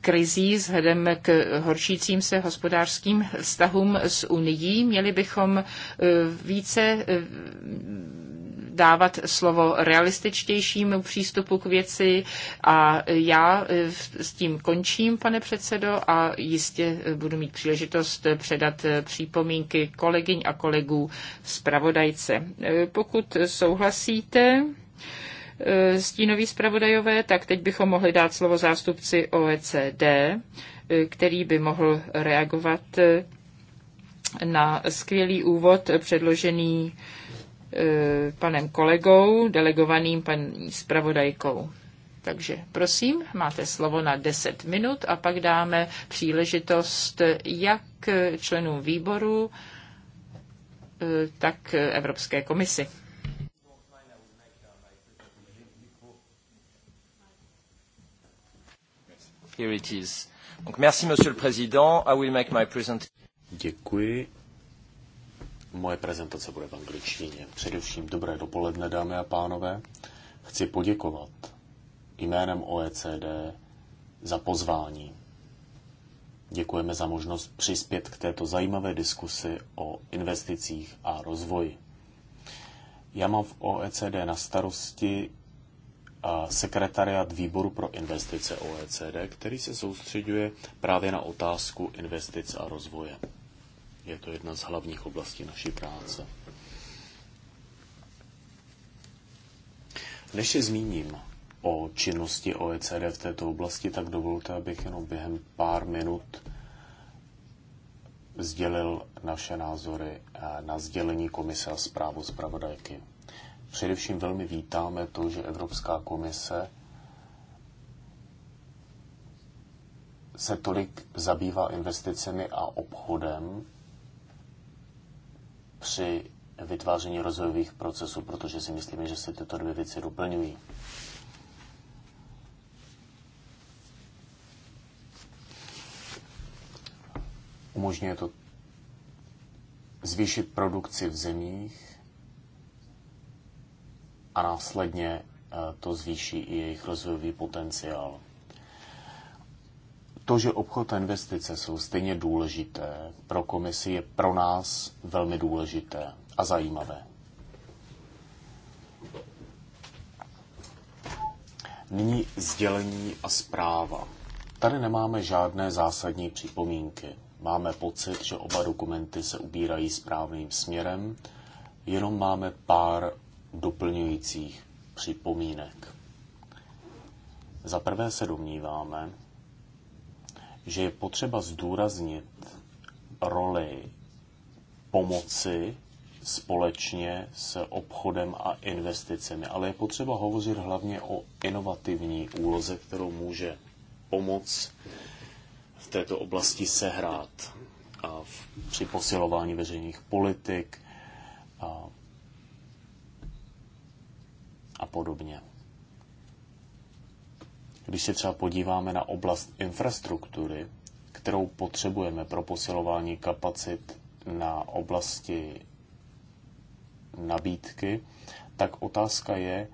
krizí vzhledem k horšícím se hospodářským vztahům s Unií. Měli bychom více dávat slovo realističtějšímu přístupu k věci a já e, s tím končím, pane předsedo, a jistě e, budu mít příležitost e, předat přípomínky kolegyň a kolegů zpravodajce. Pokud souhlasíte, stínoví zpravodajové, tak teď bychom mohli dát slovo zástupci OECD, který by mohl reagovat na skvělý úvod předložený Eh, panem kolegou, delegovaným paní zpravodajkou. Takže prosím, máte slovo na 10 minut a pak dáme příležitost jak členům výboru, eh, tak Evropské komisi. Here it is. Donc, merci, Monsieur le Président. I will make my presentation. Děkuji, Moje prezentace bude v angličtině. Především dobré dopoledne, dámy a pánové. Chci poděkovat jménem OECD za pozvání. Děkujeme za možnost přispět k této zajímavé diskusi o investicích a rozvoji. Já mám v OECD na starosti sekretariat výboru pro investice OECD, který se soustředuje právě na otázku investic a rozvoje. Je to jedna z hlavních oblastí naší práce. Než se zmíním o činnosti OECD v této oblasti, tak dovolte, abych jenom během pár minut sdělil naše názory eh, na sdělení komise a zprávu zpravodajky. Především velmi vítáme to, že Evropská komise se tolik zabývá investicemi a obchodem při vytváření rozvojových procesů, protože si myslíme, že se tyto dvě věci doplňují. Umožňuje to zvýšit produkci v zemích a následně eh, to zvýší i jejich rozvojový potenciál to, že obchod a investice jsou stejně důležité pro komisi, je pro nás velmi důležité a zajímavé. Nyní sdělení a zpráva. Tady nemáme žádné zásadní připomínky. Máme pocit, že oba dokumenty se ubírají správným směrem, jenom máme pár doplňujících připomínek. Za prvé se domníváme, že je potřeba zdůraznit roli pomoci společně s obchodem a investicemi, ale je potřeba hovořit hlavně o inovativní úloze, kterou může pomoc v této oblasti sehrát a v, při posilování veřejných politik a, a podobně. Když se třeba podíváme na oblast infrastruktury, kterou potřebujeme pro posilování kapacit na oblasti nabídky, tak otázka je,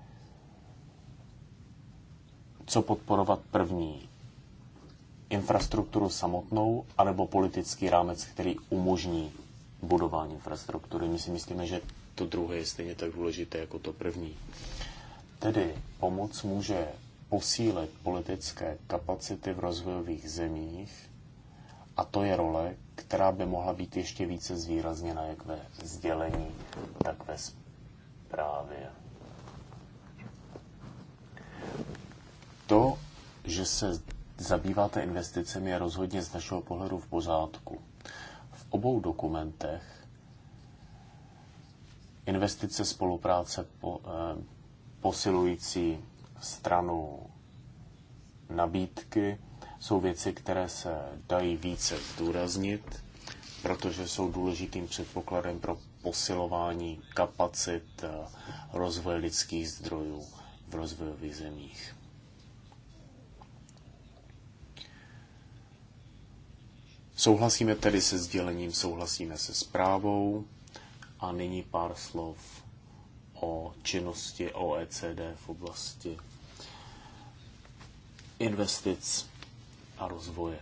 co podporovat první. Infrastrukturu samotnou, anebo politický rámec, který umožní budování infrastruktury. My si myslíme, že to druhé je stejně tak důležité jako to první. Tedy pomoc může posílit politické kapacity v rozvojových zemích a to je role, která by mohla být ještě více zvýrazněna jak ve sdělení, tak ve zprávě. To, že se zabýváte investicemi, je rozhodně z našeho pohledu v pořádku. V obou dokumentech investice spolupráce po, eh, posilující stranu nabídky jsou věci, které se dají více zdůraznit, protože jsou důležitým předpokladem pro posilování kapacit rozvoje lidských zdrojů v rozvojových zemích. Souhlasíme tedy se sdělením, souhlasíme se zprávou a nyní pár slov o činnosti OECD v oblasti investic a rozvoje.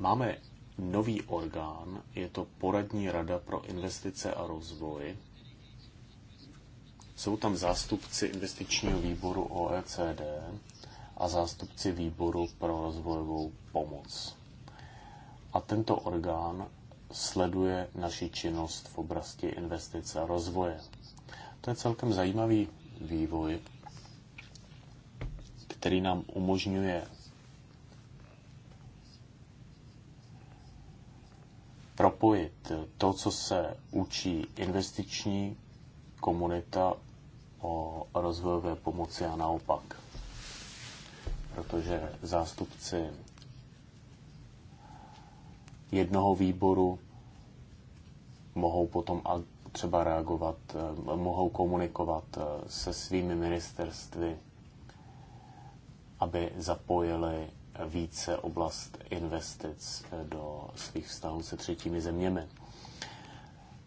Máme nový orgán, je to Poradní rada pro investice a rozvoj. Jsou tam zástupci investičního výboru OECD a zástupci výboru pro rozvojovou pomoc. A tento orgán sleduje naši činnost v oblasti investice a rozvoje. To je celkem zajímavý vývoj, který nám umožňuje propojit to, co se učí investiční komunita o rozvojové pomoci a naopak. Protože zástupci jednoho výboru mohou potom třeba reagovat, eh, mohou komunikovat eh, se svými ministerstvy, aby zapojili více oblast investic eh, do svých vztahů se třetími zeměmi.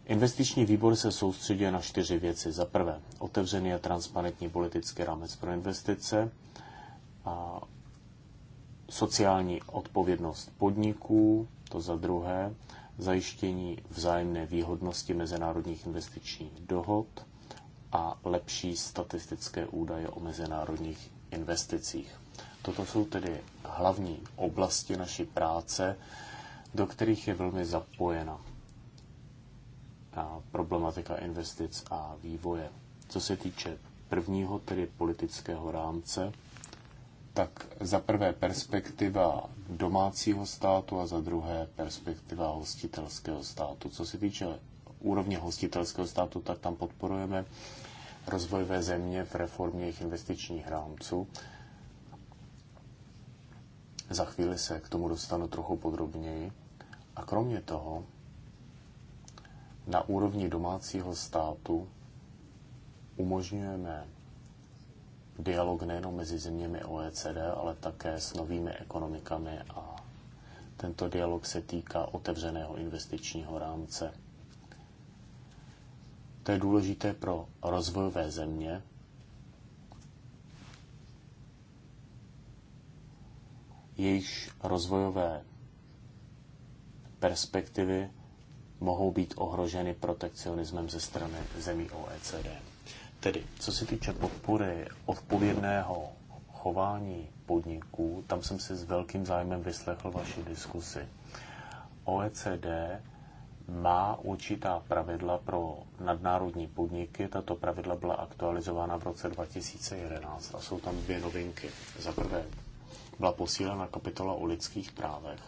Investiční výbor se soustředí na čtyři věci. Za prvé, otevřený a transparentní politický rámec pro investice, a sociální odpovědnost podniků, to za druhé zajištění vzájemné výhodnosti mezinárodních investičních dohod a lepší statistické údaje o mezinárodních investicích. Toto jsou tedy hlavní oblasti naší práce, do kterých je velmi zapojena a problematika investic a vývoje. Co se týče prvního, tedy politického rámce, tak za prvé perspektiva domácího státu a za druhé perspektiva hostitelského státu. Co se týče úrovně hostitelského státu, tak tam podporujeme rozvojové země v reformě jejich investičních rámců. Za chvíli se k tomu dostanu trochu podrobněji. A kromě toho, na úrovni domácího státu umožňujeme dialog nejenom mezi zeměmi OECD, ale také s novými ekonomikami a tento dialog se týká otevřeného investičního rámce. To je důležité pro rozvojové země, jejichž rozvojové perspektivy mohou být ohroženy protekcionismem ze strany zemí OECD. Tedy, co se týče podpory odpovědného chování podniků, tam jsem si s velkým zájmem vyslechl vaši diskusi. OECD má určitá pravidla pro nadnárodní podniky. Tato pravidla byla aktualizována v roce 2011 a jsou tam dvě novinky. Za prvé byla posílena kapitola o lidských právech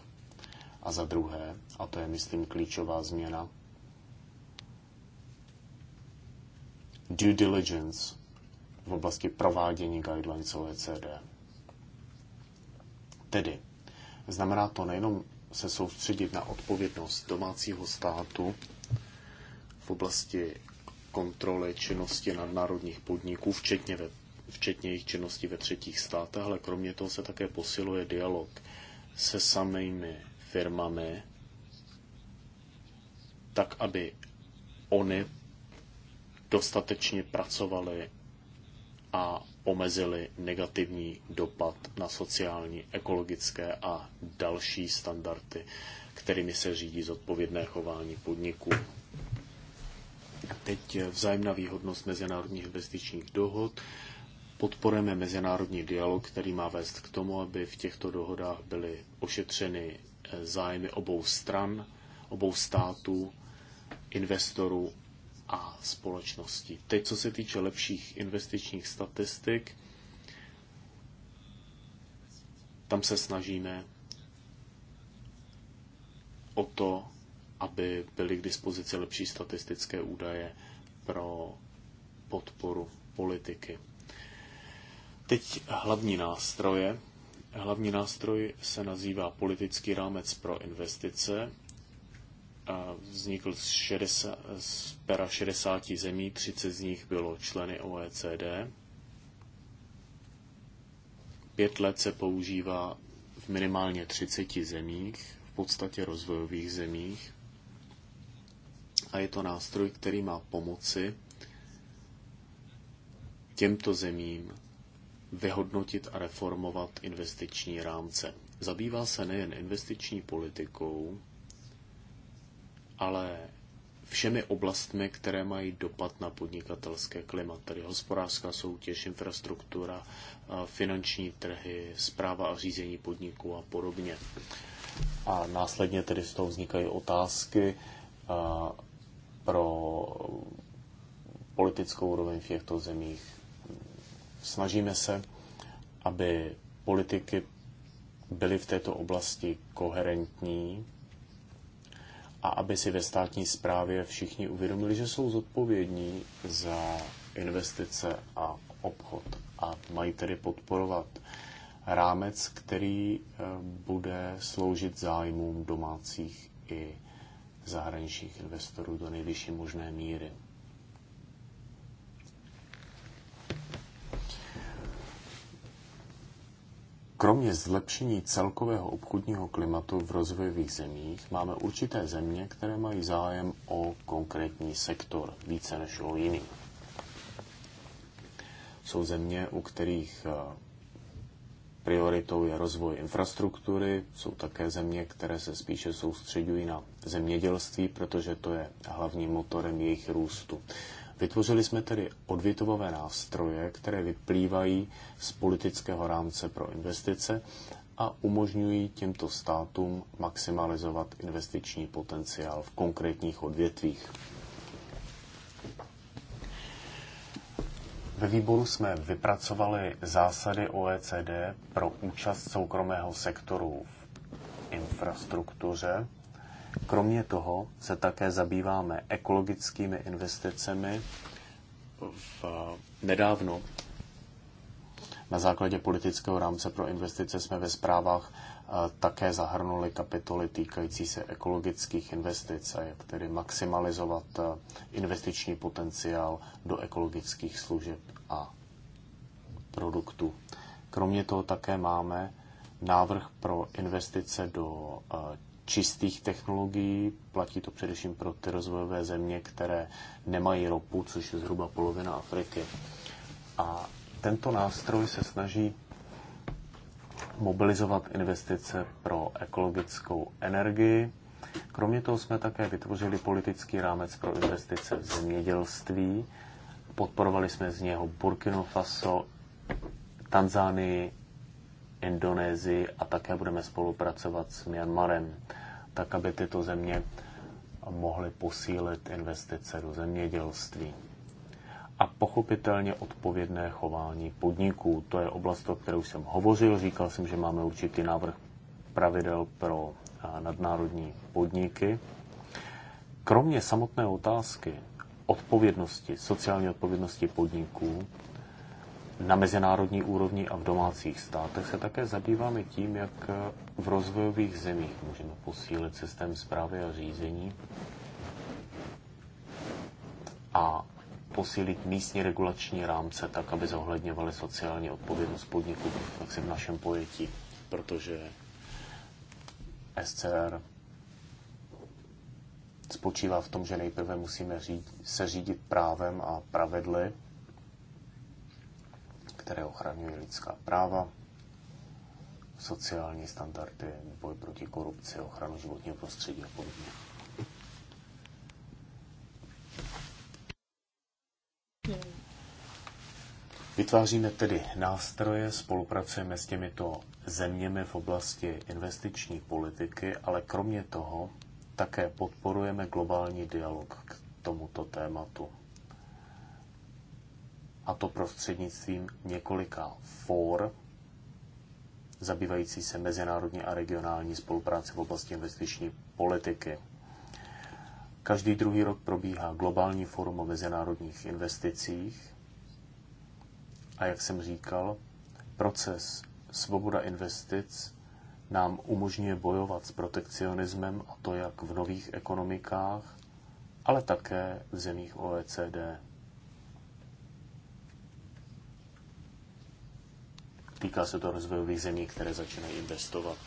a za druhé, a to je myslím klíčová změna, due diligence v oblasti provádění guidelines OECD. Tedy, znamená to nejenom se soustředit na odpovědnost domácího státu v oblasti kontroly činnosti nadnárodních podniků, včetně, ve, včetně jejich činnosti ve třetích státech, ale kromě toho se také posiluje dialog se samými firmami, tak aby oni dostatečně pracovali a omezili negativní dopad na sociální, ekologické a další standardy, kterými se řídí zodpovědné chování podniků. Teď vzájemná výhodnost mezinárodních investičních dohod. Podporujeme mezinárodní dialog, který má vést k tomu, aby v těchto dohodách byly ošetřeny eh, zájmy obou stran, obou států, investorů a společnosti. Teď, co se týče lepších investičních statistik, tam se snažíme o to, aby byly k dispozici lepší statistické údaje pro podporu politiky. Teď hlavní nástroje. Hlavní nástroj se nazývá politický rámec pro investice vznikl z, 60, z pera 60 zemí, 30 z nich bylo členy OECD. Pět let se používá v minimálně 30 zemích, v podstatě rozvojových zemích. A je to nástroj, který má pomoci těmto zemím vyhodnotit a reformovat investiční rámce. Zabývá se nejen investiční politikou, ale všemi oblastmi, které mají dopad na podnikatelské klima, tedy hospodářská soutěž, infrastruktura, finanční trhy, zpráva a řízení podniků a podobně. A následně tedy z toho vznikají otázky pro politickou úroveň v těchto zemích. Snažíme se, aby politiky byly v této oblasti koherentní, a aby si ve státní správě všichni uvědomili, že jsou zodpovědní za investice a obchod a mají tedy podporovat rámec, který eh, bude sloužit zájmům domácích i zahraničních investorů do nejvyšší možné míry. Kromě zlepšení celkového obchodního klimatu v rozvojových zemích máme určité země, které mají zájem o konkrétní sektor více než o jiný. Jsou země, u kterých eh, prioritou je rozvoj infrastruktury, jsou také země, které se spíše soustředují na zemědělství, protože to je hlavním motorem jejich růstu. Vytvořili jsme tedy odvětvové nástroje, které vyplývají z politického rámce pro investice a umožňují těmto státům maximalizovat investiční potenciál v konkrétních odvětvích. Ve výboru jsme vypracovali zásady OECD pro účast soukromého sektoru v infrastruktuře Kromě toho se také zabýváme ekologickými investicemi. V, eh, nedávno na základě politického rámce pro investice jsme ve zprávách eh, také zahrnuli kapitoly týkající se ekologických investic a jak tedy maximalizovat eh, investiční potenciál do ekologických služeb a produktů. Kromě toho také máme návrh pro investice do čistých technologií. Platí to především pro ty rozvojové země, které nemají ropu, což je zhruba polovina Afriky. A tento nástroj se snaží mobilizovat investice pro ekologickou energii. Kromě toho jsme také vytvořili politický rámec pro investice v zemědělství. Podporovali jsme z něho Burkina Faso, Tanzánii, Indonésii a také budeme spolupracovat s Myanmarem, tak aby tyto země mohly posílit investice do zemědělství. A pochopitelně odpovědné chování podniků. To je oblast, o které jsem hovořil. Říkal jsem, že máme určitý návrh pravidel pro nadnárodní podniky. Kromě samotné otázky odpovědnosti, sociální odpovědnosti podniků, na mezinárodní úrovni a v domácích státech se také zabýváme tím, jak v rozvojových zemích můžeme posílit systém zprávy a řízení a posílit místní regulační rámce tak, aby zohledňovaly sociální odpovědnost podniků, tak si v našem pojetí, protože SCR spočívá v tom, že nejprve musíme se řídit právem a pravedly, které ochraňují lidská práva, sociální standardy, boj proti korupci, ochranu životního prostředí a podobně. Vytváříme tedy nástroje, spolupracujeme s těmito zeměmi v oblasti investiční politiky, ale kromě toho také podporujeme globální dialog k tomuto tématu a to prostřednictvím několika fór zabývající se mezinárodní a regionální spolupráci v oblasti investiční politiky. Každý druhý rok probíhá globální forum o mezinárodních investicích a jak jsem říkal, proces svoboda investic nám umožňuje bojovat s protekcionismem a to jak v nových ekonomikách, ale také v zemích OECD. Týká se to rozvojových zemí, které začínají investovat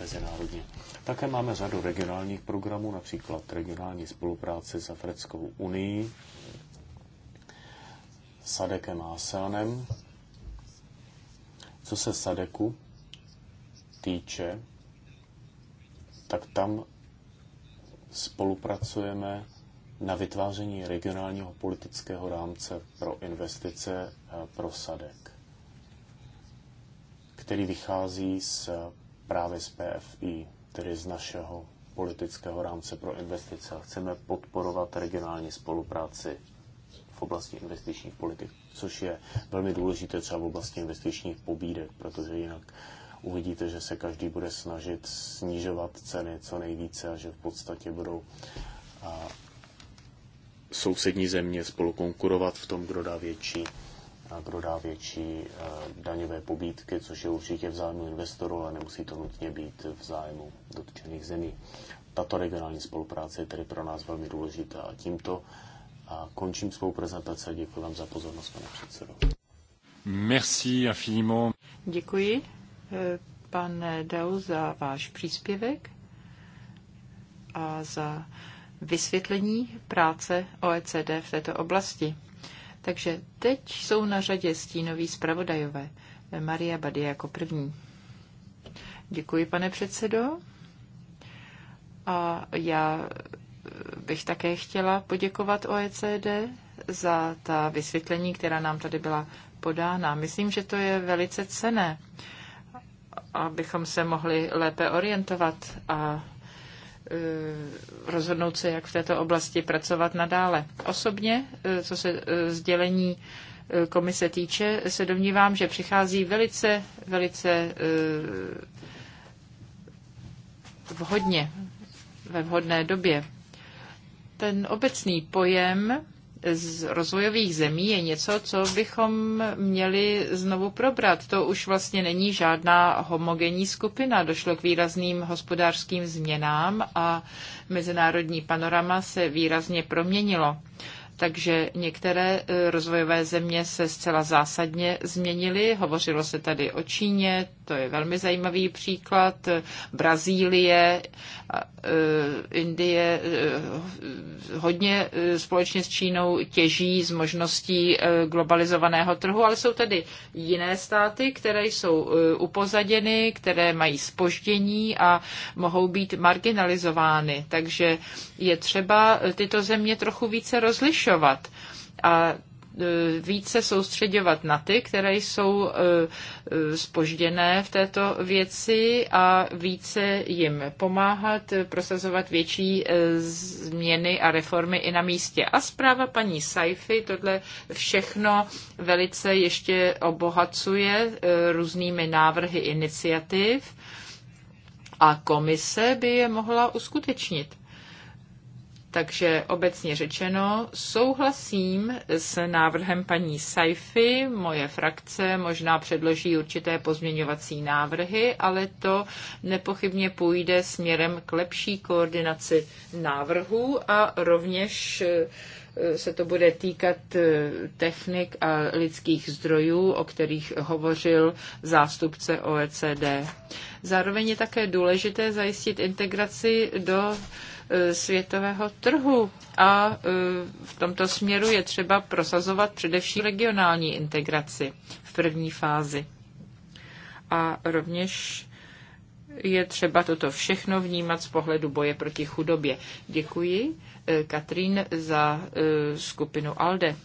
mezinárodně. Také máme řadu regionálních programů, například regionální spolupráce s Africkou unii, Sadekem a ASEANem. Co se Sadeku týče, tak tam spolupracujeme na vytváření regionálního politického rámce pro investice eh, pro Sadek který vychází z eh, právě z PFI, tedy z našeho politického rámce pro investice. Chceme podporovat regionální spolupráci v oblasti investičních politik, což je velmi důležité třeba v oblasti investičních pobídek, protože jinak uvidíte, že se každý bude snažit snižovat ceny co nejvíce a že v podstatě budou a, eh, sousední země spolu konkurovat v tom, kdo dá větší kdo dá větší eh, daňové pobídky, což je určitě v zájmu investorů, ale nemusí to nutně být v zájmu dotčených zemí. Tato regionální spolupráce je tedy pro nás velmi důležitá a tímto končím svou prezentaci a děkuji vám za pozornost, pane předsedo. Merci infiniment. Děkuji, eh, pane Dau, za váš příspěvek a za vysvětlení práce OECD v této oblasti. Takže teď jsou na řadě stínoví zpravodajové. Maria Bady jako první. Děkuji, pane předsedo. A já bych také chtěla poděkovat OECD za ta vysvětlení, která nám tady byla podána. Myslím, že to je velice cené, abychom se mohli lépe orientovat a Eh, rozhodnout se, jak v této oblasti pracovat nadále. Osobně, eh, co se eh, sdělení komise týče, se domnívám, že přichází velice, velice vhodně, ve vhodné době. Ten obecný pojem z rozvojových zemí je něco, co bychom měli znovu probrat. To už vlastně není žádná homogenní skupina. Došlo k výrazným hospodářským změnám a mezinárodní panorama se výrazně proměnilo. Takže některé e, rozvojové země se zcela zásadně změnily. Hovořilo se tady o Číně, to je velmi zajímavý příklad. Brazílie, e, Indie e, hodně e, společně s Čínou těží z možností globalizovaného trhu, ale jsou tady jiné státy, které jsou upozaděny, které mají spoždění a mohou být marginalizovány. Takže je třeba tyto země trochu více rozlišovat. A Eh, více soustředovat na ty, které jsou spožděné eh, eh, v této věci a více jim pomáhat prosazovat větší změny a reformy i na místě. A zpráva paní Saifi tohle všechno velice ještě obohacuje různými návrhy iniciativ a komise by je mohla uskutečnit. Takže obecně řečeno, souhlasím s návrhem paní Saify. Moje frakce možná předloží určité pozměňovací návrhy, ale to nepochybně půjde směrem k lepší koordinaci návrhů a rovněž eh, se to bude týkat eh, technik a lidských zdrojů, o kterých hovořil zástupce OECD. Zároveň je také důležité zajistit integraci do E, světového trhu a e, v tomto směru je třeba prosazovat především regionální integraci v první fázi. A rovněž je třeba toto všechno vnímat z pohledu boje proti chudobě. Děkuji e, Katrín za skupinu ALDE.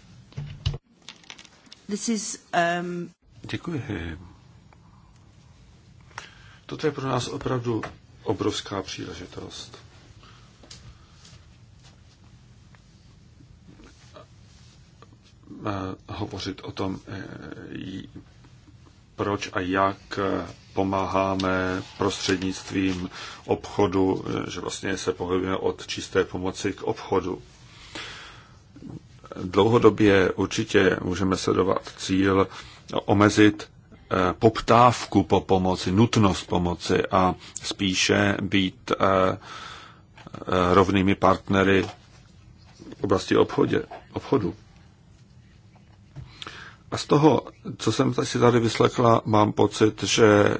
This is, um... Děkuji. Toto je pro nás opravdu obrovská příležitost. Eh, hovořit o tom, eh, proč a jak eh, pomáháme prostřednictvím obchodu, že vlastně se pohybujeme od čisté pomoci k obchodu. Dlouhodobě určitě můžeme sledovat cíl omezit poptávku po pomoci, nutnost pomoci a spíše být rovnými partnery v oblasti obchodě, obchodu. A z toho, co jsem si tady vyslechla, mám pocit, že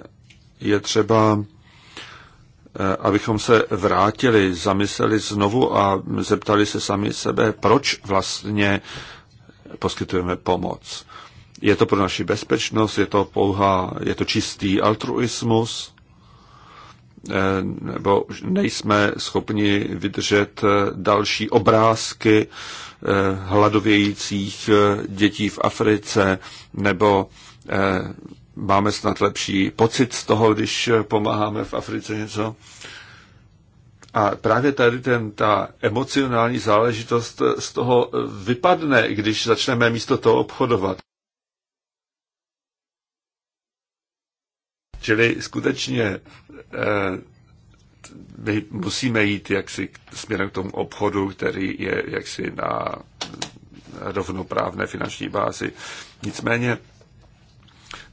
je třeba, eh, abychom se vrátili, zamysleli znovu a zeptali se sami sebe, proč vlastně poskytujeme pomoc. Je to pro naši bezpečnost, je to pouhá, je to čistý altruismus, eh, nebo nejsme schopni vydržet eh, další obrázky Eh, hladovějících eh, dětí v Africe, nebo eh, máme snad lepší pocit z toho, když pomáháme v Africe něco. A právě tady ten, ta emocionální záležitost z toho vypadne, když začneme místo toho obchodovat. Čili skutečně my musíme jít jaksi směrem k tomu obchodu, který je jaksi na rovnoprávné finanční bázi. Nicméně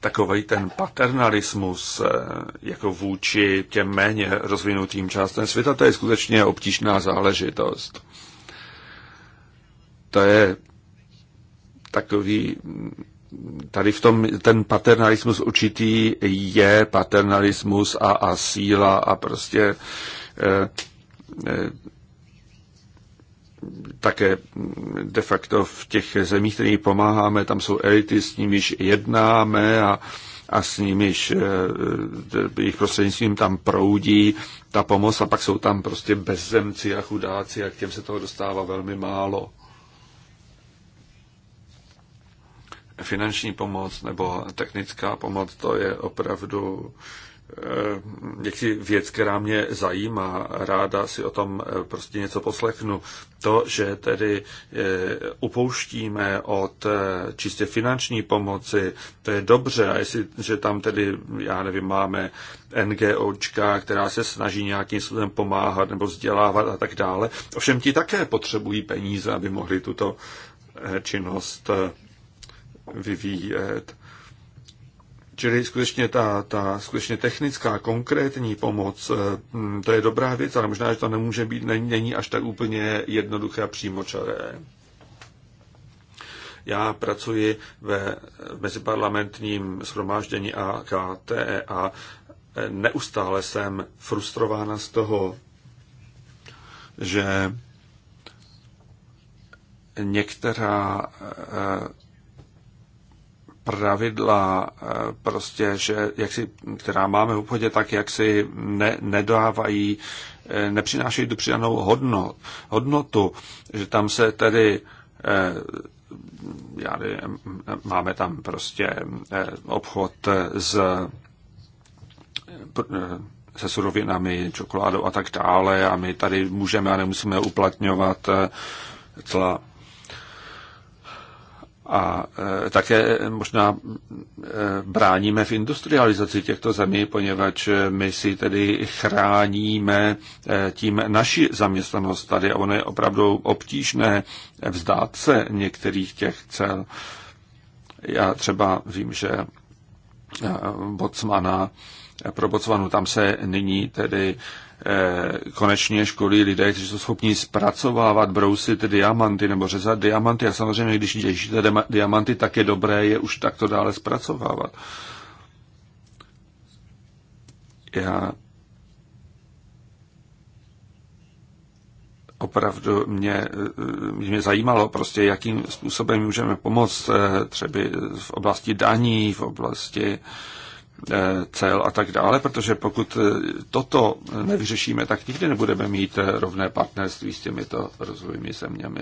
takový ten paternalismus eh, jako vůči těm méně rozvinutým částem světa, to je skutečně obtížná záležitost. To je takový tady v tom ten paternalismus určitý je paternalismus a, a síla a prostě e, e, také de facto v těch zemích, kterým pomáháme, tam jsou elity, s nimiž jednáme a, a s nimiž eh, jejich prostřednictvím tam proudí ta pomoc a pak jsou tam prostě bezzemci a chudáci a k těm se toho dostává velmi málo. finanční pomoc nebo technická pomoc, to je opravdu někdy eh, věc, která mě zajímá, ráda si o tom eh, prostě něco poslechnu. To, že tedy eh, upouštíme od čistě finanční pomoci, to je dobře. A jestli, že tam tedy, já nevím, máme NGOčka, která se snaží nějakým způsobem pomáhat nebo vzdělávat a tak dále. Ovšem ti také potřebují peníze, aby mohli tuto činnost vyvíjet. Čili skutečně ta, ta skutečně technická, konkrétní pomoc, eh, hm, to je dobrá věc, ale možná, že to nemůže být, není, není až tak úplně jednoduché a přímočaré. Já pracuji ve meziparlamentním schromáždění AKT a eh, neustále jsem frustrována z toho, že některá eh, pravidla, eh, prostě, že jak si, která máme v obchodě, tak jak si ne, nedávají, eh, nepřinášejí tu přidanou hodnot, hodnotu, že tam se tedy eh, já nevím, máme tam prostě obchod s se surovinami, čokoládou a tak dále a my tady můžeme a nemusíme uplatňovat celá a e, také možná e, bráníme v industrializaci těchto zemí, poněvadž my si tedy chráníme e, tím naši zaměstnanost tady a ono je opravdu obtížné vzdát se některých těch cel. Já třeba vím, že Botsmana, pro Botsmanu tam se nyní tedy Eh, konečně školí lidé, kteří jsou schopni zpracovávat, brousit diamanty nebo řezat diamanty. A samozřejmě, když těžíte diamanty, tak je dobré je už takto dále zpracovávat. Já opravdu mě, eh, mě zajímalo prostě, jakým způsobem můžeme pomoct eh, třeba v oblasti daní, v oblasti eh, Eh, cel a tak dále, protože pokud eh, toto nevyřešíme, tak nikdy nebudeme mít eh, rovné partnerství s těmito rozvojovými zeměmi.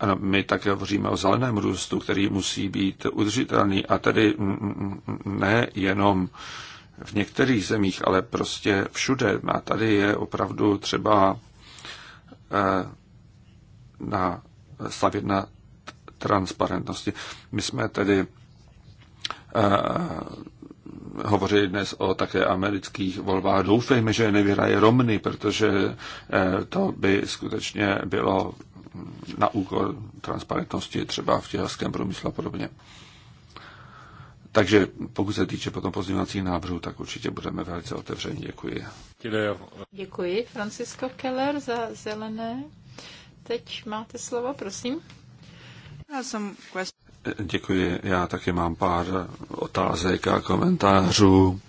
Ano, my také hovoříme o zeleném růstu, který musí být udržitelný a tedy ne jenom v některých zemích, ale prostě všude. A tady je opravdu třeba na stavět na transparentnosti. My jsme tedy hovoří dnes o také amerických volbách. Doufejme, že nevyhraje Romny, protože e, to by skutečně bylo na úkor transparentnosti třeba v těhaském průmyslu a podobně. Takže pokud se týče potom pozměňovacích návrhů, tak určitě budeme velice otevření. Děkuji. Děkuji, Francisco Keller, za zelené. Teď máte slovo, prosím. Já jsem Děkuji. Já taky mám pár otázek a komentářů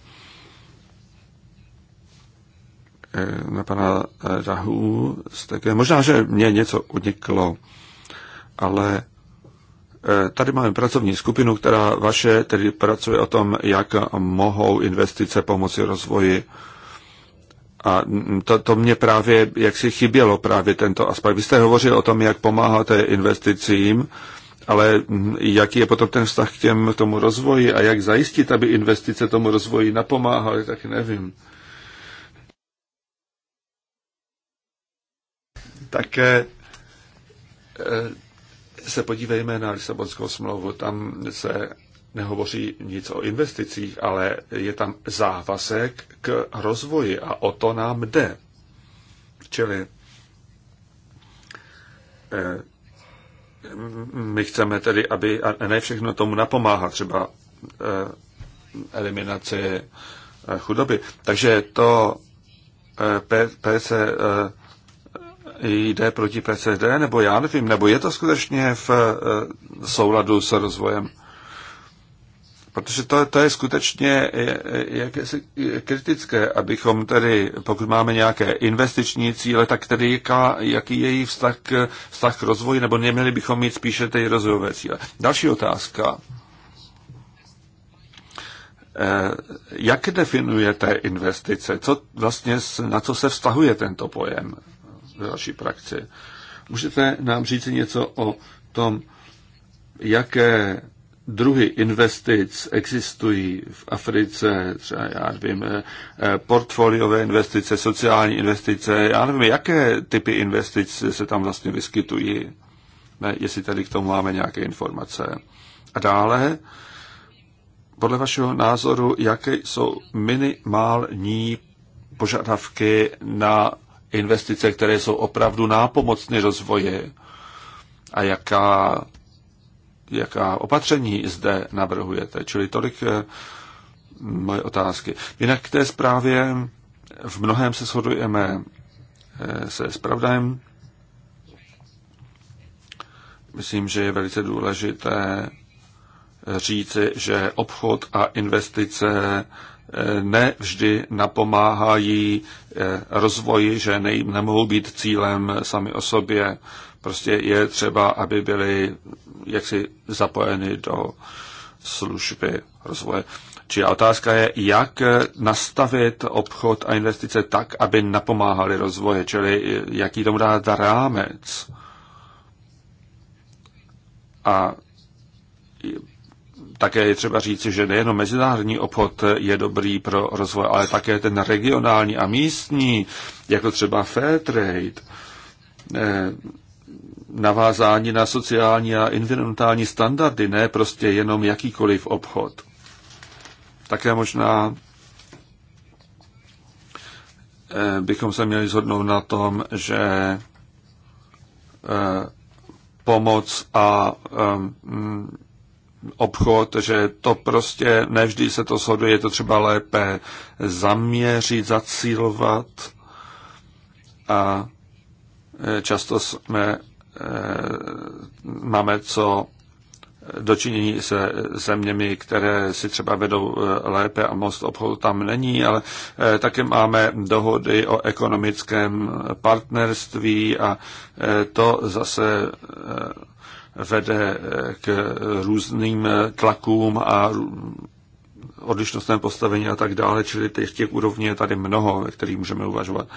eh, na pana Rahu. Také, možná, že mě něco uniklo, ale eh, tady máme pracovní skupinu, která vaše tedy pracuje o tom, jak mohou investice pomoci rozvoji. A to, to mě právě, jak si chybělo právě tento aspekt. Vy jste hovořil o tom, jak pomáháte investicím, ale jaký je potom ten vztah k, těm, tomu rozvoji a jak zajistit, aby investice tomu rozvoji napomáhaly, tak nevím. Tak eh, se podívejme na Lisabonskou smlouvu. Tam se nehovoří nic o investicích, ale je tam závazek k rozvoji a o to nám jde. Čili eh, my chceme tedy, aby, a ne všechno tomu napomáhá, třeba eh, eh chudoby. Takže to eh, PC eh, jde proti PCD, nebo já nevím, nebo je to skutečně v souladu s rozvojem Protože to, to je skutečně jakési kritické, abychom tedy, pokud máme nějaké investiční cíle, tak tedy jaká, jaký je její vztah, k, vztah k rozvoji, nebo neměli bychom mít spíše ty rozvojové cíle. Další otázka. Eh, jak definujete investice? Co vlastně, na co se vztahuje tento pojem v další praxi? Můžete nám říct něco o tom, jaké druhy investic existují v Africe, třeba já nevím, eh, portfoliové investice, sociální investice, já nevím, jaké typy investic se tam vlastně vyskytují, ne, jestli tady k tomu máme nějaké informace. A dále, podle vašeho názoru, jaké jsou minimální požadavky na investice, které jsou opravdu nápomocné rozvoji a jaká jaká opatření zde navrhujete. Čili tolik eh, moje otázky. Jinak k té zprávě v mnohem se shodujeme eh, se zpravdajem. Myslím, že je velice důležité eh, říci, že obchod a investice ne vždy napomáhají rozvoji, že ne, nemohou být cílem sami o sobě. Prostě je třeba, aby byly jaksi zapojeny do služby rozvoje. Či otázka je, jak nastavit obchod a investice tak, aby napomáhali rozvoje, čili jaký tomu dát rámec. A také je třeba říci, že nejenom mezinárodní obchod je dobrý pro rozvoj, ale také ten regionální a místní, jako třeba Fairtrade, eh, navázáni na sociální a environmentální standardy, ne prostě jenom jakýkoliv obchod. Také možná eh, bychom se měli zhodnout na tom, že eh, pomoc a eh, obchod, že to prostě nevždy se to shoduje, je to třeba lépe zaměřit, zacílovat a často jsme Eh, máme co dočinění se zeměmi, které si třeba vedou eh, lépe a most obchodu tam není, ale eh, také máme dohody o ekonomickém partnerství a to zase vede k různým tlakům a odlišnostném postavení a tak dále, čili těch, těch úrovní je tady mnoho, kterých můžeme uvažovat.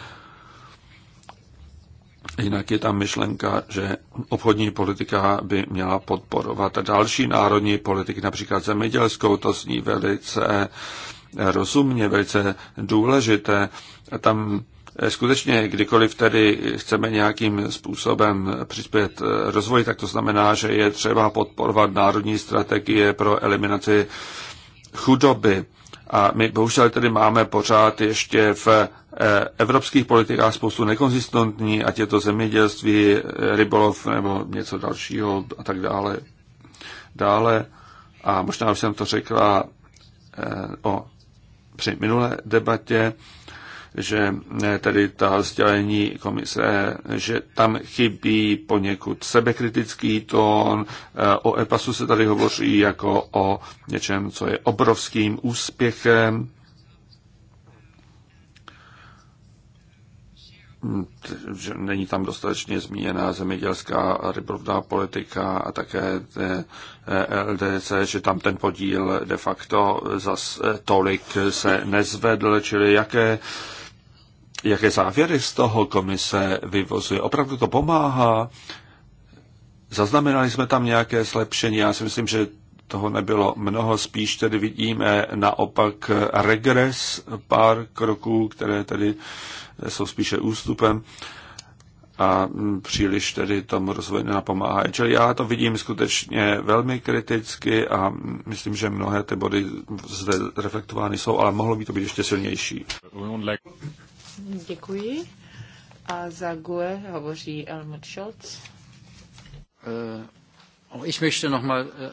Jinak je tam myšlenka, že obchodní politika by měla podporovat další národní politiky, například zemědělskou, to zní velice rozumně, velice důležité. Tam eh, skutečně, kdykoliv tedy chceme nějakým způsobem přispět eh, rozvoji, tak to znamená, že je třeba podporovat národní strategie pro eliminaci chudoby a my bohužel tedy máme pořád ještě v eh, evropských politikách spoustu nekonzistentní, ať je to zemědělství, eh, rybolov nebo něco dalšího a tak dále. Dále, a možná už jsem to řekla eh, o, při minulé debatě, že eh, tedy ta sdělení komise, že tam chybí poněkud sebekritický tón. Eh, o EPASu se tady hovoří jako o něčem, co je obrovským úspěchem. Hm, že není tam dostatečně zmíněná zemědělská a rybrovná politika a také eh, LDC, že tam ten podíl de facto zas tolik se nezvedl, čili jaké jaké závěry z toho komise vyvozuje. Opravdu to pomáhá? Zaznamenali jsme tam nějaké zlepšení? Já si myslím, že toho nebylo mnoho, spíš tedy vidíme naopak regres pár kroků, které tedy jsou spíše ústupem a příliš tedy tomu rozvoji nenapomáhá. Čili já to vidím skutečně velmi kriticky a myslím, že mnohé ty body zde reflektovány jsou, ale mohlo by to být ještě silnější. Děkuji. A za GUE hovoří Elmut Scholz. Eh, oh, ich möchte noch mal... Eh,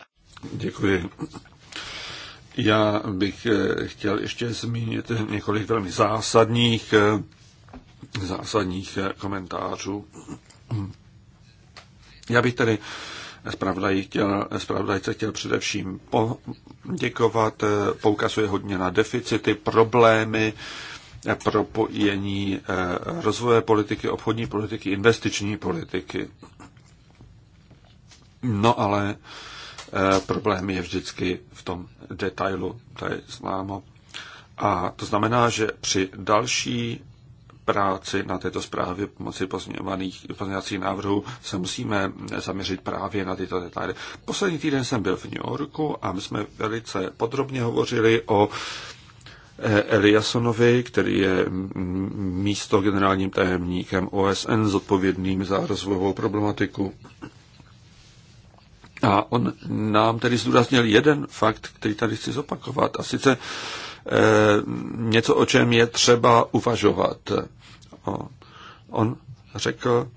Děkuji. Já bych eh, chtěl ještě zmínit několik velmi zásadních, zásadních komentářů. Já bych tedy Spravodaj chtěl, chtěl především poděkovat, poukazuje hodně na deficity, problémy, propojení eh, rozvojové politiky, obchodní politiky, investiční politiky. No ale eh, problém je vždycky v tom detailu, to je známo. A to znamená, že při další práci na této zprávě pomocí pozměňovacích návrhů se musíme zaměřit právě na tyto detaily. Poslední týden jsem byl v New Yorku a my jsme velice podrobně hovořili o Eh, Eliassonovi, který je místo generálním tajemníkem OSN zodpovědným za rozvojovou problematiku. A on nám tedy zdůraznil jeden fakt, který tady chci zopakovat, a sice e, něco, o čem je třeba uvažovat. On řekl,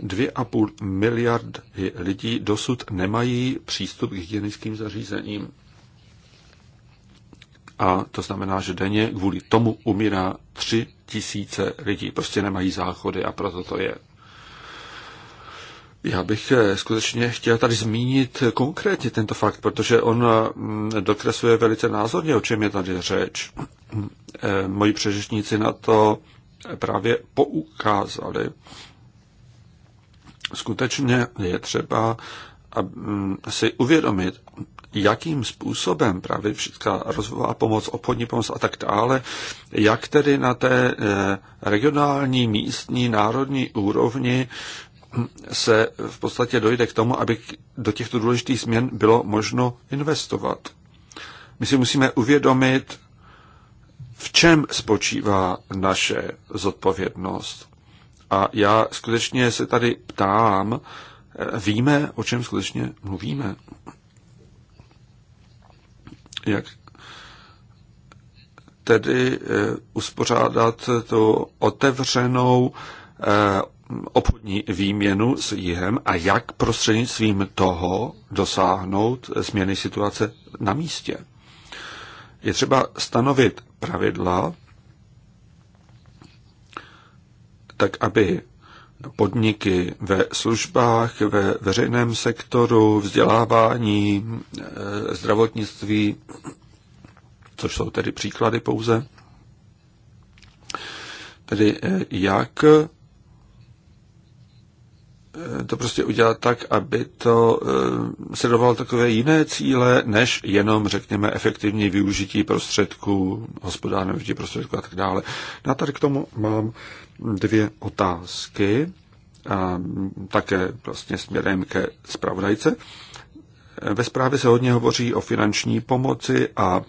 dvě a půl miliard lidí dosud nemají přístup k hygienickým zařízením a to znamená, že denně kvůli tomu umírá tři tisíce lidí. Prostě nemají záchody a proto to je. Já bych eh, skutečně chtěl tady zmínit konkrétně tento fakt, protože on mm, dokresuje velice názorně, o čem je tady řeč. Eh, moji přeřečníci na to právě poukázali. Skutečně je třeba mm, si uvědomit, jakým způsobem právě všechna rozvojová pomoc, obchodní pomoc a tak dále, jak tedy na té eh, regionální, místní, národní úrovni se v podstatě dojde k tomu, aby do těchto důležitých změn bylo možno investovat. My si musíme uvědomit, v čem spočívá naše zodpovědnost. A já skutečně se tady ptám, eh, víme, o čem skutečně mluvíme jak tedy eh, uspořádat tu otevřenou eh, obchodní výměnu s jihem a jak prostřednictvím toho dosáhnout změny situace na místě. Je třeba stanovit pravidla, tak aby podniky ve službách, ve veřejném sektoru, vzdělávání, eh, zdravotnictví, což jsou tedy příklady pouze. Tedy eh, jak to prostě udělat tak, aby to eh, sledovalo takové jiné cíle, než jenom, řekněme, efektivní využití prostředků, hospodárné využití prostředků a tak dále. Já tady k tomu mám dvě otázky, a také vlastně směrem ke zpravodajce. Ve zprávě se hodně hovoří o finanční pomoci a eh,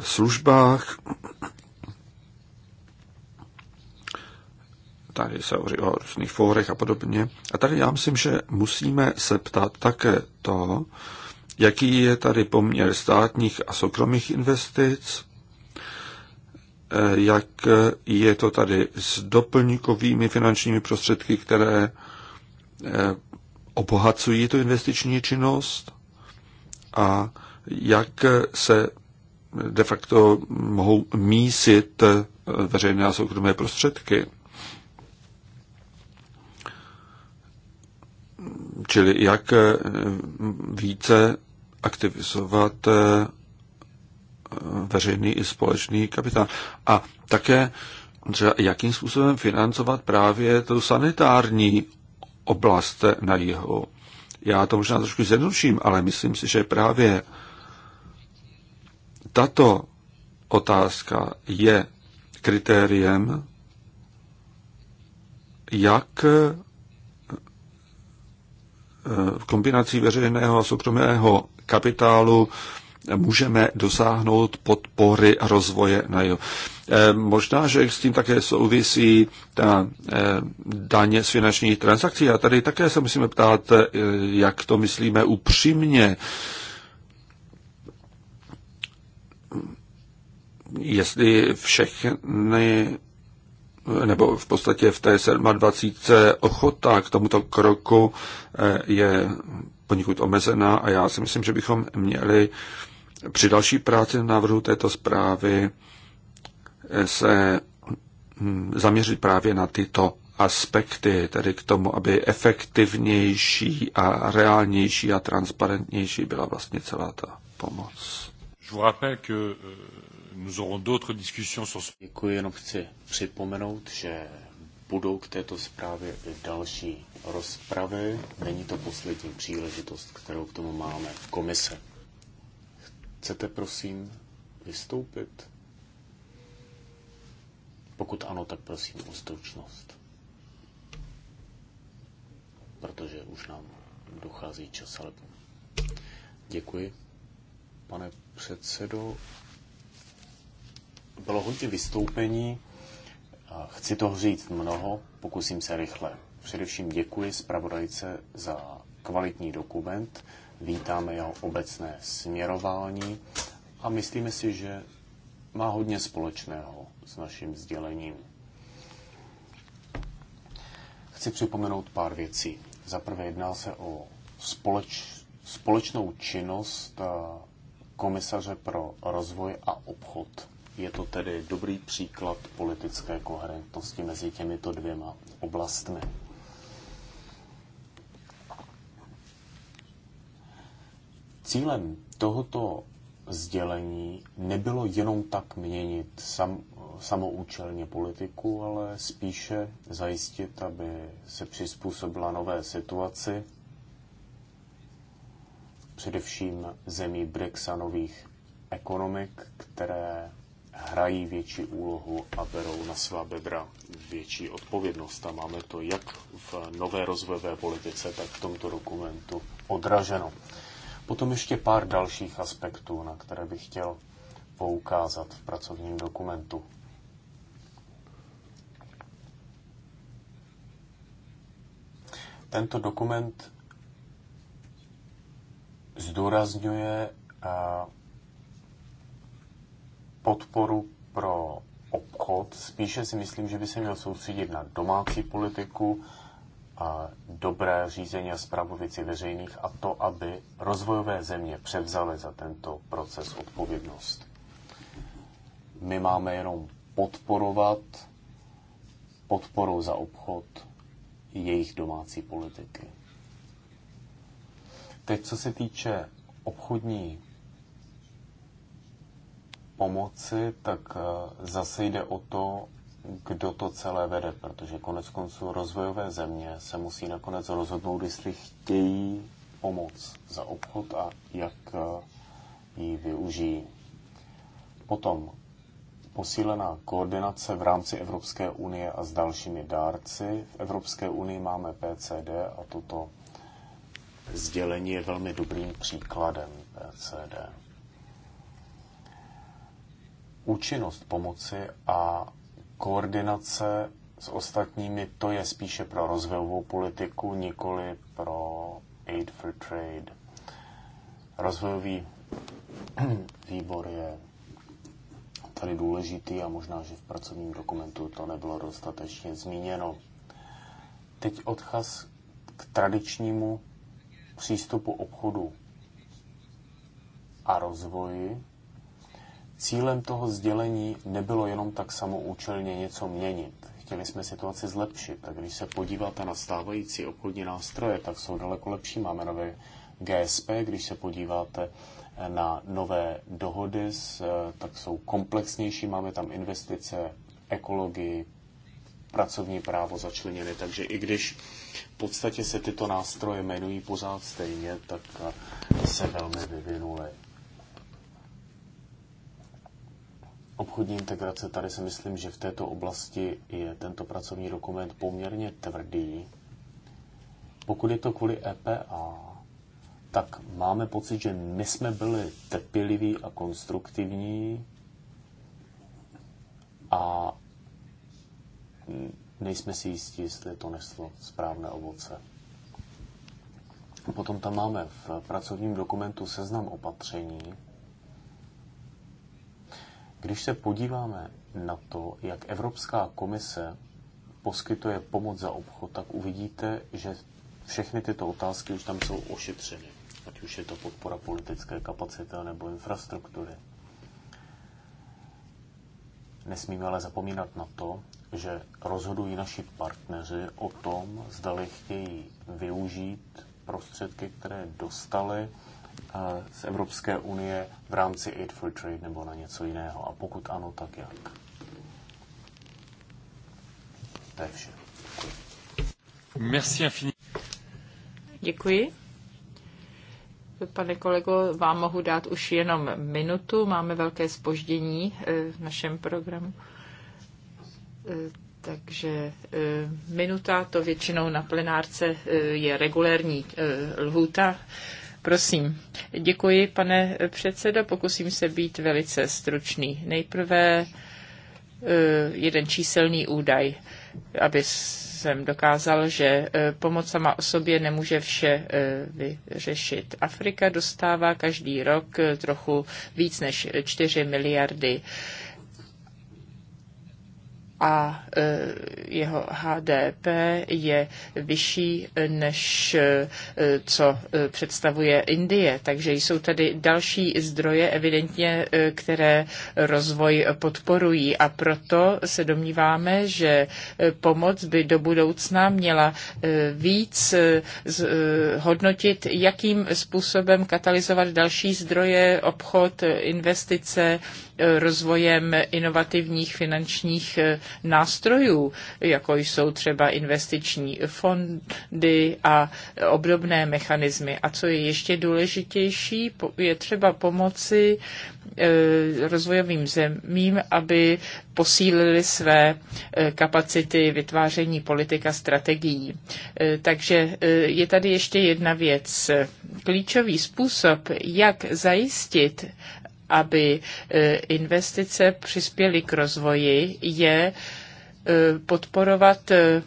službách tady se hovoří o různých fórech a podobně. A tady já myslím, že musíme se ptát také to, jaký je tady poměr státních a soukromých investic, eh, jak je to tady s doplňkovými finančními prostředky, které eh, obohacují tu investiční činnost a jak se de facto mohou mísit eh, veřejné a soukromé prostředky. Čili jak eh, více aktivizovat eh, veřejný i společný kapitál. A také třeba jakým způsobem financovat právě tu sanitární oblast na jihu. Já to možná trošku zjednoduším, ale myslím si, že právě tato otázka je kritériem, jak v kombinací veřejného a soukromého kapitálu můžeme dosáhnout podpory rozvoje na jo. Eh, možná, že s tím také souvisí ta eh, daně z finančních transakcí a tady také se musíme ptát, eh, jak to myslíme upřímně. Jestli všechny nebo v podstatě v té 27. ochota k tomuto kroku eh, je poněkud omezená a já si myslím, že bychom měli při další práci na návrhu této zprávy eh, se hm, zaměřit právě na tyto aspekty, tedy k tomu, aby efektivnější a reálnější a transparentnější byla vlastně celá ta pomoc. Je vous rappelle que euh, nous aurons d'autres discussions sur ce... Děkuji, jenom chci připomenout, že budou k této zprávě i další rozpravy. Není to poslední příležitost, kterou k tomu máme v komise. Chcete, prosím, vystoupit? Pokud ano, tak prosím o stručnost. Protože už nám dochází čas, ale děkuji. Pane předsedo, bylo hodně vystoupení. Chci toho říct mnoho, pokusím se rychle. Především děkuji zpravodajce za kvalitní dokument, vítáme jeho obecné směrování a myslíme si, že má hodně společného s naším sdělením. Chci připomenout pár věcí. Za prvé jedná se o společ, společnou činnost eh, komisaře pro rozvoj a obchod. Je to tedy dobrý příklad politické koherentnosti mezi těmito dvěma oblastmi. Cílem tohoto sdělení nebylo jenom tak měnit sam, samoučelně politiku, ale spíše zajistit, aby se přizpůsobila nové situaci, především zemí Brexanových ekonomik, které hrají větší úlohu a berou na svá bedra větší odpovědnost. A máme to jak v nové rozvojové politice, tak v tomto dokumentu odraženo. Potom ještě pár dalších aspektů, na které bych chtěl poukázat v pracovním dokumentu. Tento dokument zdůrazňuje eh, podporu pro obchod. Spíše si myslím, že by se měl soustředit na domácí politiku, a dobré řízení a zprávu věcí veřejných a to, aby rozvojové země převzaly za tento proces odpovědnost. My máme jenom podporovat podporou za obchod jejich domácí politiky. Teď, co se týče obchodní pomoci, tak eh, zase jde o to, kdo to celé vede, protože konec konců rozvojové země se musí nakonec rozhodnout, jestli chtějí pomoc za obchod a jak eh, ji využijí. Potom posílená koordinace v rámci Evropské unie a s dalšími dárci. V Evropské unii máme PCD a toto sdělení je velmi dobrým příkladem PCD účinnost pomoci a koordinace s ostatními, to je spíše pro rozvojovou politiku, nikoli pro Aid for Trade. Rozvojový výbor je tady důležitý a možná, že v pracovním dokumentu to nebylo dostatečně zmíněno. Teď odchaz k tradičnímu přístupu obchodu a rozvoji Cílem toho sdělení nebylo jenom tak samoučelně něco měnit. Chtěli jsme situaci zlepšit Tak když se podíváte na stávající obchodní nástroje, tak jsou daleko lepší. Máme nové GSP, když se podíváte eh, na nové dohody, eh, tak jsou komplexnější, máme tam investice, ekologii, pracovní právo začleněny, takže i když v podstatě se tyto nástroje jmenují pořád stejně, tak eh, se velmi vyvinuly. obchodní integrace, tady si myslím, že v této oblasti je tento pracovní dokument poměrně tvrdý. Pokud je to kvůli EPA, tak máme pocit, že my jsme byli trpěliví a konstruktivní a nejsme si jistí, jestli to neslo správné ovoce. Potom tam máme v pracovním dokumentu seznam opatření, když se podíváme na to, jak Evropská komise poskytuje pomoc za obchod, tak uvidíte, že všechny tyto otázky už tam jsou ošetřeny, ať už je to podpora politické kapacity nebo infrastruktury. Nesmíme ale zapomínat na to, že rozhodují naši partneři o tom, zdali chtějí využít prostředky, které dostali z Evropské unie v rámci Aid for Trade nebo na něco jiného? A pokud ano, tak jak? To je vše. Merci Děkuji. Pane kolego, vám mohu dát už jenom minutu. Máme velké spoždění e, v našem programu. E, takže e, minuta, to většinou na plenárce je regulérní lhůta. Prosím. Děkuji, pane předsedo. Pokusím se být velice stručný. Nejprve eh, jeden číselný údaj, aby jsem dokázal, že eh, pomoc sama o sobě nemůže vše eh, vyřešit. Afrika dostává každý rok trochu víc než 4 miliardy a e, jeho HDP je vyšší, než e, co e, představuje Indie. Takže jsou tady další zdroje evidentně, které rozvoj podporují a proto se domníváme, že pomoc by do budoucna měla víc hodnotit, jakým způsobem katalyzovat další zdroje, obchod, investice, rozvojem inovativních finančních eh, nástrojů, jako jsou třeba investiční fondy a obdobné mechanismy. A co je ještě důležitější, je třeba pomoci eh, rozvojovým zemím, aby posílili své eh, kapacity vytváření politika strategií. Takže je tady ještě jedna věc. Klíčový způsob, jak zajistit, aby e, investice přispěly k rozvoji, je e, podporovat e,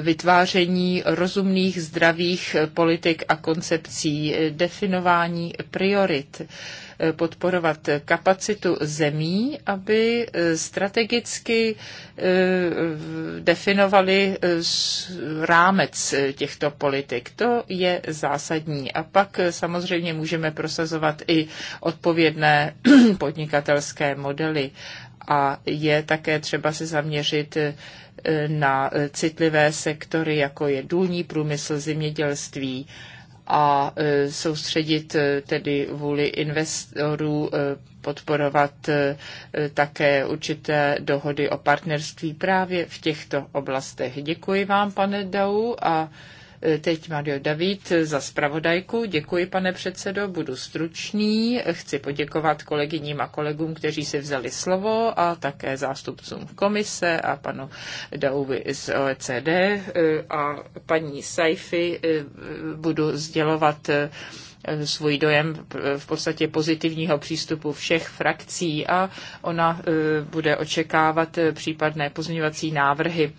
vytváření rozumných, zdravých politik a koncepcí, definování priorit Eh, podporovat kapacitu zemí, aby eh, strategicky eh, definovali rámec těchto politik. To je zásadní. A pak samozřejmě můžeme prosazovat i odpovědné podnikatelské modely. A je také třeba se zaměřit na citlivé sektory, jako je důlní průmysl, zemědělství, a e, soustředit e, tedy vůli investorů, e, podporovat také určité dohody o partnerství právě v těchto oblastech. Děkuji vám, pane Dau, a Teď Mario David za spravodajku. Děkuji, pane předsedo, budu stručný. Chci poděkovat kolegyním a kolegům, kteří si vzali slovo a také zástupcům komise a panu Dauvi z OECD a paní Saifi eh, budu sdělovat eh, svůj dojem eh, v podstatě pozitivního přístupu všech frakcí a ona bude očekávat případné pozměňovací návrhy.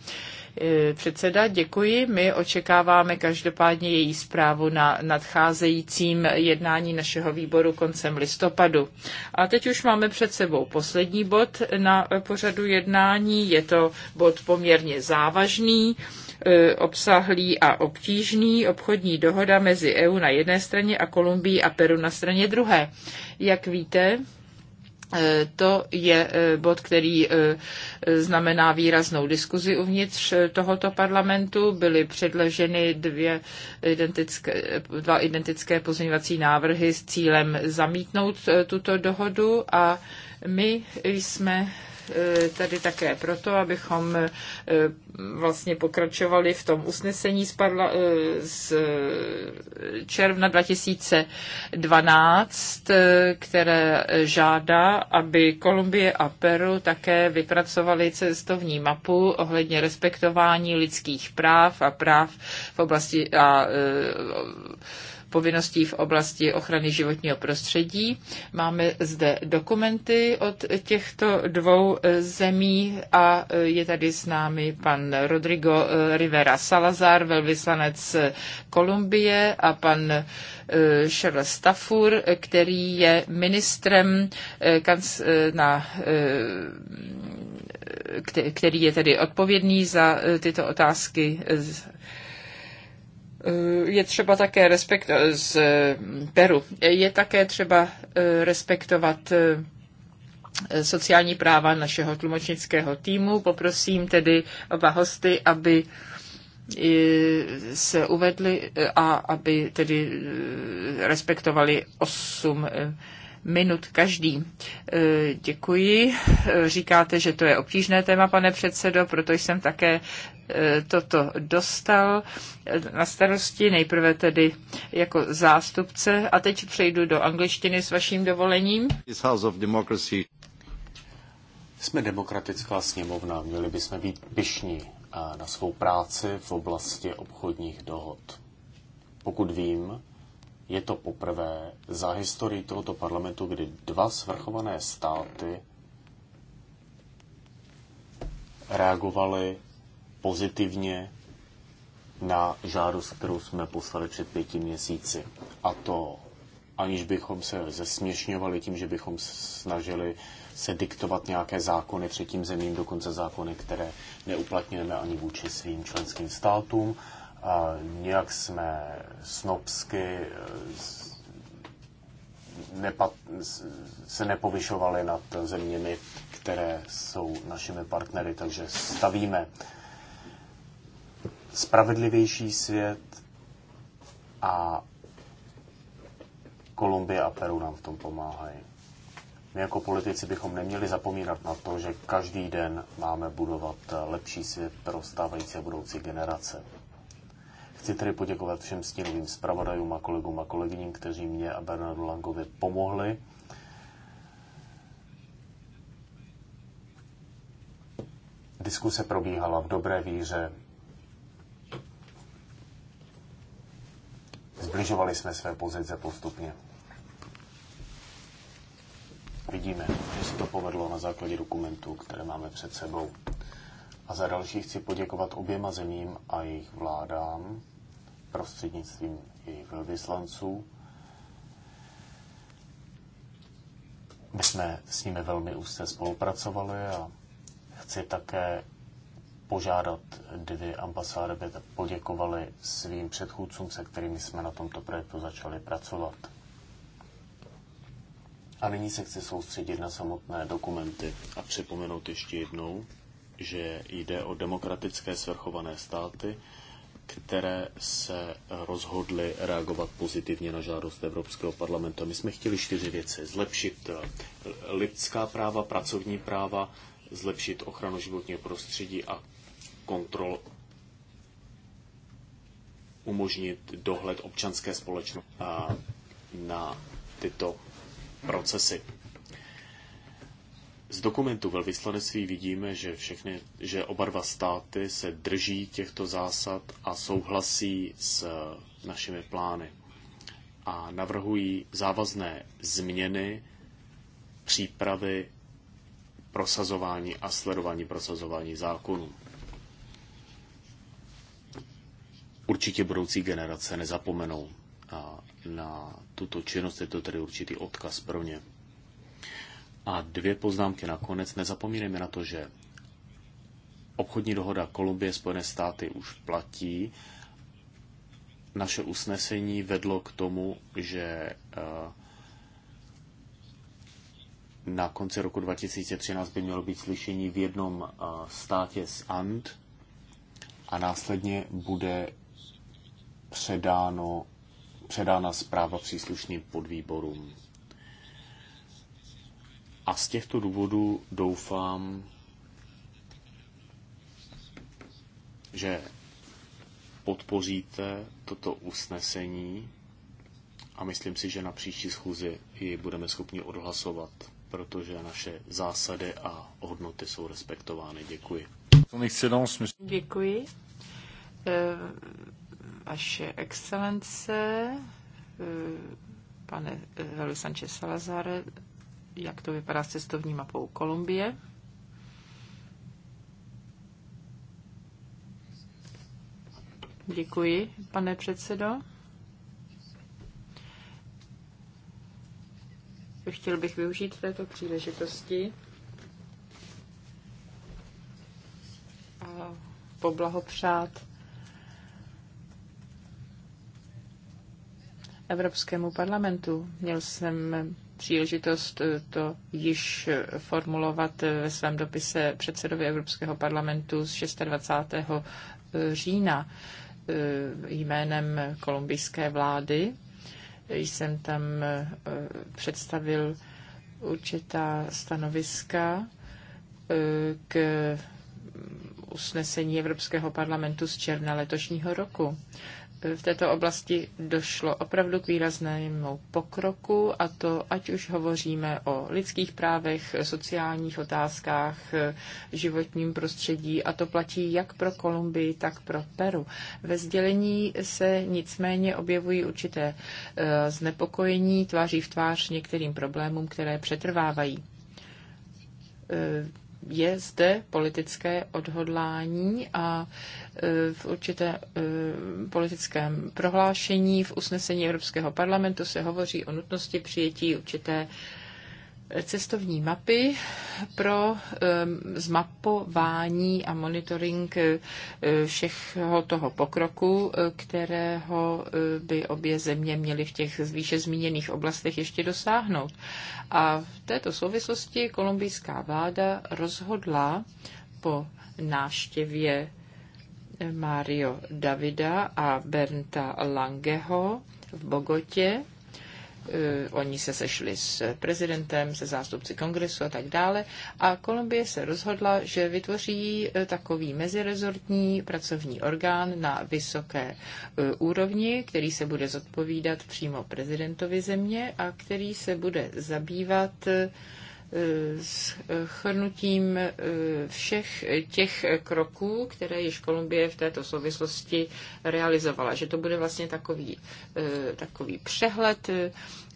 Eh, předseda, děkuji. My očekáváme každopádně její zprávu na nadcházejícím jednání našeho výboru koncem listopadu. A teď už máme před sebou poslední bod na pořadu jednání. Je to bod poměrně závažný eh, obsahlý a obtížný obchodní dohoda mezi EU na jedné straně a Kolumbií a Peru na straně druhé. Jak víte, Eh, to je eh, bod, který eh, znamená výraznou diskuzi uvnitř tohoto parlamentu. Byly předloženy dvě identické, dva identické pozměňovací návrhy s cílem zamítnout tuto dohodu a my jsme E, tady také proto, abychom e, vlastně pokračovali v tom usnesení z, parla, e, z června 2012, které žádá, aby Kolumbie a Peru také vypracovali cestovní mapu ohledně respektování lidských práv a práv v oblasti a, a povinností v oblasti ochrany životního prostředí. Máme zde dokumenty od těchto dvou e, zemí a e, je tady s námi pan Rodrigo e, Rivera Salazar, velvyslanec Kolumbie a pan Charles Stafur, který je ministrem na který je tedy odpovědný za tyto otázky Eh, je třeba také respekt eh, z mm, Peru. Je také třeba eh, respektovat sociální práva našeho tlumočnického týmu. Poprosím tedy oba hosty, aby se uvedli a aby tedy respektovali osm minut každý. E, děkuji. E, říkáte, že to je obtížné téma, pane předsedo, proto jsem také e, toto dostal na starosti, nejprve tedy jako zástupce. A teď přejdu do angličtiny s vaším dovolením. Jsme demokratická sněmovna, měli bychom být pišní na svou práci v oblasti obchodních dohod. Pokud vím, je to poprvé za historii tohoto parlamentu, kdy dva svrchované státy reagovaly pozitivně na žádost, kterou jsme poslali před pěti měsíci. A to aniž bychom se zesměšňovali tím, že bychom snažili se diktovat nějaké zákony třetím zemím, dokonce zákony, které neuplatňujeme ani vůči svým členským státům, Nějak jsme snobsky eh, se nepovyšovali nad zeměmi, které jsou našimi partnery, takže stavíme spravedlivější svět a Kolumbie a Peru nám v tom pomáhají. My jako politici bychom neměli zapomínat na to, že každý den máme budovat lepší svět pro stávající a budoucí generace. Chci tedy poděkovat všem stínovým zpravodajům a kolegům a kolegyním, kteří mě a Bernardu Langovi pomohli. Diskuse probíhala v dobré víře. Zbližovali jsme své pozice postupně. Vidíme, že se to povedlo na základě dokumentů, které máme před sebou. A za další chci poděkovat oběma zemím a jejich vládám, prostřednictvím jejich velvyslanců. My jsme s nimi velmi úzce spolupracovali a chci také požádat dvě ambasády, aby poděkovali svým předchůdcům, se kterými jsme na tomto projektu začali pracovat. A nyní se chci soustředit na samotné dokumenty a připomenout ještě jednou, že jde o demokratické svrchované státy, které se eh, rozhodly reagovat pozitivně na žádost Evropského parlamentu. My jsme chtěli čtyři věci. Zlepšit eh, lidská práva, pracovní práva, zlepšit ochranu životního prostředí a kontrol umožnit dohled občanské společnosti eh, na tyto procesy. Z dokumentu velvyslanectví vidíme, že, všechny, že oba dva státy se drží těchto zásad a souhlasí s našimi plány a navrhují závazné změny přípravy prosazování a sledování prosazování zákonů. Určitě budoucí generace nezapomenou na tuto činnost, je to tedy určitý odkaz pro ně. A dvě poznámky nakonec. Nezapomínejme na to, že obchodní dohoda Kolumbie Spojené státy už platí. Naše usnesení vedlo k tomu, že eh, na konci roku 2013 by mělo být slyšení v jednom eh, státě z And a následně bude předáno, předána zpráva příslušným podvýborům a z těchto důvodů doufám, že podpoříte toto usnesení a myslím si, že na příští schůzi ji budeme schopni odhlasovat, protože naše zásady a hodnoty jsou respektovány. Děkuji. Děkuji. E, vaše excelence, e, pane Helu Sanchez Salazar, jak to vypadá s cestovní mapou Kolumbie. Děkuji, pane předsedo. Chtěl bych využít této příležitosti a poblahopřát Evropskému parlamentu. Měl jsem příležitost eh, to již formulovat eh, ve svém dopise předsedovi Evropského parlamentu z 26. Eh, října jménem kolumbijské vlády. Jsem tam představil určitá stanoviska k usnesení Evropského parlamentu z června letošního roku v této oblasti došlo opravdu k výraznému pokroku a to ať už hovoříme o lidských právech, sociálních otázkách, životním prostředí a to platí jak pro Kolumbii, tak pro Peru. Ve sdělení se nicméně objevují určité e, znepokojení tváří v tvář některým problémům, které přetrvávají e, je zde politické odhodlání a e, v určité e, politickém prohlášení v usnesení Evropského parlamentu se hovoří o nutnosti přijetí určité cestovní mapy pro zmapování a monitoring eh, všeho toho pokroku, eh, kterého eh, by obě země měly v těch výše zmíněných oblastech ještě dosáhnout. A v této souvislosti kolumbijská vláda rozhodla po návštěvě Mario Davida a Bernta Langeho v Bogotě, Eh, oni se sešli s prezidentem, se zástupci kongresu a tak dále. A Kolumbie se rozhodla, že vytvoří eh, takový mezirezortní pracovní orgán na vysoké eh, úrovni, který se bude zodpovídat přímo prezidentovi země a který se bude zabývat chrnutím eh, všech těch kroků, které již Kolumbie v této souvislosti realizovala. Že to bude vlastně takový, eh, takový přehled eh,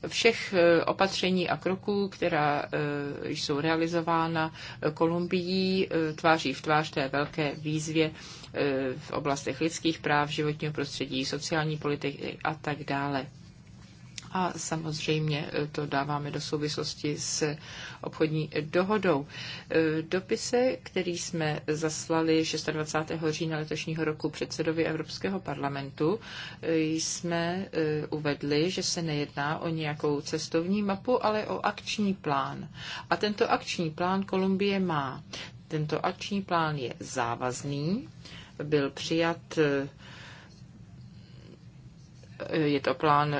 všech opatření a kroků, která jsou realizována Kolumbií tváří v tvář té velké výzvě v oblastech lidských práv, životního prostředí, sociální politiky a tak dále a samozřejmě e, to dáváme do souvislosti s obchodní dohodou. E, dopise, který jsme zaslali 26. října letošního roku předsedovi Evropského parlamentu, e, jsme uvedli, že se nejedná o nějakou cestovní mapu, ale o akční plán. A tento akční plán Kolumbie má. Tento akční plán je závazný, byl přijat je to plán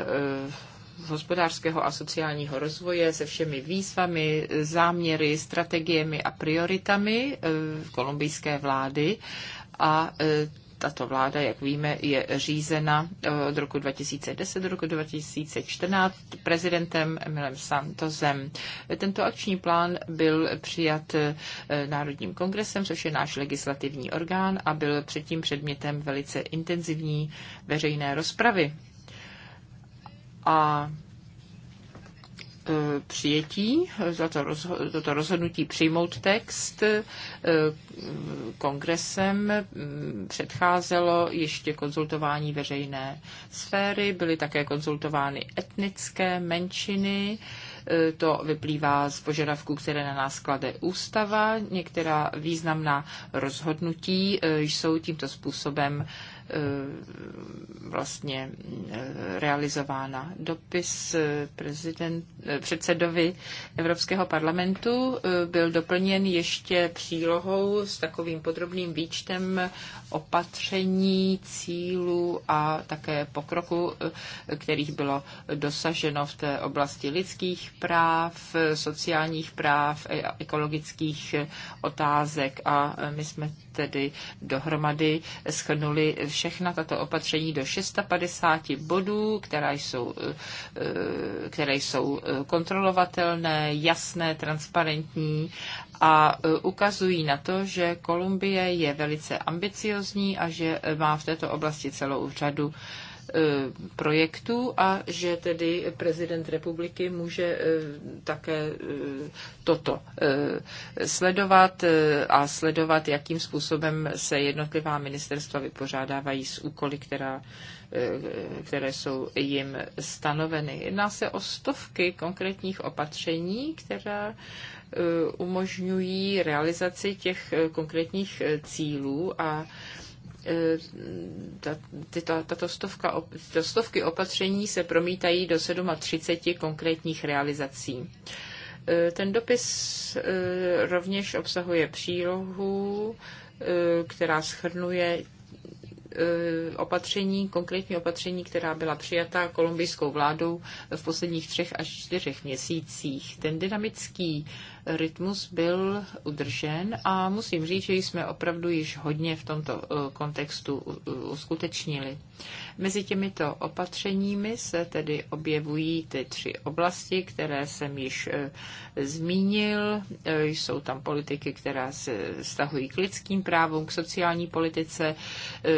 hospodářského a sociálního rozvoje se všemi výzvami, záměry, strategiemi a prioritami eh, kolumbijské vlády a eh, tato vláda, jak víme, je řízena eh, od roku 2010 do roku 2014 prezidentem Emilem Santosem. Tento akční plán byl přijat Národním kongresem, což je náš legislativní orgán a byl předtím předmětem velice intenzivní veřejné rozpravy a e, přijetí, za to, rozho- toto rozhodnutí přijmout text e, kongresem předcházelo ještě konzultování veřejné sféry, byly také konzultovány etnické menšiny, e, to vyplývá z požadavků, které na nás klade ústava. Některá významná rozhodnutí jsou tímto způsobem Eh, vlastně eh, realizována. Dopis eh, prezident, předsedovi Evropského parlamentu byl doplněn ještě přílohou s takovým podrobným výčtem opatření, cílů a také pokroku, kterých bylo dosaženo v té oblasti lidských práv, sociálních práv, e, ekologických otázek a my jsme tedy dohromady schrnuli vše všechna tato opatření do 650 bodů, která jsou, eh, eh, které jsou eh, kontrolovatelné, jasné, transparentní a ukazují na to, že Kolumbie je velice ambiciozní a že má v této oblasti celou řadu uh, Eh, projektu a že tedy prezident republiky může eh, také eh, toto sledovat a sledovat, jakým způsobem se jednotlivá ministerstva vypořádávají s úkoly, která, které jsou jim stanoveny. Jedná se o stovky konkrétních opatření, která umožňují realizaci těch konkrétních cílů a E, tato, tato stovka, tato stovky opatření se promítají do 37 konkrétních realizací. E, ten dopis e, rovněž obsahuje přílohu, která schrnuje opatření, konkrétní opatření, která byla přijata kolumbijskou vládou v posledních třech až čtyřech měsících. Ten dynamický rytmus byl udržen a musím říct, že jsme opravdu již hodně v tomto eh, kontextu uskutečnili. Mezi těmito opatřeními se tedy objevují ty tři oblasti, které jsem již eh, zmínil. Eh, jsou tam politiky, která se stahují k lidským právům, k sociální politice,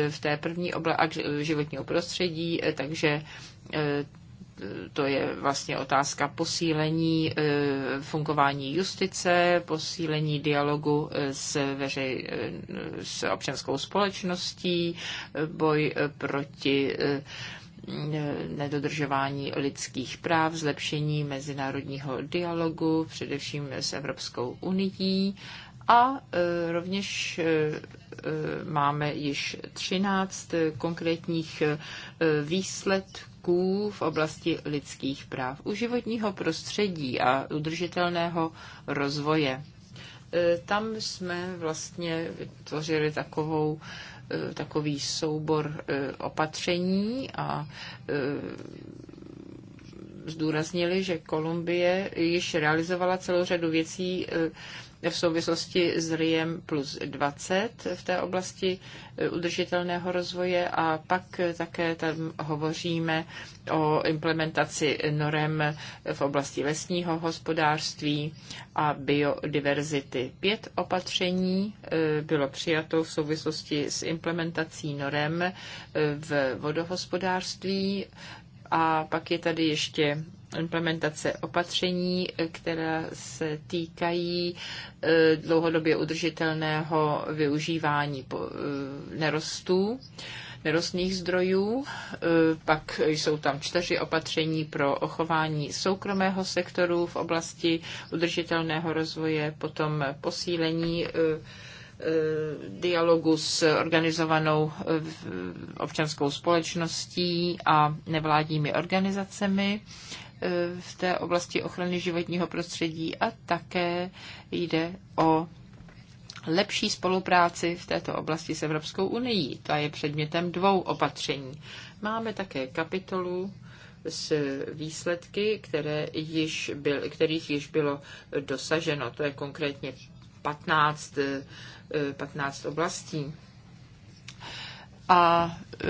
v té první oblasti životního prostředí, takže to je vlastně otázka posílení e, fungování justice, posílení dialogu e, s, veřej, e, s občanskou společností, boj proti nedodržování lidských práv, zlepšení mezinárodního dialogu, především s Evropskou unii. A rovněž máme již 13 konkrétních výsledků prvků v oblasti lidských práv, u životního prostředí a udržitelného rozvoje. E, tam jsme vlastně vytvořili takovou e, takový soubor e, opatření a zdůraznili, že Kolumbie již realizovala celou řadu věcí v souvislosti s RIEM plus 20 v té oblasti eh, udržitelného rozvoje a pak eh, také tam hovoříme o implementaci norem eh, v oblasti lesního hospodářství a biodiverzity. Pět opatření bylo přijato v souvislosti s implementací norem v vodohospodářství a pak je tady ještě implementace opatření, která se týkají eh, dlouhodobě udržitelného využívání eh, nerostů nerostných zdrojů. Eh, pak jsou tam čtyři opatření pro ochování soukromého sektoru v oblasti udržitelného rozvoje, potom posílení dialogu s organizovanou občanskou společností a nevládními organizacemi E, v té oblasti ochrany životního prostředí a také jde o lepší spolupráci v této oblasti s Evropskou unii. Ta je předmětem dvou opatření. Máme také kapitolu s výsledky, které již byl, kterých již bylo dosaženo. To je konkrétně 15, 15 e, oblastí. A e,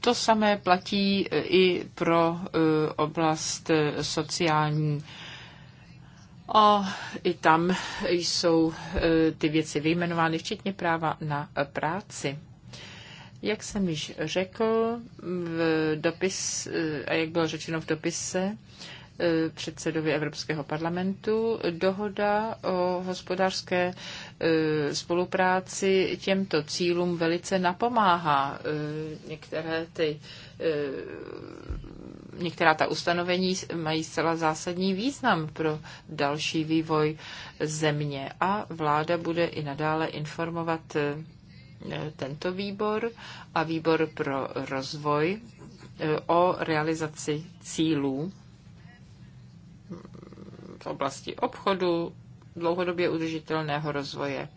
to samé platí e, i pro e, oblast sociální. A i tam jsou ty věci vyjmenovány, včetně práva na práci. Jak jsem již řekl v dopis, a jak bylo řečeno v dopise, E, předsedovi Evropského parlamentu. Dohoda o hospodářské e, spolupráci těmto cílům velice napomáhá. E, některé ty některá ta ustanovení mají zcela zásadní význam pro další vývoj země a vláda bude i nadále informovat tento výbor a výbor pro rozvoj o realizaci cílů v oblasti obchodu, dlouhodobě udržitelného rozvoje.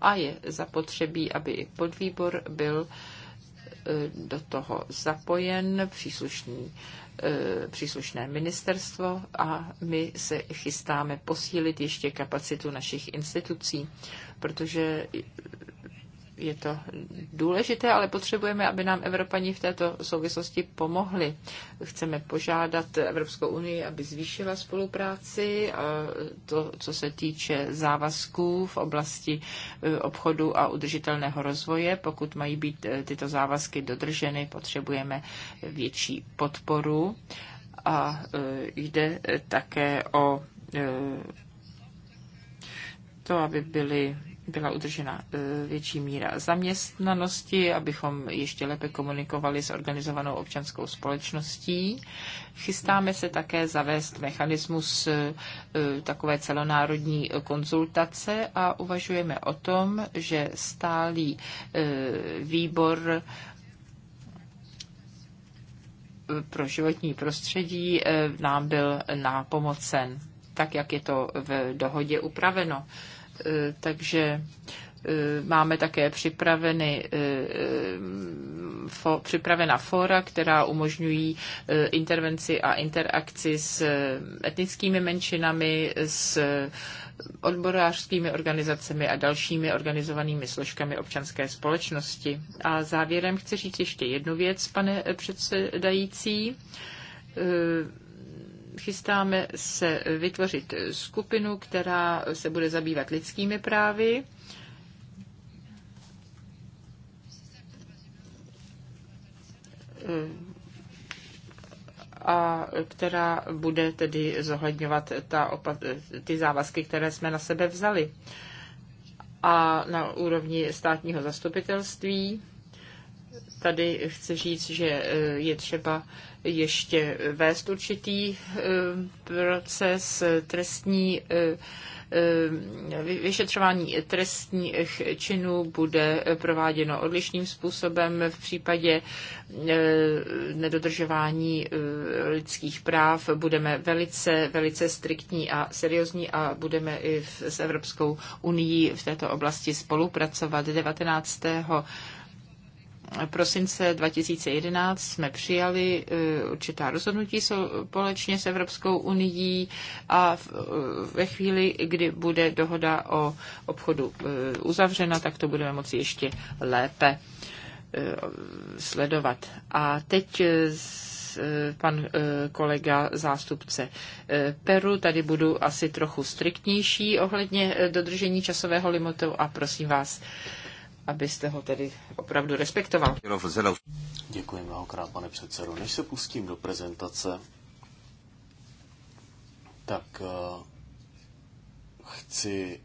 A je zapotřebí, aby i podvýbor byl e, do toho zapojen příslušný, e, příslušné ministerstvo a my se chystáme posílit ještě kapacitu našich institucí, protože je to důležité, ale potřebujeme, aby nám Evropani v této souvislosti pomohli. Chceme požádat Evropskou unii, aby zvýšila spolupráci, to, co se týče závazků v oblasti eh, obchodu a udržitelného rozvoje. Pokud mají být eh, tyto závazky dodrženy, potřebujeme větší podporu. A eh, jde také o to, aby byly byla udržena e, větší míra zaměstnanosti, abychom ještě lépe komunikovali s organizovanou občanskou společností. Chystáme se také zavést mechanismus e, e, takové celonárodní konzultace a uvažujeme o tom, že stálý výbor pro životní prostředí nám byl nápomocen, tak jak je to v dohodě upraveno. Eh, takže eh, máme také připraveny, eh, fo, připravena fora, která umožňují intervenci a interakci s etnickými menšinami, s odborářskými organizacemi a dalšími organizovanými složkami občanské společnosti. A závěrem chci říct ještě jednu věc, pane předsedající chystáme se vytvořit skupinu, která se bude zabývat lidskými právy. a která bude tedy zohledňovat ta ty závazky, které jsme na sebe vzali. A na úrovni státního zastupitelství Tady chci říct, že eh, je třeba ještě vést určitý eh, proces trestní eh, vyšetřování trestních činů bude prováděno odlišným způsobem v případě nedodržování lidských práv. Budeme velice, velice striktní a seriózní a budeme i s Evropskou unii v této oblasti spolupracovat. 19 prosince 2011 jsme přijali e, určitá rozhodnutí společně s Evropskou unii a e, ve chvíli, kdy bude dohoda o obchodu e, uzavřena, tak to budeme moci ještě lépe sledovat. A teď pan kolega zástupce Peru. Tady budu asi trochu striktnější ohledně dodržení časového limitu a prosím vás, abyste ho tedy opravdu respektoval. Děkuji mnohokrát, pane předsedo. Než se pustím do prezentace, tak uh, chci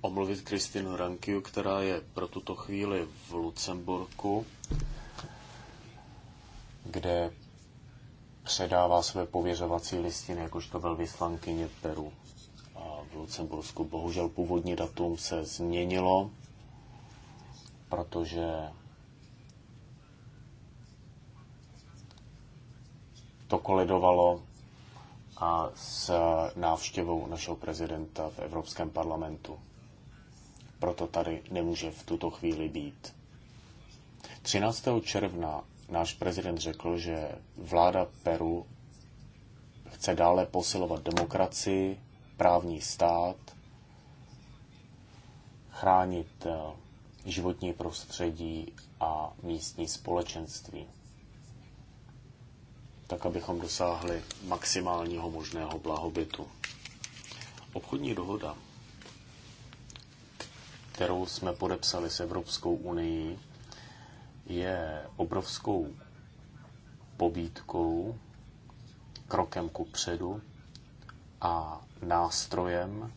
omluvit Kristinu Rankiu, která je pro tuto chvíli v Lucemburku, kde předává své pověřovací listiny jakožto velvyslankyně Peru. Lucembursku. Bohužel původní datum se změnilo, protože to kolidovalo a s návštěvou našeho prezidenta v Evropském parlamentu. Proto tady nemůže v tuto chvíli být. 13. června náš prezident řekl, že vláda Peru chce dále posilovat demokracii, právní stát, chránit eh, životní prostředí a místní společenství, tak abychom dosáhli maximálního možného blahobytu. Obchodní dohoda, kterou jsme podepsali s Evropskou unii, je obrovskou pobídkou, krokem ku předu a nástrojem,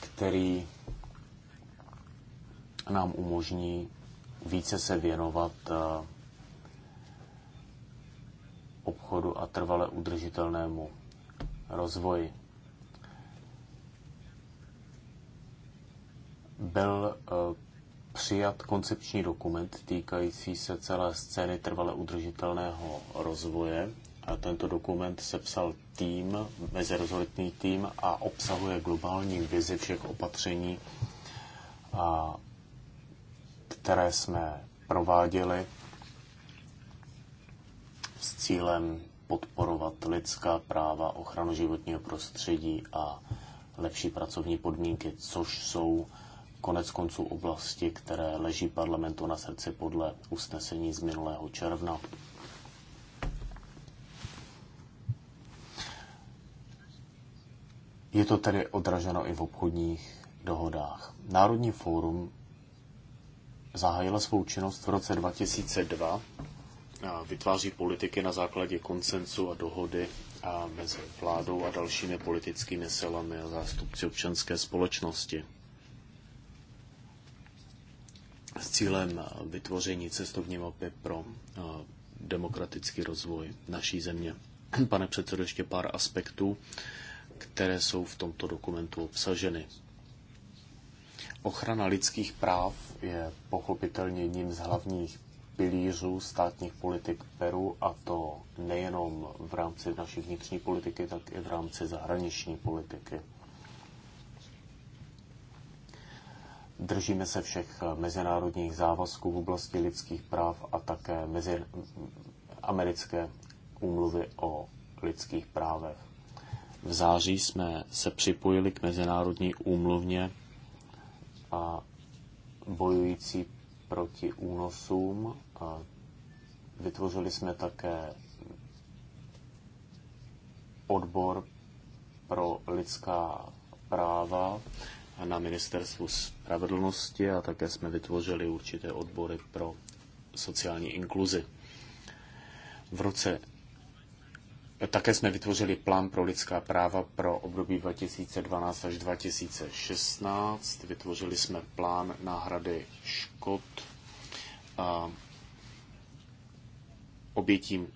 který nám umožní více se věnovat eh, obchodu a trvale udržitelnému rozvoji. Byl eh, přijat koncepční dokument týkající se celé scény trvale udržitelného rozvoje tento dokument sepsal tým, mezirezolitní tým a obsahuje globální vizi všech opatření, a, které jsme prováděli s cílem podporovat lidská práva, ochranu životního prostředí a lepší pracovní podmínky, což jsou konec konců oblasti, které leží parlamentu na srdci podle usnesení z minulého června. Je to tedy odraženo i v obchodních dohodách. Národní fórum zahájila svou činnost v roce 2002 a vytváří politiky na základě koncensu a dohody a mezi vládou a dalšími politickými silami a zástupci občanské společnosti s cílem vytvoření cestovní mapy pro demokratický rozvoj naší země. Pane předsedo, ještě pár aspektů které jsou v tomto dokumentu obsaženy. Ochrana lidských práv je pochopitelně jedním z hlavních pilířů státních politik Peru, a to nejenom v rámci naší vnitřní politiky, tak i v rámci zahraniční politiky. Držíme se všech mezinárodních závazků v oblasti lidských práv a také mezi americké úmluvy o lidských právech. V září jsme se připojili k mezinárodní úmluvně a bojující proti únosům. A vytvořili jsme také odbor pro lidská práva na ministerstvu spravedlnosti a také jsme vytvořili určité odbory pro sociální inkluzi. V roce také jsme vytvořili plán pro lidská práva pro období 2012 až 2016. Vytvořili jsme plán náhrady škod a obětím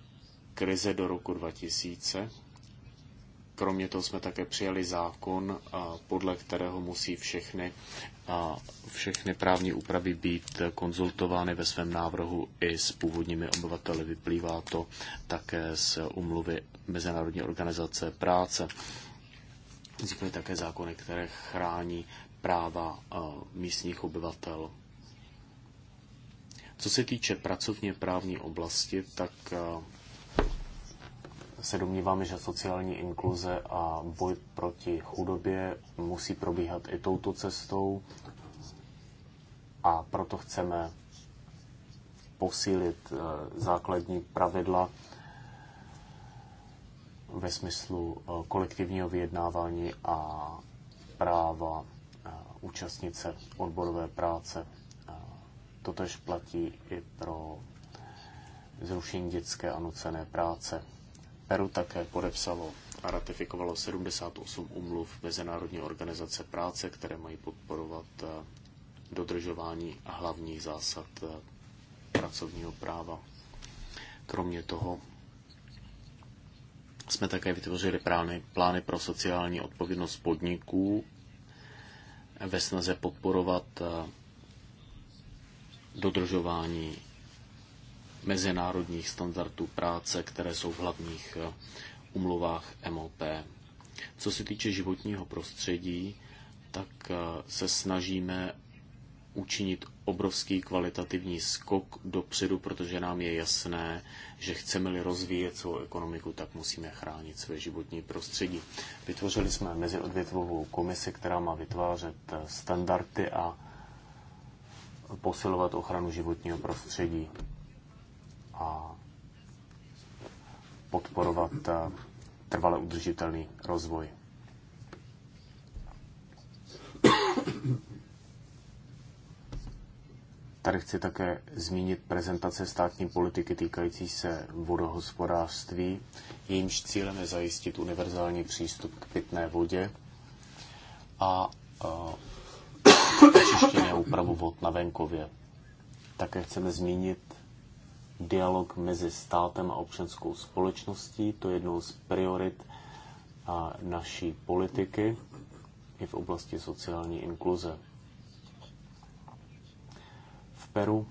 krize do roku 2000. Kromě toho jsme také přijali zákon, podle kterého musí všechny, všechny právní úpravy být konzultovány ve svém návrhu i s původními obyvateli. Vyplývá to také z umluvy Mezinárodní organizace práce. Vznikly také zákony, které chrání práva eh, místních obyvatel. Co se týče pracovně právní oblasti, tak eh, se domníváme, že sociální inkluze a boj proti chudobě musí probíhat i touto cestou a proto chceme posílit eh, základní pravidla ve smyslu eh, kolektivního vyjednávání a práva eh, účastnit se odborové práce. Eh, Totež platí i pro zrušení dětské a nucené práce. Peru také podepsalo a ratifikovalo 78 umluv Mezinárodní organizace práce, které mají podporovat dodržování hlavních zásad pracovního práva. Kromě toho jsme také vytvořili plány, plány pro sociální odpovědnost podniků ve snaze podporovat eh, dodržování mezinárodních standardů práce, které jsou v hlavních eh, umluvách MOP. Co se týče životního prostředí, tak eh, se snažíme učinit obrovský kvalitativní skok dopředu, protože nám je jasné, že chceme-li rozvíjet svou ekonomiku, tak musíme chránit své životní prostředí. Vytvořili jsme meziodvětvovou komisi, která má vytvářet eh, standardy a posilovat ochranu životního prostředí a podporovat eh, trvale udržitelný rozvoj. Tady chci také zmínit prezentace státní politiky týkající se vodohospodářství. Jejímž cílem je zajistit univerzální přístup k pitné vodě a, a čištění a úpravu vod na venkově. Také chceme zmínit dialog mezi státem a občanskou společností. To je jednou z priorit naší politiky i v oblasti sociální inkluze. Peru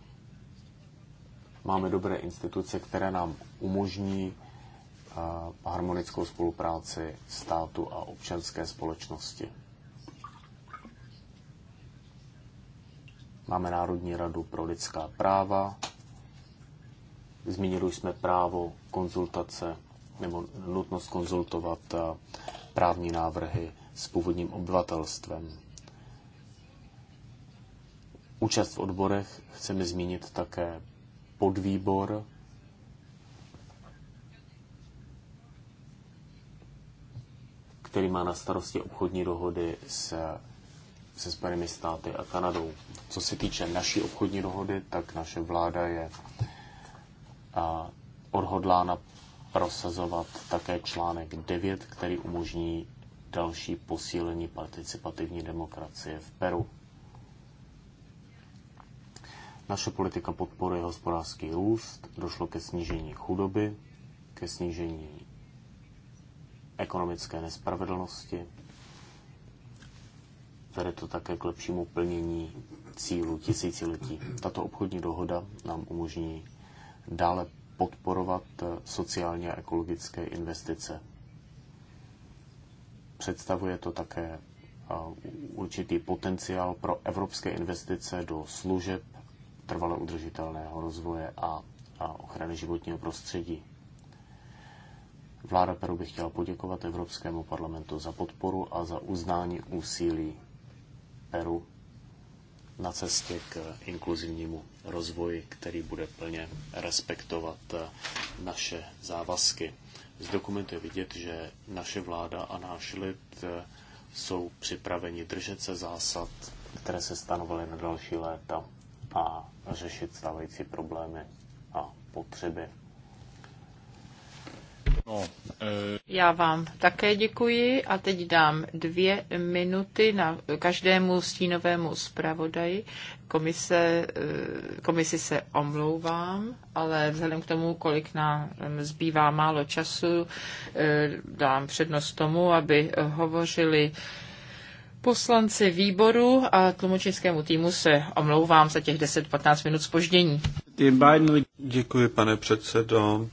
máme dobré instituce, které nám umožní eh, harmonickou spolupráci státu a občanské společnosti. Máme Národní radu pro lidská práva. Zmínili jsme právo konzultace nebo nutnost konzultovat eh, právní návrhy s původním obyvatelstvem. Účast v odborech chceme zmínit také podvýbor který má na starosti obchodní dohody se, se Spojenými státy a Kanadou. Co se týče naší obchodní dohody, tak naše vláda je a, odhodlána prosazovat také článek 9, který umožní další posílení participativní demokracie v Peru. Naše politika podporuje hospodářský růst, došlo ke snížení chudoby, ke snížení ekonomické nespravedlnosti. Vede to také k lepšímu plnění cílu tisíciletí. Tato obchodní dohoda nám umožní dále podporovat sociálně a ekologické investice. Představuje to také určitý potenciál pro evropské investice do služeb trvale udržitelného rozvoje a, a ochrany životního prostředí. Vláda Peru by chtěla poděkovat Evropskému parlamentu za podporu a za uznání úsilí Peru na cestě k inkluzivnímu rozvoji, který bude plně respektovat naše závazky. Z dokumentu je vidět, že naše vláda a náš lid jsou připraveni držet se zásad, které se stanovily na další léta a řešit stávající problémy a potřeby. No, e... Já vám také děkuji a teď dám dvě minuty na každému stínovému zpravodaji. Komise, eh, komisi se omlouvám, ale vzhledem k tomu, kolik nám zbývá málo času, eh, dám přednost tomu, aby hovořili Poslanci výboru a tlumočnickému týmu se omlouvám za těch 10-15 minut spoždění. Děkuji, pane předsedo.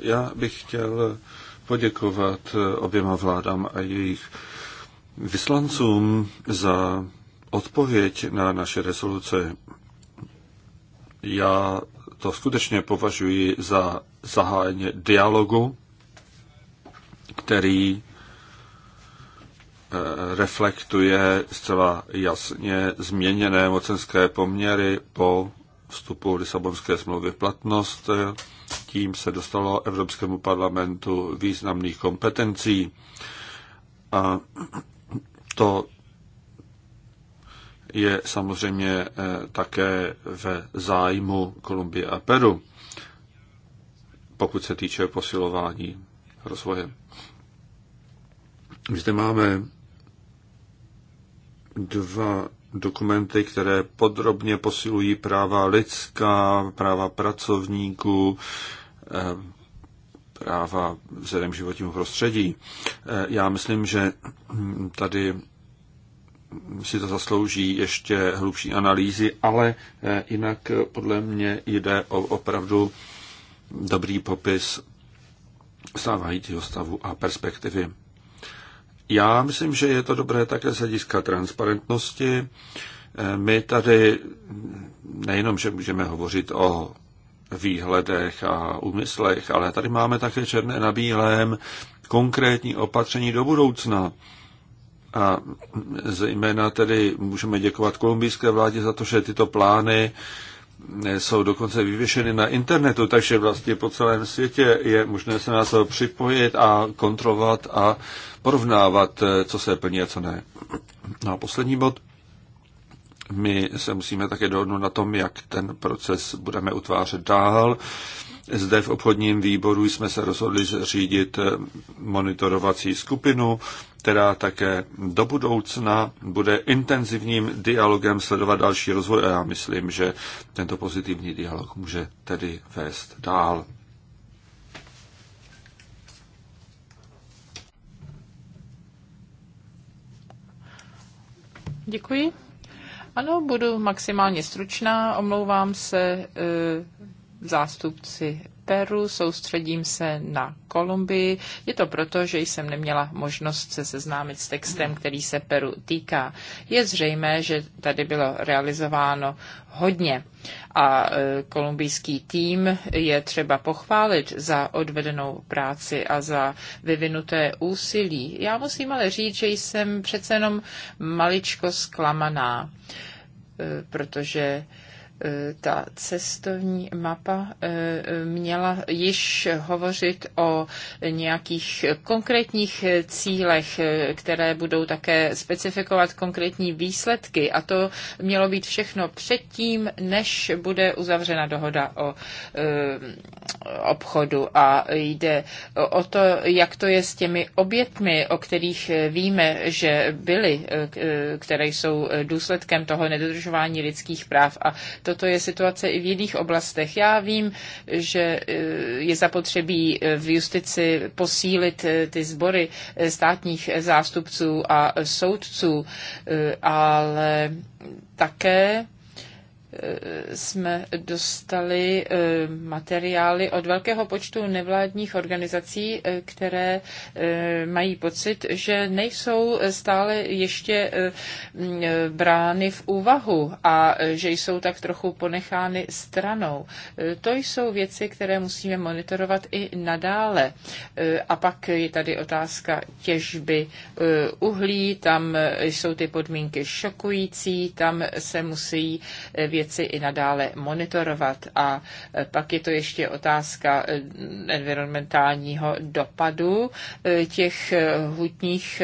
Já bych chtěl poděkovat oběma vládám a jejich vyslancům za odpověď na naše rezoluce. Já to skutečně považuji za zahájení dialogu, který reflektuje zcela jasně změněné mocenské poměry po vstupu Lisabonské smlouvy v platnost. Tím se dostalo Evropskému parlamentu významných kompetencí. A to je samozřejmě eh, také ve zájmu Kolumbie a Peru, pokud se týče posilování rozvoje. Zde máme dva dokumenty, které podrobně posilují práva lidská, práva pracovníků, eh, práva vzhledem životnímu prostředí. Eh, já myslím, že tady si to zaslouží ještě hlubší analýzy, ale eh, jinak podle mě jde o opravdu dobrý popis stávajícího stavu a perspektivy. Já myslím, že je to dobré také z hlediska transparentnosti. Eh, my tady nejenom, že můžeme hovořit o výhledech a úmyslech, ale tady máme také černé na bílém konkrétní opatření do budoucna. A zejména tedy můžeme děkovat kolumbijské vládě za to, že tyto plány eh, jsou dokonce vyvěšeny na internetu, takže vlastně po celém světě je možné se na to připojit a kontrolovat a porovnávat, eh, co se plní a co ne. No a poslední bod. My se musíme také dohodnout na tom, jak ten proces budeme utvářet dál. Zde v obchodním výboru jsme se rozhodli řídit eh, monitorovací skupinu, která také do budoucna bude intenzivním dialogem sledovat další rozvoj a já myslím, že tento pozitivní dialog může tedy vést dál. Děkuji. Ano, budu maximálně stručná. Omlouvám se eh, zástupci Peru, soustředím se na Kolumbii. Je to proto, že jsem neměla možnost se seznámit s textem, který se Peru týká. Je zřejmé, že tady bylo realizováno hodně a e, kolumbijský tým je třeba pochválit za odvedenou práci a za vyvinuté úsilí. Já musím ale říct, že jsem přece jenom maličko zklamaná, e, protože E, ta cestovní mapa e, měla již hovořit o nějakých konkrétních cílech, e, které budou také specifikovat konkrétní výsledky a to mělo být všechno předtím, než bude uzavřena dohoda o obchodu a jde o to, jak to je s těmi obětmi, o kterých víme, že byly, které jsou důsledkem toho nedodržování lidských práv a Toto je situace i v jiných oblastech. Já vím, že eh, je zapotřebí eh, v justici posílit eh, ty sbory státních zástupců a soudců, ale také jsme dostali eh, materiály od velkého počtu nevládních organizací, eh, které eh, mají pocit, že nejsou stále ještě brány v úvahu a že jsou tak trochu ponechány stranou. To jsou věci, které musíme monitorovat i nadále. A pak je tady otázka těžby uhlí, tam jsou ty podmínky šokující, tam se musí věci věci i nadále monitorovat. A e, pak je to ještě otázka e, environmentálního dopadu e, těch hutních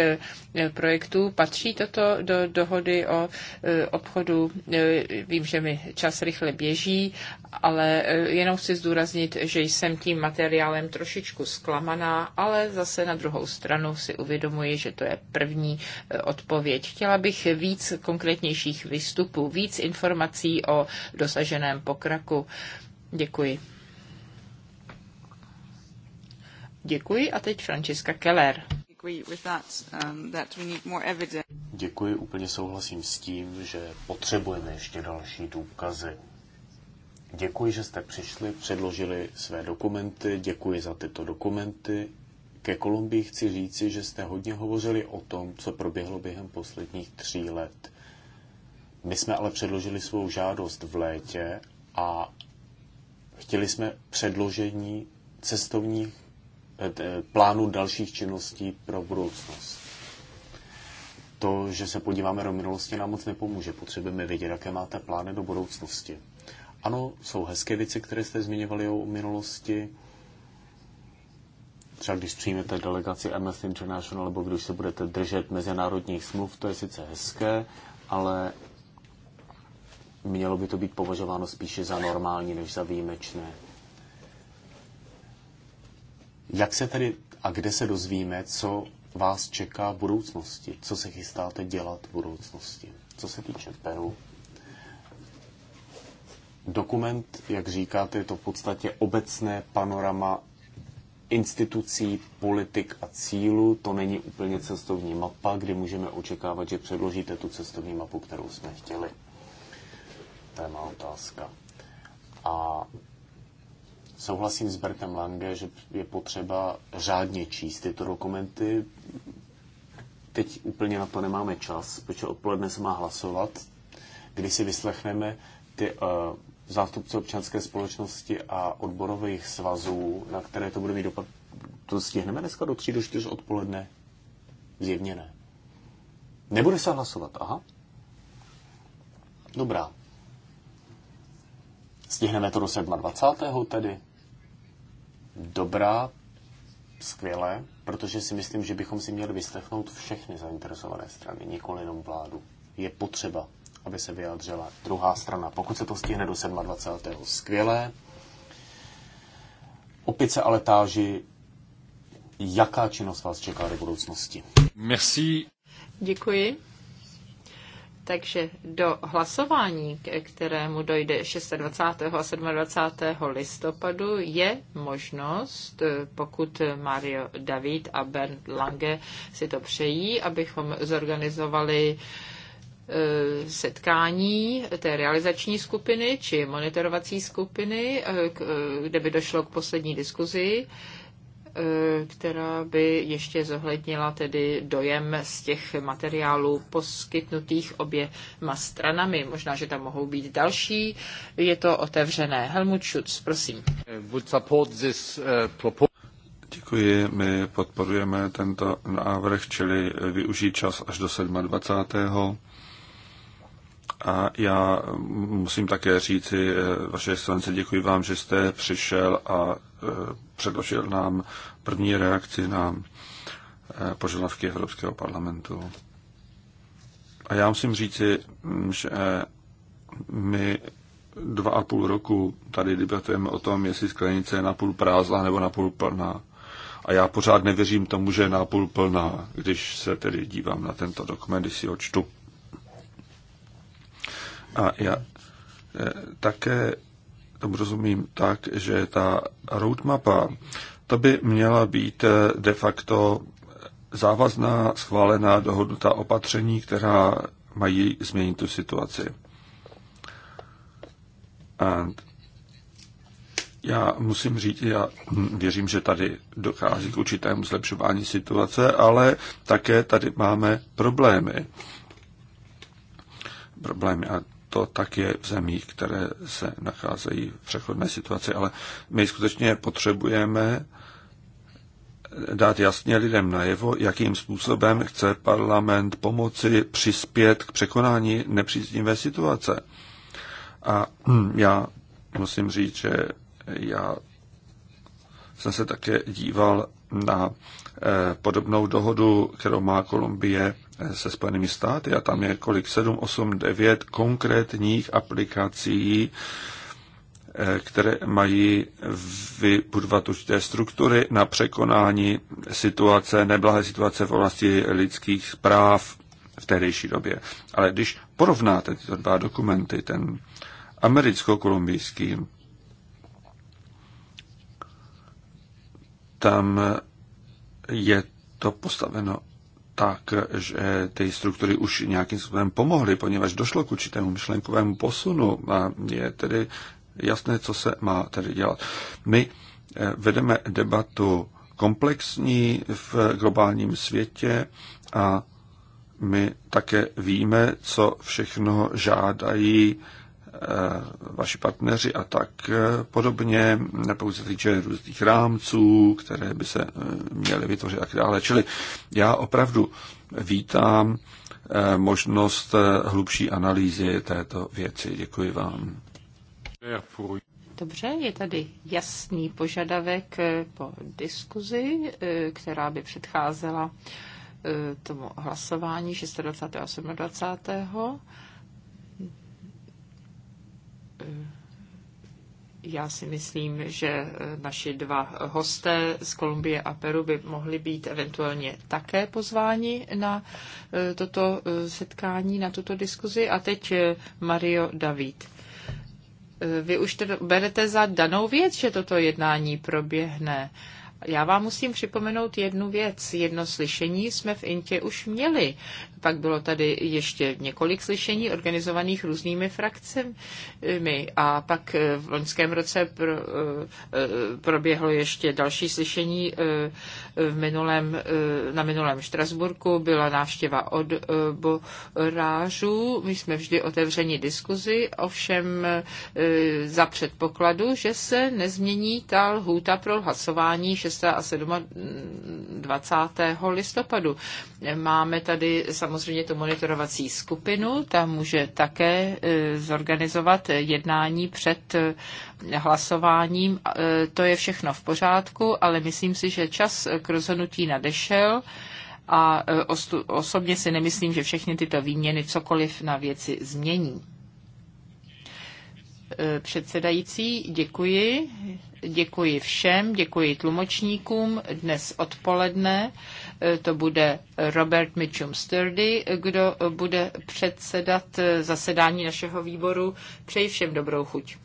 Eh, projektů. Patří toto do dohody o eh, obchodu? Eh, vím, že mi čas rychle běží, ale jenom chci zdůraznit, že jsem tím materiálem trošičku zklamaná, ale zase na druhou stranu si uvědomuji, že to je první odpověď. Chtěla bych víc konkrétnějších výstupů, víc informací o dosaženém pokraku. Děkuji. Děkuji a teď Francesca Keller. Um, děkuji, úplně souhlasím s tím, že potřebujeme ještě další důkazy. Děkuji, že jste přišli, předložili své dokumenty, děkuji za tyto dokumenty. Ke Kolumbii chci říci, že jste hodně hovořili o tom, co proběhlo během posledních tří let. My jsme ale předložili svou žádost v létě a chtěli jsme předložení cestovních Eh, eh, plánu dalších činností pro budoucnost. To, že se podíváme do minulosti, nám moc nepomůže. Potřebujeme vědět, jaké máte plány do budoucnosti. Ano, jsou hezké věci, které jste zmiňovali o minulosti. Třeba když přijmete delegaci MS International, nebo když se budete držet mezinárodních smluv, to je sice hezké, ale mělo by to být považováno spíše za normální, než za výjimečné. Jak se tedy a kde se dozvíme, co vás čeká v budoucnosti? Co se chystáte dělat v budoucnosti? Co se týče Peru, dokument, jak říkáte, je to v podstatě obecné panorama institucí, politik a cílů. To není úplně cestovní mapa, kdy můžeme očekávat, že předložíte tu cestovní mapu, kterou jsme chtěli. To je má otázka. A souhlasím s Bertem Lange, že je potřeba řádně číst tyto dokumenty. Teď úplně na to nemáme čas, protože odpoledne se má hlasovat, kdy si vyslechneme ty uh, zástupce občanské společnosti a odborových svazů, na které to bude mít dopad. To stihneme dneska do 3 do 4 odpoledne? Zjevně ne. Nebude se hlasovat, aha. Dobrá. Stihneme to do 27. tedy? dobrá, skvělé, protože si myslím, že bychom si měli vyslechnout všechny zainteresované strany, nikoli jenom vládu. Je potřeba, aby se vyjádřila druhá strana. Pokud se to stihne do 27. skvělé. Opět se ale táži, jaká činnost vás čeká do budoucnosti. Merci. Děkuji. Takže do hlasování, kterému dojde 26. a 27. listopadu, je možnost, pokud Mario David a Bernd Lange si to přejí, abychom zorganizovali e, setkání té realizační skupiny či monitorovací skupiny, e, e, kde by došlo k poslední diskuzi E, která by ještě zohlednila tedy dojem z těch materiálů poskytnutých oběma stranami. Možná, že tam mohou být další. Je to otevřené. Helmut Schutz, prosím. Uh, děkuji, my podporujeme tento návrh, čili využít čas až do 27. A já musím také říci, e, vaše excelence, děkuji vám, že jste přišel a Eh, předložil nám první reakci na eh, požadavky Evropského parlamentu. A já musím říci, mm, že my dva a půl roku tady debatujeme o tom, jestli sklenice je napůl prázdná nebo napůl plná. A já pořád nevěřím tomu, že je napůl plná, když se tedy dívám na tento dokument, když si ho čtu. A já eh, také tomu rozumím tak, že ta roadmapa, to by měla být eh, de facto závazná, schválená, dohodnutá opatření, která mají změnit tu situaci. And já musím říct, já věřím, že tady dochází k určitému zlepšování situace, ale také tady máme problémy. Problémy a to tak je v zemích, které se nacházejí v přechodné situaci, ale my skutečně potřebujeme dát jasně lidem najevo, jakým způsobem chce parlament pomoci přispět k překonání nepříznivé situace. A hm, já musím říct, že já jsem se také díval na Eh, podobnou dohodu, kterou má Kolumbie eh, se Spojenými státy a tam je kolik 7, 8, 9 konkrétních aplikací, eh, které mají vybudovat určité struktury na překonání situace, neblahé situace v oblasti lidských práv v tehdejší době. Ale když porovnáte tyto dva dokumenty, ten americko-kolumbijský, tam je to postaveno tak, že ty struktury už nějakým způsobem pomohly, poněvadž došlo k určitému myšlenkovému posunu a je tedy jasné, co se má tedy dělat. My eh, vedeme debatu komplexní v globálním světě a my také víme, co všechno žádají Eh, vaši partneři a tak eh, podobně, pouze týče různých rámců, které by se eh, měly vytvořit a tak dále. Čili já opravdu vítám možnost hlubší analýzy této věci. Děkuji vám. Dobře, je tady jasný požadavek po diskuzi, která by předcházela tomu hlasování 26. a 27 já si myslím, že e, naši dva hosté z Kolumbie a Peru by mohli být eventuálně také pozváni na e, toto e, setkání, na tuto diskuzi. A teď Mario David. Vy už to berete za danou věc, že toto jednání proběhne. Já vám musím připomenout jednu věc. Jedno slyšení jsme v Intě už měli. Pak bylo tady ještě několik slyšení organizovaných různými frakcemi a pak eh, v loňském roce pro, eh, proběhlo ještě další slyšení eh, v minulém, na minulém Štrasburku. Byla návštěva od Borážů. My jsme vždy otevřeni diskuzi, ovšem za předpokladu, že se nezmění ta lhůta pro hlasování 6. a 27. listopadu. Máme tady samozřejmě samozřejmě tu monitorovací skupinu, ta může také e, zorganizovat jednání před e, hlasováním. E, to je všechno v pořádku, ale myslím si, že čas k rozhodnutí nadešel a osobně si nemyslím, že všechny tyto výměny cokoliv na věci změní. Předsedající, děkuji. Děkuji všem, děkuji tlumočníkům dnes odpoledne to bude Robert Mitchum Sturdy, kdo bude předsedat zasedání našeho výboru. Přeji všem dobrou chuť.